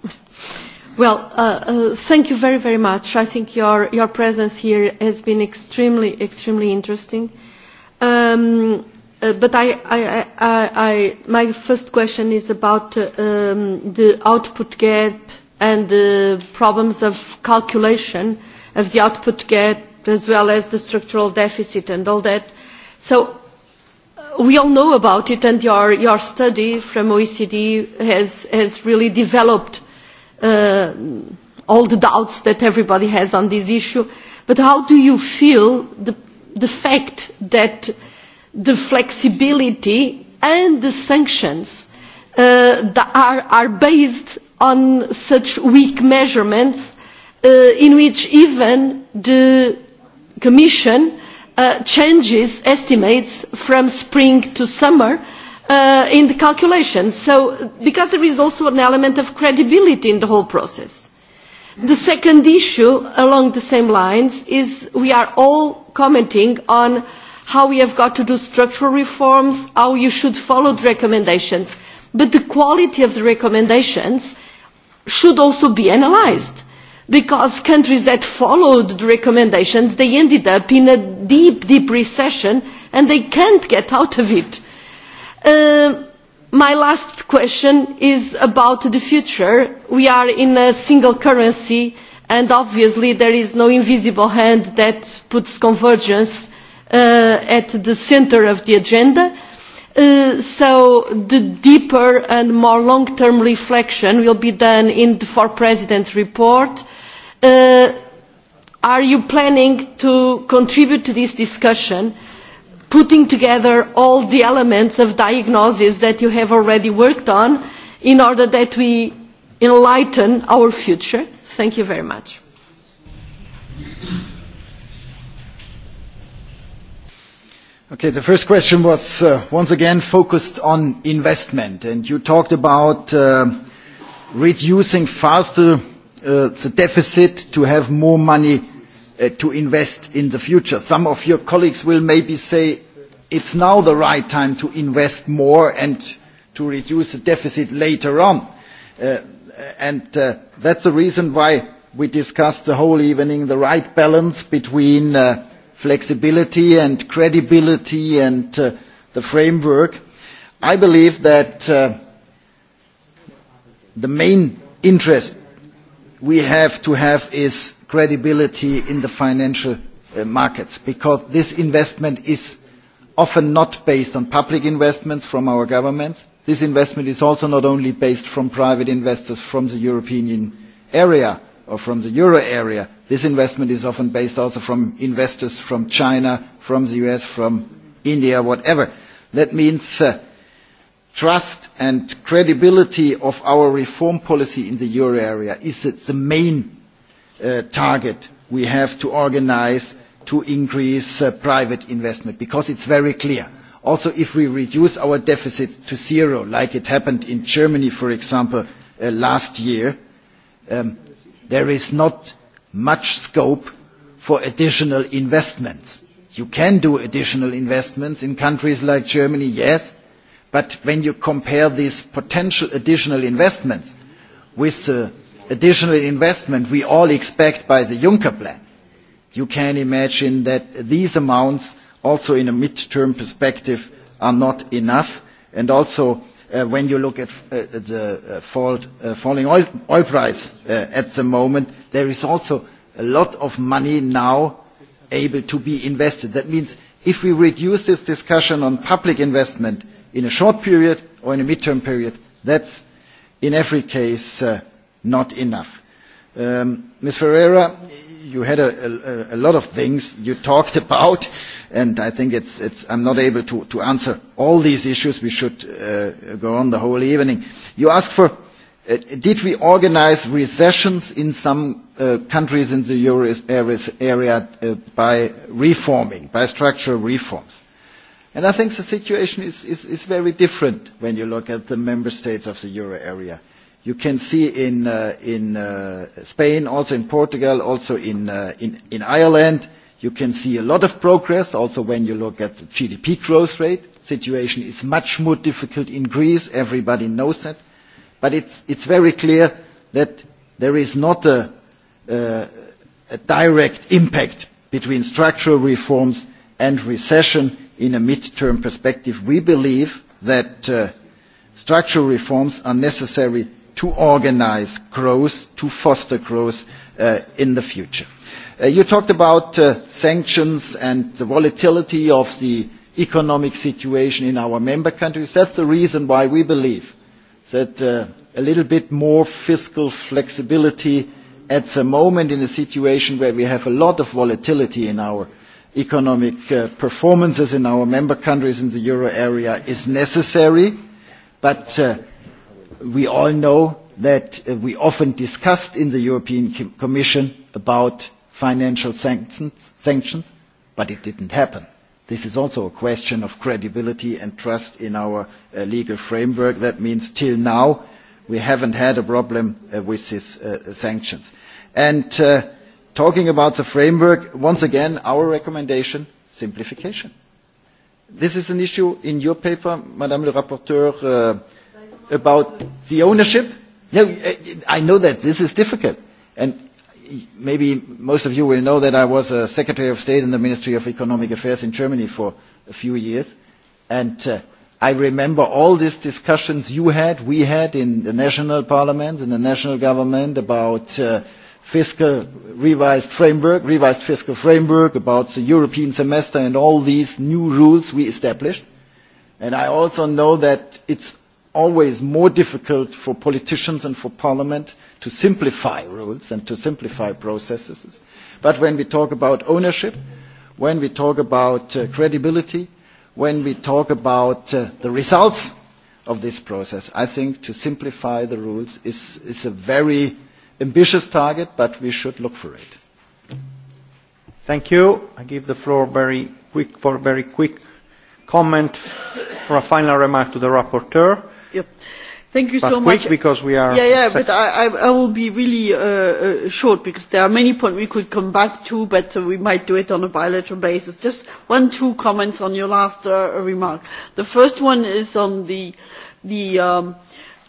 Speaker 4: Well, uh, uh, thank you very, very much. I think your, your presence here has been extremely, extremely interesting. Um, uh, but I, I, I, I, my first question is about uh, um, the output gap and the problems of calculation of the output gap as well as the structural deficit and all that. So we all know about it and your, your study from OECD has, has really developed uh, all the doubts that everybody has on this issue, but how do you feel the, the fact that the flexibility and the sanctions uh, that are, are based on such weak measurements uh, in which even the Commission uh, changes estimates from spring to summer in the calculations so because there is also an element of credibility in the whole process. The second issue along the same lines is we are all commenting on how we have got to do structural reforms, how you should follow the recommendations. But the quality of the recommendations should also be analysed because countries that followed the recommendations, they ended up in a deep, deep recession and they can't get out of it my last question is about the future. We are in a single currency and obviously there is no invisible hand that puts convergence at the centre of the agenda. so the deeper and more long-term reflection will be done in the four presidents' report. are you planning to contribute to this discussion? putting together all the elements of diagnosis that you have already worked on in order that we enlighten our future. Thank you very much.
Speaker 15: Okay, the first question was uh, once again focused on investment, and you talked about uh, reducing faster uh, the deficit to have more money to invest in the future. Some of your colleagues will maybe say it's now the right time to invest more and to reduce the deficit later on. and that's the reason why we discussed the whole evening the right balance between flexibility and credibility and the framework. I believe that the main interest we have to have is credibility in the financial markets because this investment is often not based on public investments from our governments. This investment is also not only based from private investors from the European area or from the euro area. This investment is often based also from investors from China, from the US, from India, whatever. That means uh, trust and credibility of our reform policy in the euro area is the main target we have to organise to increase private investment because it is very clear also if we reduce our deficit to zero like it happened in germany for example last year there is not much scope for additional investments. you can do additional investments in countries like germany yes But when you compare these potential additional investments with the additional investment we all expect by the Juncker plan, you can imagine that these amounts also in a mid-term perspective are not enough. And also when you look at the falling oil price at the moment, there is also a lot of money now able to be invested. That means if we reduce this discussion on public investment in a short period or in a mid-term period, that's in every case uh, not enough. Um, Ms. Ferreira, you had a, a, a lot of things you talked about, and I think it's, it's, I'm not able to, to answer all these issues. We should uh, go on the whole evening. You asked for, uh, did we organize recessions in some uh, countries in the euro area uh, by reforming, by structural reforms? And I think the situation is, is, is very different when you look at the member states of the euro area. You can see in, uh, in uh, Spain, also in Portugal, also in, uh, in, in Ireland, you can see a lot of progress also when you look at the GDP growth rate. Situation is much more difficult in Greece, everybody knows that. But it's, it's very clear that there is not a, a direct impact between structural reforms and recession in a mid-term perspective, we believe that uh, structural reforms are necessary to organize growth, to foster growth uh, in the future. Uh, you talked about uh, sanctions and the volatility of the economic situation in our member countries. That's the reason why we believe that uh, a little bit more fiscal flexibility at the moment in a situation where we have a lot of volatility in our uh, economic uh, performances in our member countries in the euro area is necessary, but uh, we all know that uh, we often discussed in the European Commission about financial sanctions, sanctions, but it didn't happen. This is also a question of credibility and trust in our uh, legal framework. That means till now we haven't had a problem uh, with these uh, sanctions. And uh, talking about the framework, once again, our recommendation, simplification. This is an issue in your paper, Madame le Rapporteur, uh, about the ownership. No, I know that this is difficult. And maybe most of you will know that I was a Secretary of State in the Ministry of Economic Affairs in Germany for a few years. And uh, I remember all these discussions you had, we had in the national parliaments, in the national government about uh, fiscal revised framework, revised fiscal framework, about the European semester and all these new rules we established. And I also know that it's always more difficult for politicians and for parliament to simplify rules and to simplify processes. But when we talk about ownership, when we talk about uh, credibility, when we talk about uh, the results of this process, I think to simplify the rules is, is a very ambitious target, but we should look for it. Thank you. I give
Speaker 1: the floor very quick for a very quick comment for a final remark to the rapporteur.
Speaker 14: Yep. Thank you but so much. because we are. Yeah, yeah, but I, I, I will be really uh, uh, short because there are many points we could come back to, but uh, we might do it on a bilateral basis. Just one, two comments on your last uh, remark. The first one is on the the. Um,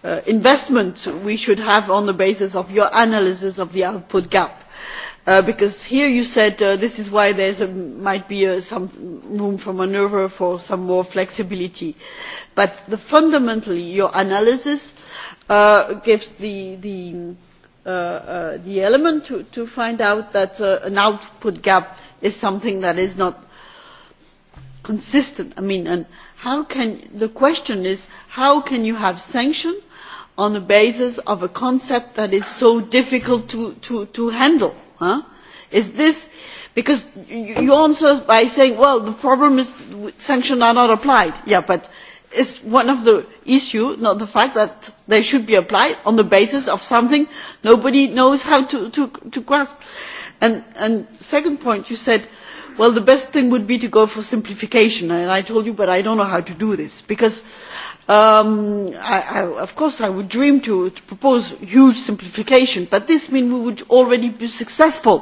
Speaker 14: investment we should have on the basis of your analysis of the output gap because here you said this is why there might be some room for manoeuvre for some more flexibility but fundamentally your analysis gives the element to find out that an output gap is something that is not consistent. the question is how can you have sanctions on the basis of a concept that is so difficult to, to, to handle? Huh? Is this because you answer by saying, well, the problem is sanctions are not applied. Yeah, but is one of the issues not the fact that they should be applied on the basis of something nobody knows how to, to, to grasp? And, and second point, you said, well, the best thing would be to go for simplification. And I told you, but I don't know how to do this because Um, I, I, of course i would dream to, to propose huge simplification but this means we would already be successful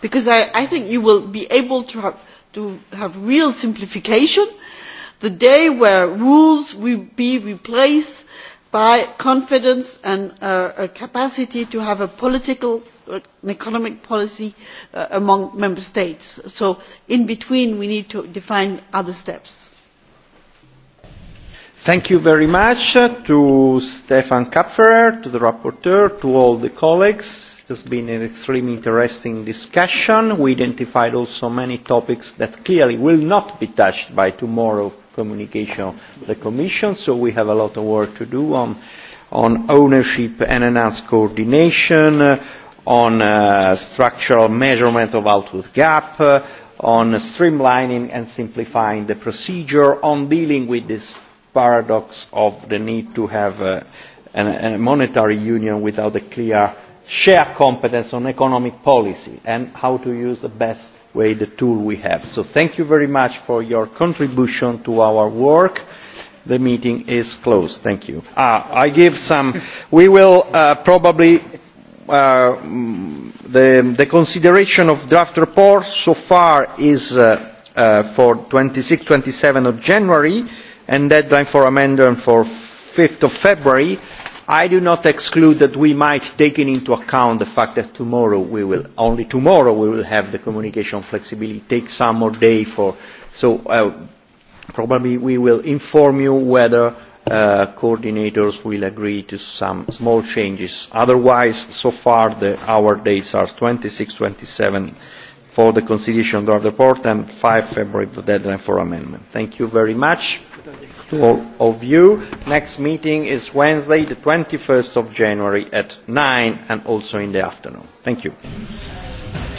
Speaker 14: because i, I think you will be able to have, real simplification the day where rules will be replaced by confidence and a capacity to have a political and economic policy among member states. so in between we need to define other steps.
Speaker 1: Thank you very much to Stefan Kapferer, to the rapporteur, to all the colleagues. It has been an extremely interesting discussion. We identified also many topics that clearly will not be touched by tomorrow communication of the Commission, so we have a lot of work to do on, on ownership and enhanced coordination, uh, on uh, structural measurement of output gap, uh, on streamlining and simplifying the procedure, on dealing with this paradox of the need to have a, a, a monetary union without a clear shared competence on economic policy and how to use the best way the tool we have. So thank you very much for your contribution to our work. The meeting is closed. Thank you. Ah, I give some. We will uh, probably uh, the, the consideration of draft report so far is uh, uh, for 26-27 of January and deadline for amendment for five of February, I do not exclude that we might take into account the fact that tomorrow we will, only tomorrow we will have the communication flexibility, take some more day for, so uh, probably we will inform you whether uh, coordinators will agree to some small changes. Otherwise, so far the, our dates are 26, 27 for the conciliation of the report and 5 February the deadline for amendment. Thank you very much to all of you. Next meeting is Wednesday, the 21st of January at 9 and also in the afternoon. Thank you.